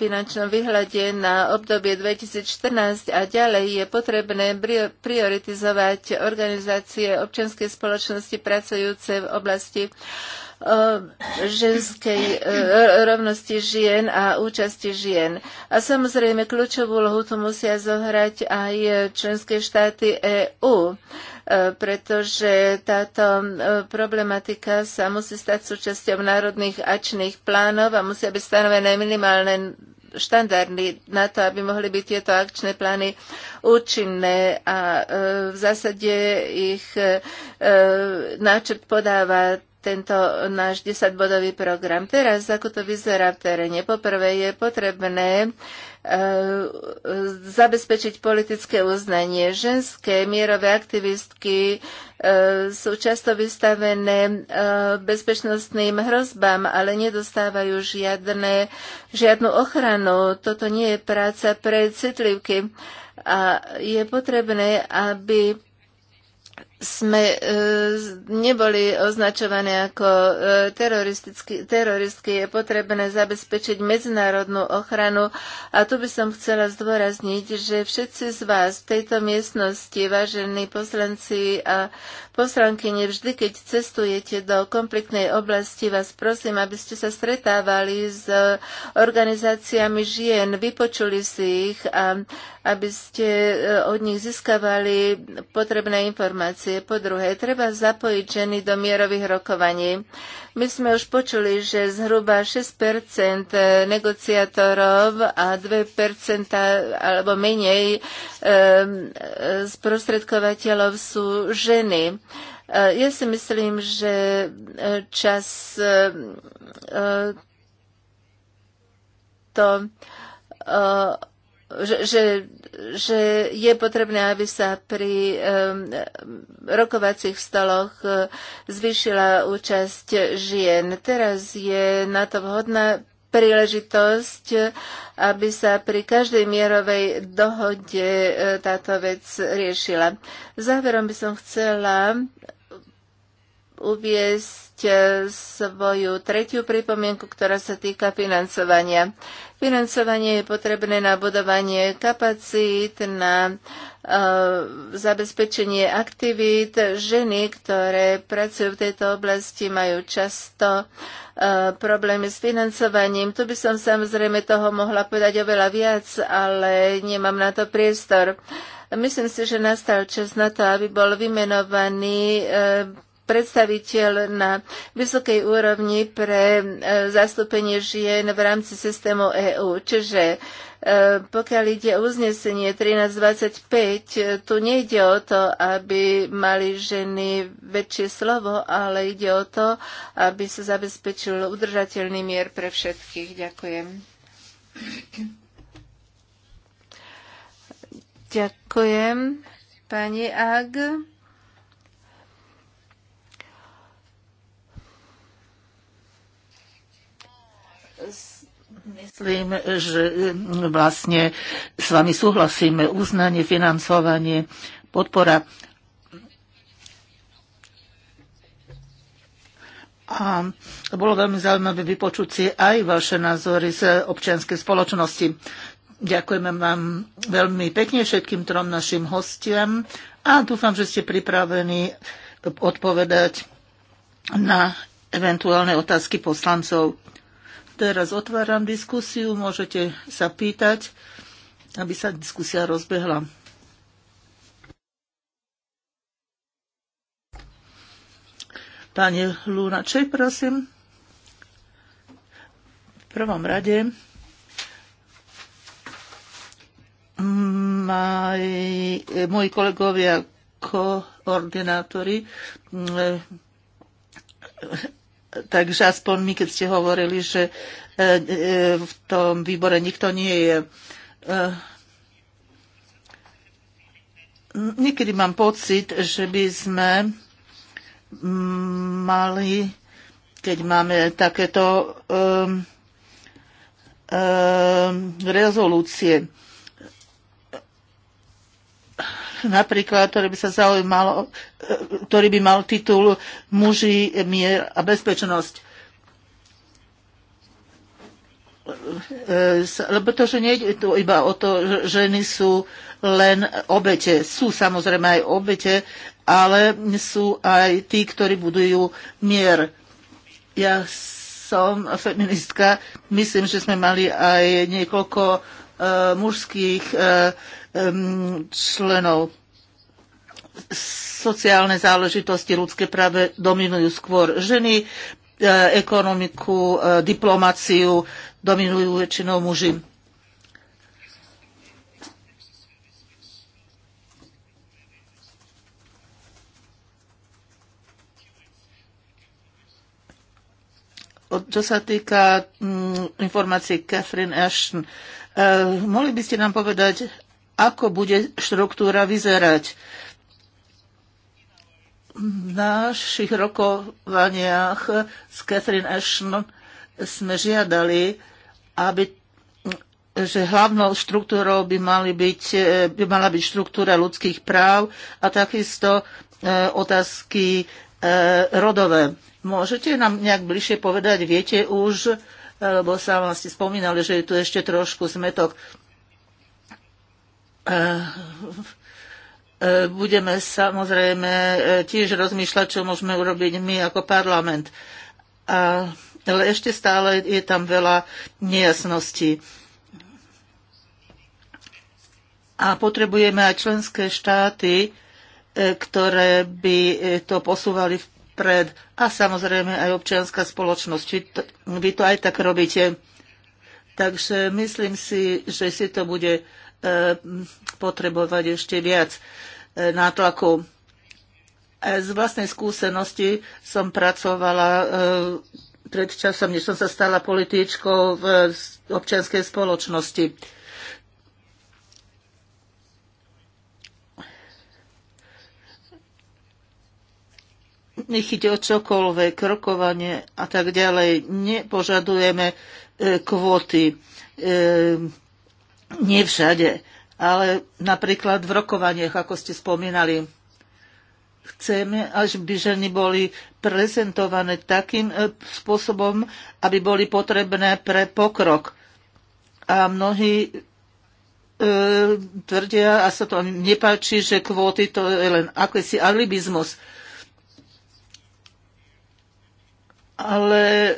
finančnom výhľade na obdobie 2014 a ďalej je potrebné prioritizovať organizácie občianskej spoločnosti pracujúce v oblasti Eh, ženskej eh, rovnosti žien a účasti žien. A samozrejme, kľúčovú lohu tu musia zohrať aj členské štáty EÚ eh, pretože táto problematika sa musí stať súčasťou národných ačných plánov a musia byť stanovené minimálne štandardy na to, aby mohli byť tieto akčné plány účinné a e, v zásade ich e, náčrt podáva tento náš 10-bodový program. Teraz, ako to vyzerá v teréne? Poprvé je potrebné e, zabezpečiť politické uznanie. Ženské mierové aktivistky e, sú často vystavené e, bezpečnostným hrozbám, ale nedostávajú žiadne, žiadnu ochranu. Toto nie je práca pre citlivky. A je potrebné, aby sme e, neboli označované ako e, teroristky, je potrebné zabezpečiť medzinárodnú ochranu. A tu by som chcela zdôrazniť, že všetci z vás v tejto miestnosti, vážení poslanci a poslanky, nevždy, keď cestujete do konfliktnej oblasti, vás prosím, aby ste sa stretávali s organizáciami žien, vypočuli si ich a aby ste e, od nich získavali potrebné informácie diskusie. Po druhé, treba zapojiť ženy do mierových rokovaní. My sme už počuli, že zhruba 6 e, negociátorov a 2 alebo menej e, e, sprostredkovateľov sú ženy. Ja si myslím, že čas to že, že, že je potrebné, aby sa pri um, rokovacích stoloch eh, zvýšila účasť žien. Teraz je na to vhodná príležitosť, aby sa pri každej mierovej dohode eh, táto vec riešila. Záverom by som chcela uviesť eh, svoju tretiu pripomienku, ktorá sa týka financovania. Financovanie je potrebné na budovanie kapacít, na uh, zabezpečenie aktivít. Ženy, ktoré pracujú v tejto oblasti, majú často uh, problémy s financovaním. Tu by som samozrejme toho mohla povedať oveľa viac, ale nemám na to priestor. Myslím si, že nastal čas na to, aby bol vymenovaný uh, predstaviteľ na vysokej úrovni pre e, zastúpenie žien v rámci systému EÚ. Čiže e, pokiaľ ide o uznesenie 1325, e, tu nejde o to, aby mali ženy väčšie slovo, ale ide o to, aby sa zabezpečil udržateľný mier pre všetkých. Ďakujem. Ďakujem, pani Ag. Myslím, že mm, vlastne s vami súhlasíme. Uznanie, financovanie, podpora. A bolo veľmi zaujímavé vypočuť si aj vaše názory z občianskej spoločnosti. Ďakujeme vám veľmi pekne všetkým trom našim hostiam a dúfam, že ste pripravení odpovedať na eventuálne otázky poslancov. Teraz otváram diskusiu, môžete sa pýtať, aby sa diskusia rozbehla. Pane Lunačej, prosím. V prvom rade maj, moji kolegovia koordinátori Takže aspoň my, keď ste hovorili, že e, e, v tom výbore nikto nie je. E, niekedy mám pocit, že by sme mm, mali, keď máme takéto um, um, rezolúcie, napríklad, ktoré by sa zaujímalo, e, ktorý by mal titul Muži, mier a bezpečnosť e, lebo to, že nejde tu iba o to, že ženy sú len obete. Sú samozrejme aj obete, ale sú aj tí, ktorí budujú mier. Ja som feministka. Myslím, že sme mali aj niekoľko uh, mužských uh, členov sociálne záležitosti, ľudské práve dominujú skôr ženy, e, ekonomiku, e, diplomáciu dominujú väčšinou muži. Čo sa týka mm, informácií Catherine Ashton, e, mohli by ste nám povedať, ako bude štruktúra vyzerať. V našich rokovaniach s Catherine Ashton sme žiadali, aby že hlavnou štruktúrou by, mali byť, by mala byť štruktúra ľudských práv a takisto e, otázky e, rodové. Môžete nám nejak bližšie povedať, viete už, e, lebo sa vám ste spomínali, že je tu ešte trošku smetok. Eh, eh, budeme samozrejme eh, tiež rozmýšľať, čo môžeme urobiť my ako parlament. A, ale ešte stále je tam veľa nejasností. A potrebujeme aj členské štáty, ktoré by to posúvali vpred. A samozrejme aj občianská spoločnosť. to, vy to aj tak robíte. Takže myslím si, že si to bude E, potrebovať ešte viac e, nátlaku. E, z vlastnej skúsenosti som pracovala pred časom, než som sa stala političkou v občianskej spoločnosti. nechyť o čokoľvek, rokovanie a tak ďalej. Nepožadujeme kvóty nie všade, ale napríklad v rokovaniach, ako ste spomínali, chceme, až by ženy boli prezentované takým e, spôsobom, aby boli potrebné pre pokrok. A mnohí e, tvrdia, a sa to nepáči, že kvóty to je len akýsi alibizmus. Ale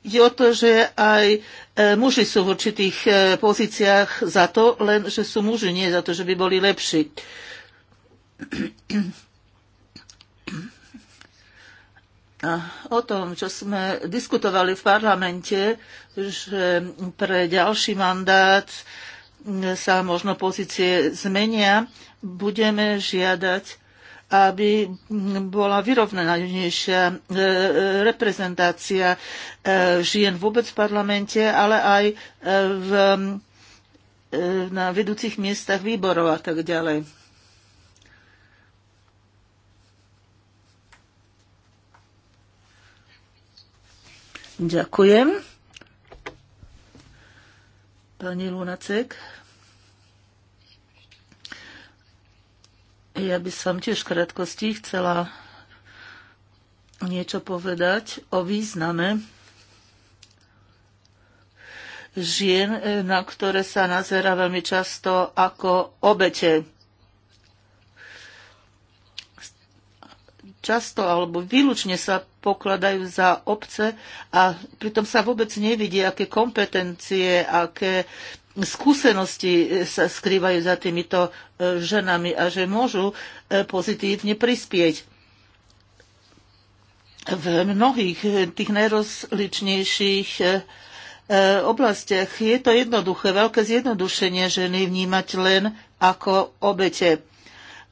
Ide o to, že aj e, muži sú v určitých e, pozíciách za to, len že sú muži, nie za to, že by boli lepší. A o tom, čo sme diskutovali v parlamente, že pre ďalší mandát e, sa možno pozície zmenia, budeme žiadať aby bola vyrovnanejšia e, e, reprezentácia e, žien vôbec v parlamente, ale aj v, na vedúcich miestach výborov a tak ďalej. Ďakujem. Pani Lunacek. Ja by som tiež v krátkosti chcela niečo povedať o význame žien, eh, na ktoré sa nazera veľmi často ako obete. Často alebo výlučne sa pokladajú za obce a pritom sa vôbec nevidí, aké kompetencie, aké skúsenosti e, sa skrývajú za týmito e, ženami a že môžu e, pozitívne prispieť. V mnohých tých najrozličnejších oblastiach je to jednoduché, veľké zjednodušenie ženy vnímať len ako obete.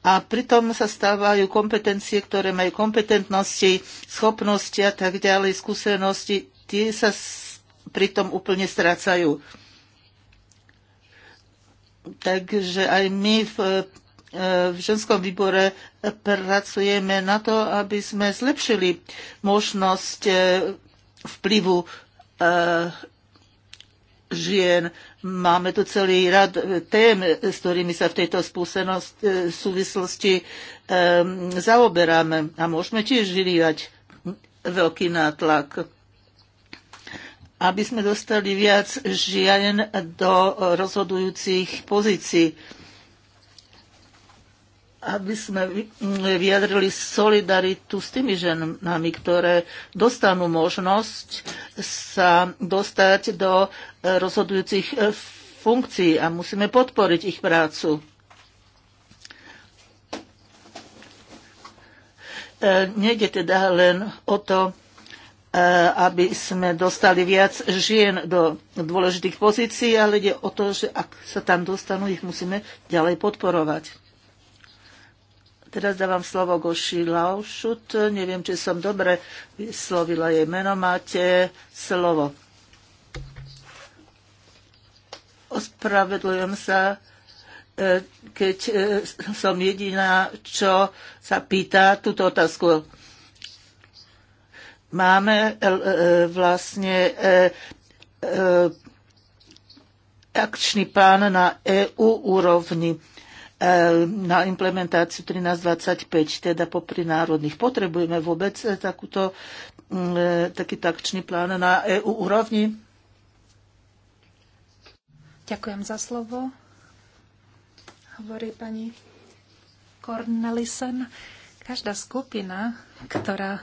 A pritom sa stávajú kompetencie, ktoré majú kompetentnosti, schopnosti a tak ďalej, skúsenosti, tie sa pritom úplne strácajú. Takže aj my v, e, e, v ženskom výbore pracujeme na to, aby sme zlepšili možnosť e, vplyvu žien. Máme tu celý rad tém, s ktorými sa v tejto skúsenosti, súvislosti zaoberáme a môžeme tiež vyvíjať veľký nátlak aby sme dostali viac žien do rozhodujúcich pozícií aby sme vyjadrili solidaritu s tými ženami, ktoré dostanú možnosť sa dostať do rozhodujúcich funkcií a musíme podporiť ich prácu. E, nejde teda len o to, Eh, aby sme dostali viac žien do dôležitých pozícií, ale ide o to, že ak sa tam dostanú, ich musíme ďalej podporovať. Teraz dávam slovo Goši Laušut. Neviem, či som dobre vyslovila jej meno. Máte slovo. Ospravedlňujem sa, eh, keď eh, som jediná, čo sa pýta túto otázku máme e, e, e, vlastne akčný plán na EU úrovni na implementáciu 1325, teda popri národných. Potrebujeme vôbec takúto, takýto akčný plán na EU úrovni? Ďakujem za slovo. Hovorí pani Cornelisen. Každá skupina, ktorá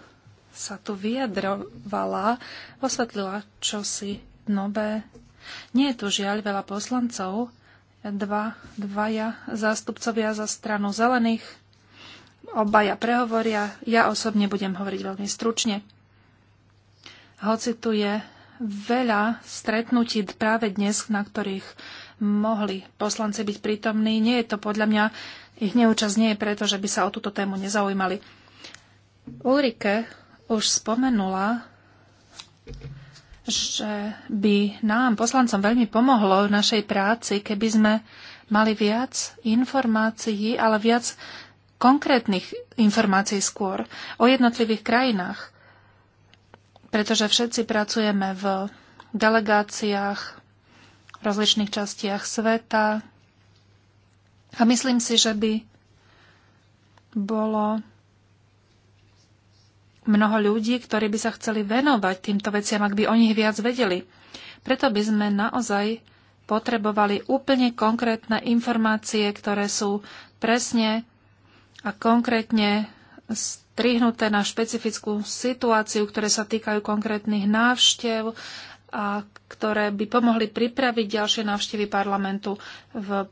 sa tu vyjadrovala, osvetlila čosi nové. Nie je tu žiaľ veľa poslancov, dva, dvaja zástupcovia za stranu zelených. Obaja prehovoria, ja osobne budem hovoriť veľmi stručne. Hoci tu je veľa stretnutí práve dnes, na ktorých mohli poslanci byť prítomní, nie je to podľa mňa, ich neúčasť nie je preto, že by sa o túto tému nezaujímali. Ulrike už spomenula, že by nám, poslancom, veľmi pomohlo v našej práci, keby sme mali viac informácií, ale viac konkrétnych informácií skôr o jednotlivých krajinách. Pretože všetci pracujeme v delegáciách, v rozličných častiach sveta. A myslím si, že by bolo mnoho ľudí, ktorí by sa chceli venovať týmto veciam, ak by o nich viac vedeli. Preto by sme naozaj potrebovali úplne konkrétne informácie, ktoré sú presne a konkrétne strihnuté na špecifickú situáciu, ktoré sa týkajú konkrétnych návštev a ktoré by pomohli pripraviť ďalšie návštevy parlamentu v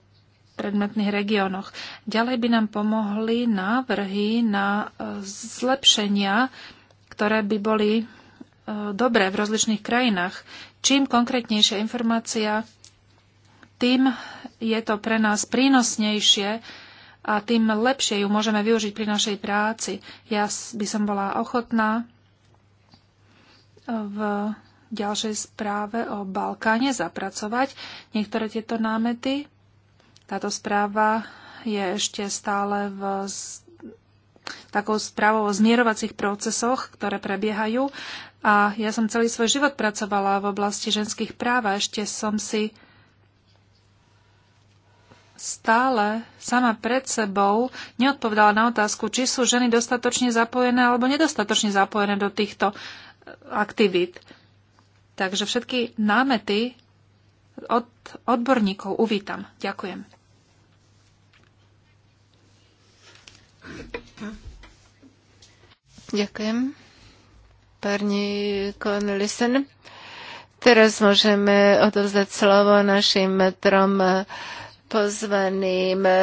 predmetných regiónoch. Ďalej by nám pomohli návrhy na e, zlepšenia, ktoré by boli e, dobré v rozličných krajinách. Čím konkrétnejšia informácia, tým je to pre nás prínosnejšie a tým lepšie ju môžeme využiť pri našej práci. Ja by som bola ochotná e, v ďalšej správe o Balkáne zapracovať niektoré tieto námety táto správa je ešte stále v takou správou o zmierovacích procesoch, ktoré prebiehajú. A ja som celý svoj život pracovala v oblasti ženských práv a ešte som si stále sama pred sebou neodpovedala na otázku, či sú ženy dostatočne zapojené alebo nedostatočne zapojené do týchto e, aktivít. Takže všetky námety od odborníkov uvítam. Ďakujem. Ďakujem. Pani Cornelissen. Teraz môžeme odovzdať slovo našim trom pozvaným e,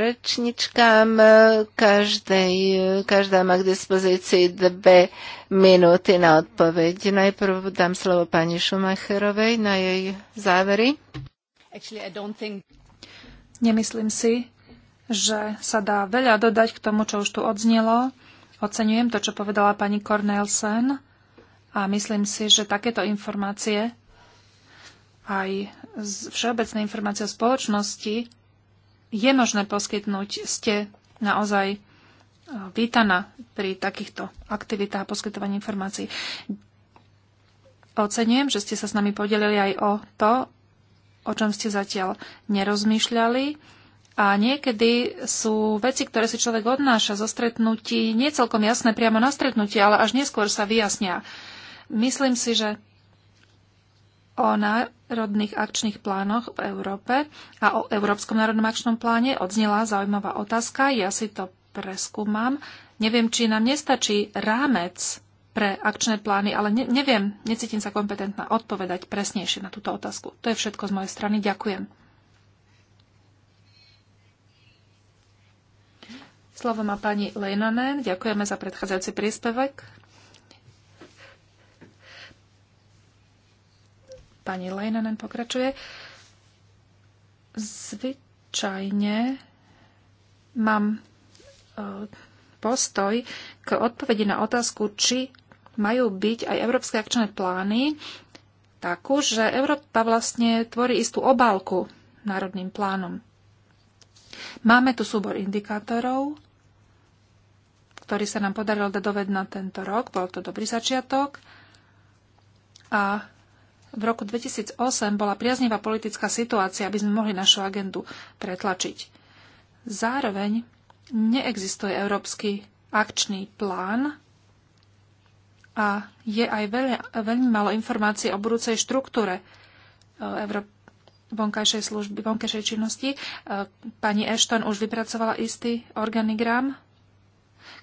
rečničkám. Každej, každá má k dispozícii dve minúty na odpoveď. Najprv dám slovo pani Šumacherovej na jej závery. Actually, I don't think... Nemyslím si, že sa dá veľa dodať k tomu, čo už tu odznelo. Oceňujem to, čo povedala pani Cornelsen a myslím si, že takéto informácie, aj všeobecné informácie o spoločnosti, je možné poskytnúť. Ste naozaj e, vítaná pri takýchto aktivitách a poskytovaní informácií. Oceňujem, že ste sa s nami podelili aj o to, o čom ste zatiaľ nerozmýšľali a niekedy sú veci, ktoré si človek odnáša zo stretnutí, nie celkom jasné priamo na stretnutí, ale až neskôr sa vyjasnia. Myslím si, že o národných akčných plánoch v Európe a o Európskom národnom akčnom pláne odznela zaujímavá otázka. Ja si to preskúmam. Neviem, či nám nestačí rámec pre akčné plány, ale ne, neviem, necítim sa kompetentná odpovedať presnejšie na túto otázku. To je všetko z mojej strany. Ďakujem. Slovo má pani Leinonen. Ďakujeme za predchádzajúci príspevok. Pani Leinonen pokračuje. Zvyčajne mám e, postoj k odpovedi na otázku, či majú byť aj európske akčné plány takú, že Európa vlastne tvorí istú obálku národným plánom. Máme tu súbor indikátorov, ktorý sa nám podarilo dodoved na tento rok. Bol to dobrý začiatok. A v roku 2008 bola priaznivá politická situácia, aby sme mohli našu agendu pretlačiť. Zároveň neexistuje európsky akčný plán a je aj veľa, veľmi málo informácií o budúcej štruktúre Euró- vonkajšej služby, vonkajšej činnosti. E, pani Ashton už vypracovala istý organigram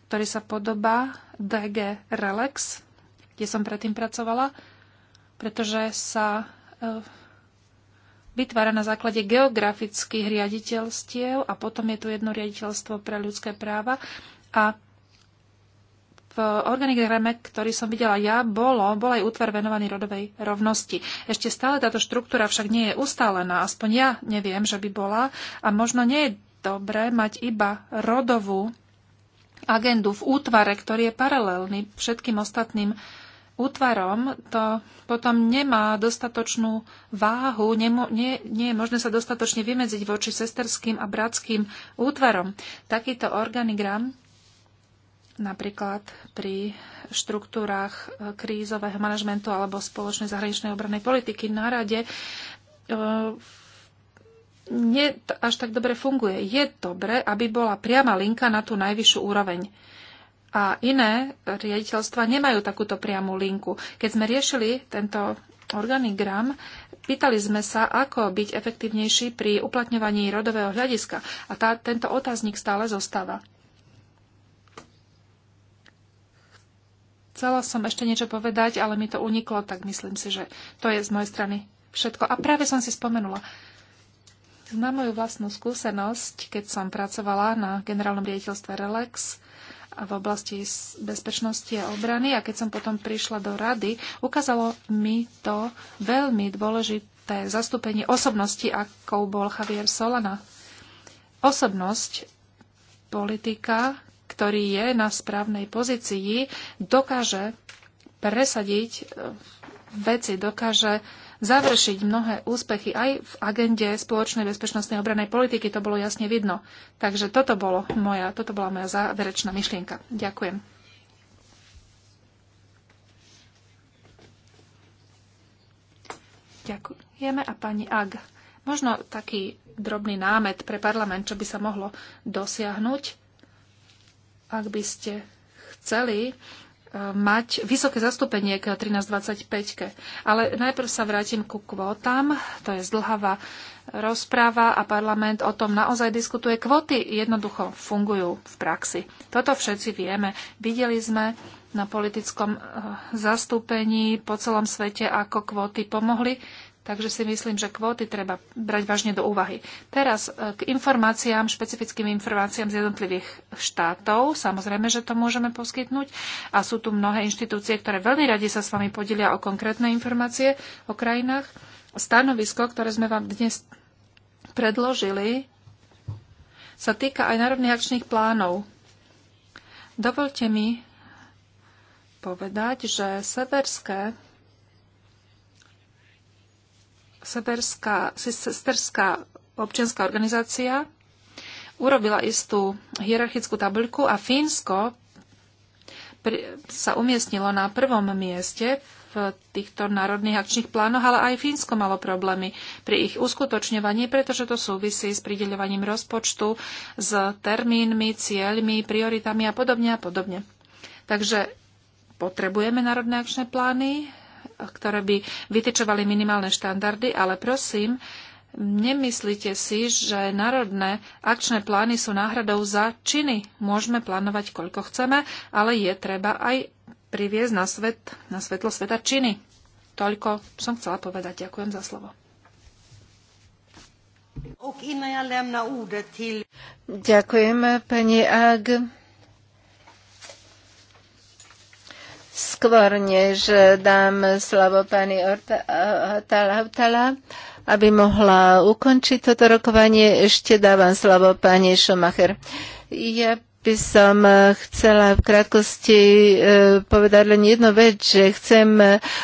ktorý sa podobá DG Relax, kde som predtým pracovala, pretože sa e, vytvára na základe geografických riaditeľstiev a potom je tu jedno riaditeľstvo pre ľudské práva a v organigrame, ktorý som videla ja, bolo, bol aj útvar venovaný rodovej rovnosti. Ešte stále táto štruktúra však nie je ustálená, aspoň ja neviem, že by bola a možno nie je dobré mať iba rodovú agendu v útvare, ktorý je paralelný všetkým ostatným útvarom, to potom nemá dostatočnú váhu, nemo, nie, nie je možné sa dostatočne vymedziť voči sesterským a bratským útvarom. Takýto organigram napríklad pri štruktúrach e, krízového manažmentu alebo spoločnej zahraničnej obranej politiky na rade e, nie až tak dobre funguje. Je dobre, aby bola priama linka na tú najvyššiu úroveň. A iné riaditeľstva nemajú takúto priamu linku. Keď sme riešili tento organigram, pýtali sme sa, ako byť efektívnejší pri uplatňovaní rodového hľadiska. A tá, tento otáznik stále zostáva. Chcela som ešte niečo povedať, ale mi to uniklo, tak myslím si, že to je z mojej strany všetko. A práve som si spomenula, na moju vlastnú skúsenosť, keď som pracovala na generálnom riaditeľstve Relax v oblasti bezpečnosti a obrany a keď som potom prišla do rady, ukázalo mi to veľmi dôležité zastúpenie osobnosti, akou bol Javier Solana. Osobnosť politika, ktorý je na správnej pozícii, dokáže presadiť e, veci, dokáže uh, završiť mnohé úspechy aj v agende spoločnej bezpečnostnej obranej politiky. To bolo jasne vidno. Takže toto, bolo moja, toto bola moja záverečná myšlienka. Ďakujem. Ďakujeme a pani Ag. Možno taký drobný námet pre parlament, čo by sa mohlo dosiahnuť, ak by ste chceli mať vysoké zastúpenie k 1325. Ale najprv sa vrátim ku kvótam. To je zdlhavá rozpráva a parlament o tom naozaj diskutuje. Kvóty jednoducho fungujú v praxi. Toto všetci vieme. Videli sme na politickom eh, zastúpení po celom svete, ako kvóty pomohli Takže si myslím, že kvóty treba brať vážne do úvahy. Teraz e, k informáciám, špecifickým informáciám z jednotlivých štátov. Samozrejme, že to môžeme poskytnúť. A sú tu mnohé inštitúcie, ktoré veľmi radi sa s vami podelia o konkrétne informácie o krajinách. Stanovisko, ktoré sme vám dnes predložili, sa týka aj národných akčných plánov. Dovolte mi povedať, že severské severská, sesterská občianská organizácia urobila istú hierarchickú tabuľku a Fínsko pri, sa umiestnilo na prvom mieste v týchto národných akčných plánoch, ale aj Fínsko malo problémy pri ich uskutočňovaní, pretože to súvisí s prideľovaním rozpočtu, s termínmi, cieľmi, prioritami a podobne a podobne. Takže potrebujeme národné akčné plány, ktoré by vytyčovali minimálne štandardy, ale prosím, nemyslíte si, že národné akčné plány sú náhradou za činy. Môžeme plánovať, koľko chceme, ale je treba aj priviesť na, svet, na svetlo sveta činy. Toľko som chcela povedať. Ďakujem za slovo. Ďakujem, pani Ag. Skôr než dám slovo pani Hautala, aby mohla ukončiť toto rokovanie, ešte dávam slovo pani Schumacher. Ja by som chcela v krátkosti e, povedať len jednu vec, že chcem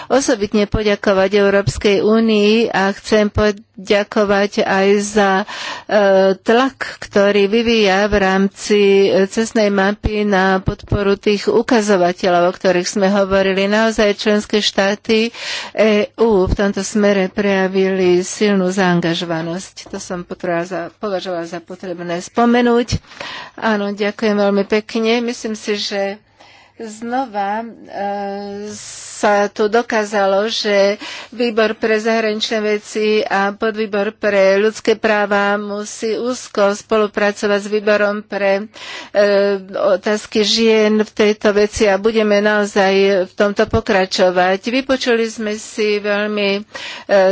osobitne poďakovať Európskej únii a chcem povedať, Ďakovať aj za e, tlak, ktorý vyvíja v rámci e, cestnej mapy na podporu tých ukazovateľov, o ktorých sme hovorili. Naozaj členské štáty EÚ v tomto smere prejavili silnú zaangažovanosť. To som za, považovala za potrebné spomenúť. Áno, ďakujem veľmi pekne. Myslím si, že Znova e, sa tu dokázalo, že výbor pre zahraničné veci a podvýbor pre ľudské práva musí úzko spolupracovať s výborom pre e, otázky žien v tejto veci a budeme naozaj v tomto pokračovať. Vypočuli sme si veľmi e,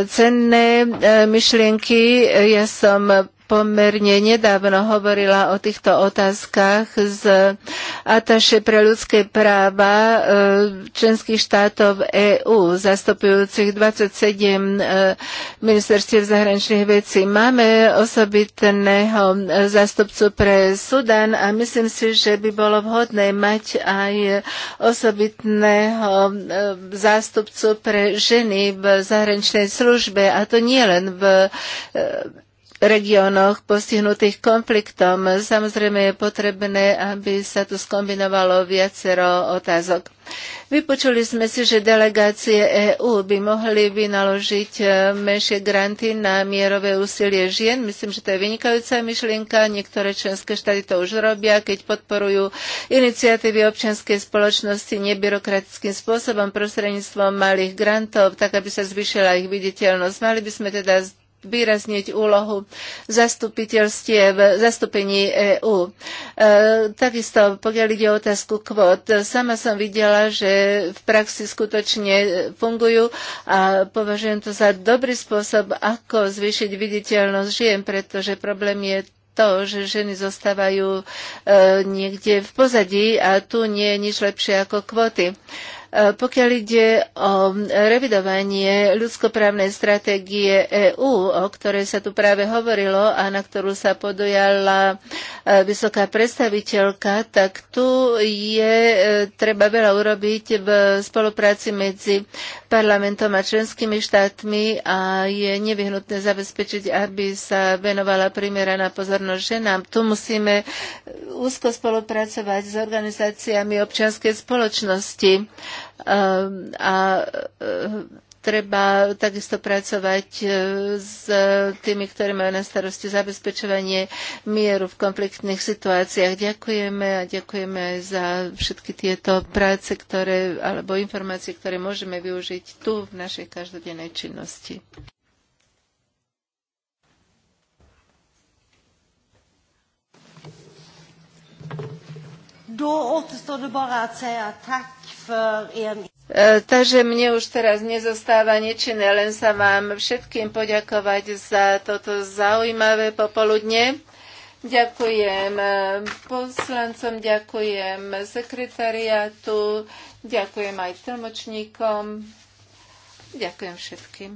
cenné myšlienky. Ja som pomerne nedávno hovorila o týchto otázkach z Ataše pre ľudské práva e, členských štátov EÚ, zastupujúcich 27 e, ministerstiev zahraničných vecí. Máme osobitného e, zastupcu pre Sudan a myslím si, že by bolo vhodné mať aj osobitného zástupcu pre ženy v zahraničnej službe a to nie len v regiónoch postihnutých konfliktom. Samozrejme je potrebné, aby sa tu skombinovalo viacero otázok. Vypočuli sme si, že delegácie EÚ by mohli vynaložiť e, menšie granty na mierové úsilie žien. Myslím, že to je vynikajúca myšlienka. Niektoré členské štáty to už robia, keď podporujú iniciatívy občianskej spoločnosti nebyrokratickým spôsobom prostredníctvom malých grantov, tak aby sa zvýšila ich viditeľnosť. Mali by sme teda vyrazniť úlohu zastupiteľstiev, zastúpení EÚ. E, takisto, pokiaľ ide o otázku kvót, sama som videla, že v praxi skutočne fungujú a považujem to za dobrý spôsob, ako zvýšiť viditeľnosť žien, pretože problém je to, že ženy zostávajú e, niekde v pozadí a tu nie je nič lepšie ako kvóty. E, E, pokiaľ ide o revidovanie ľudskoprávnej stratégie EÚ, o ktorej sa tu práve hovorilo a na ktorú sa podujala e, vysoká predstaviteľka, tak tu je e, treba veľa urobiť v spolupráci medzi parlamentom a členskými štátmi a je nevyhnutné zabezpečiť, aby sa venovala primeraná pozornosť ženám. Tu musíme úzko spolupracovať s organizáciami občianskej spoločnosti. Ehm, a e, treba takisto pracovať e, s tými, ktorí majú na starosti zabezpečovanie mieru v konfliktných situáciách. Ďakujeme a ďakujeme aj za všetky tieto práce, ktoré, alebo informácie, ktoré môžeme využiť tu v našej každodennej činnosti. Då återstår det bara att säga tack E, takže mne už teraz nezostáva nečinné, len sa vám všetkým poďakovať za toto zaujímavé popoludne. Ďakujem e, poslancom, ďakujem sekretariátu, ďakujem aj tlmočníkom, ďakujem všetkým.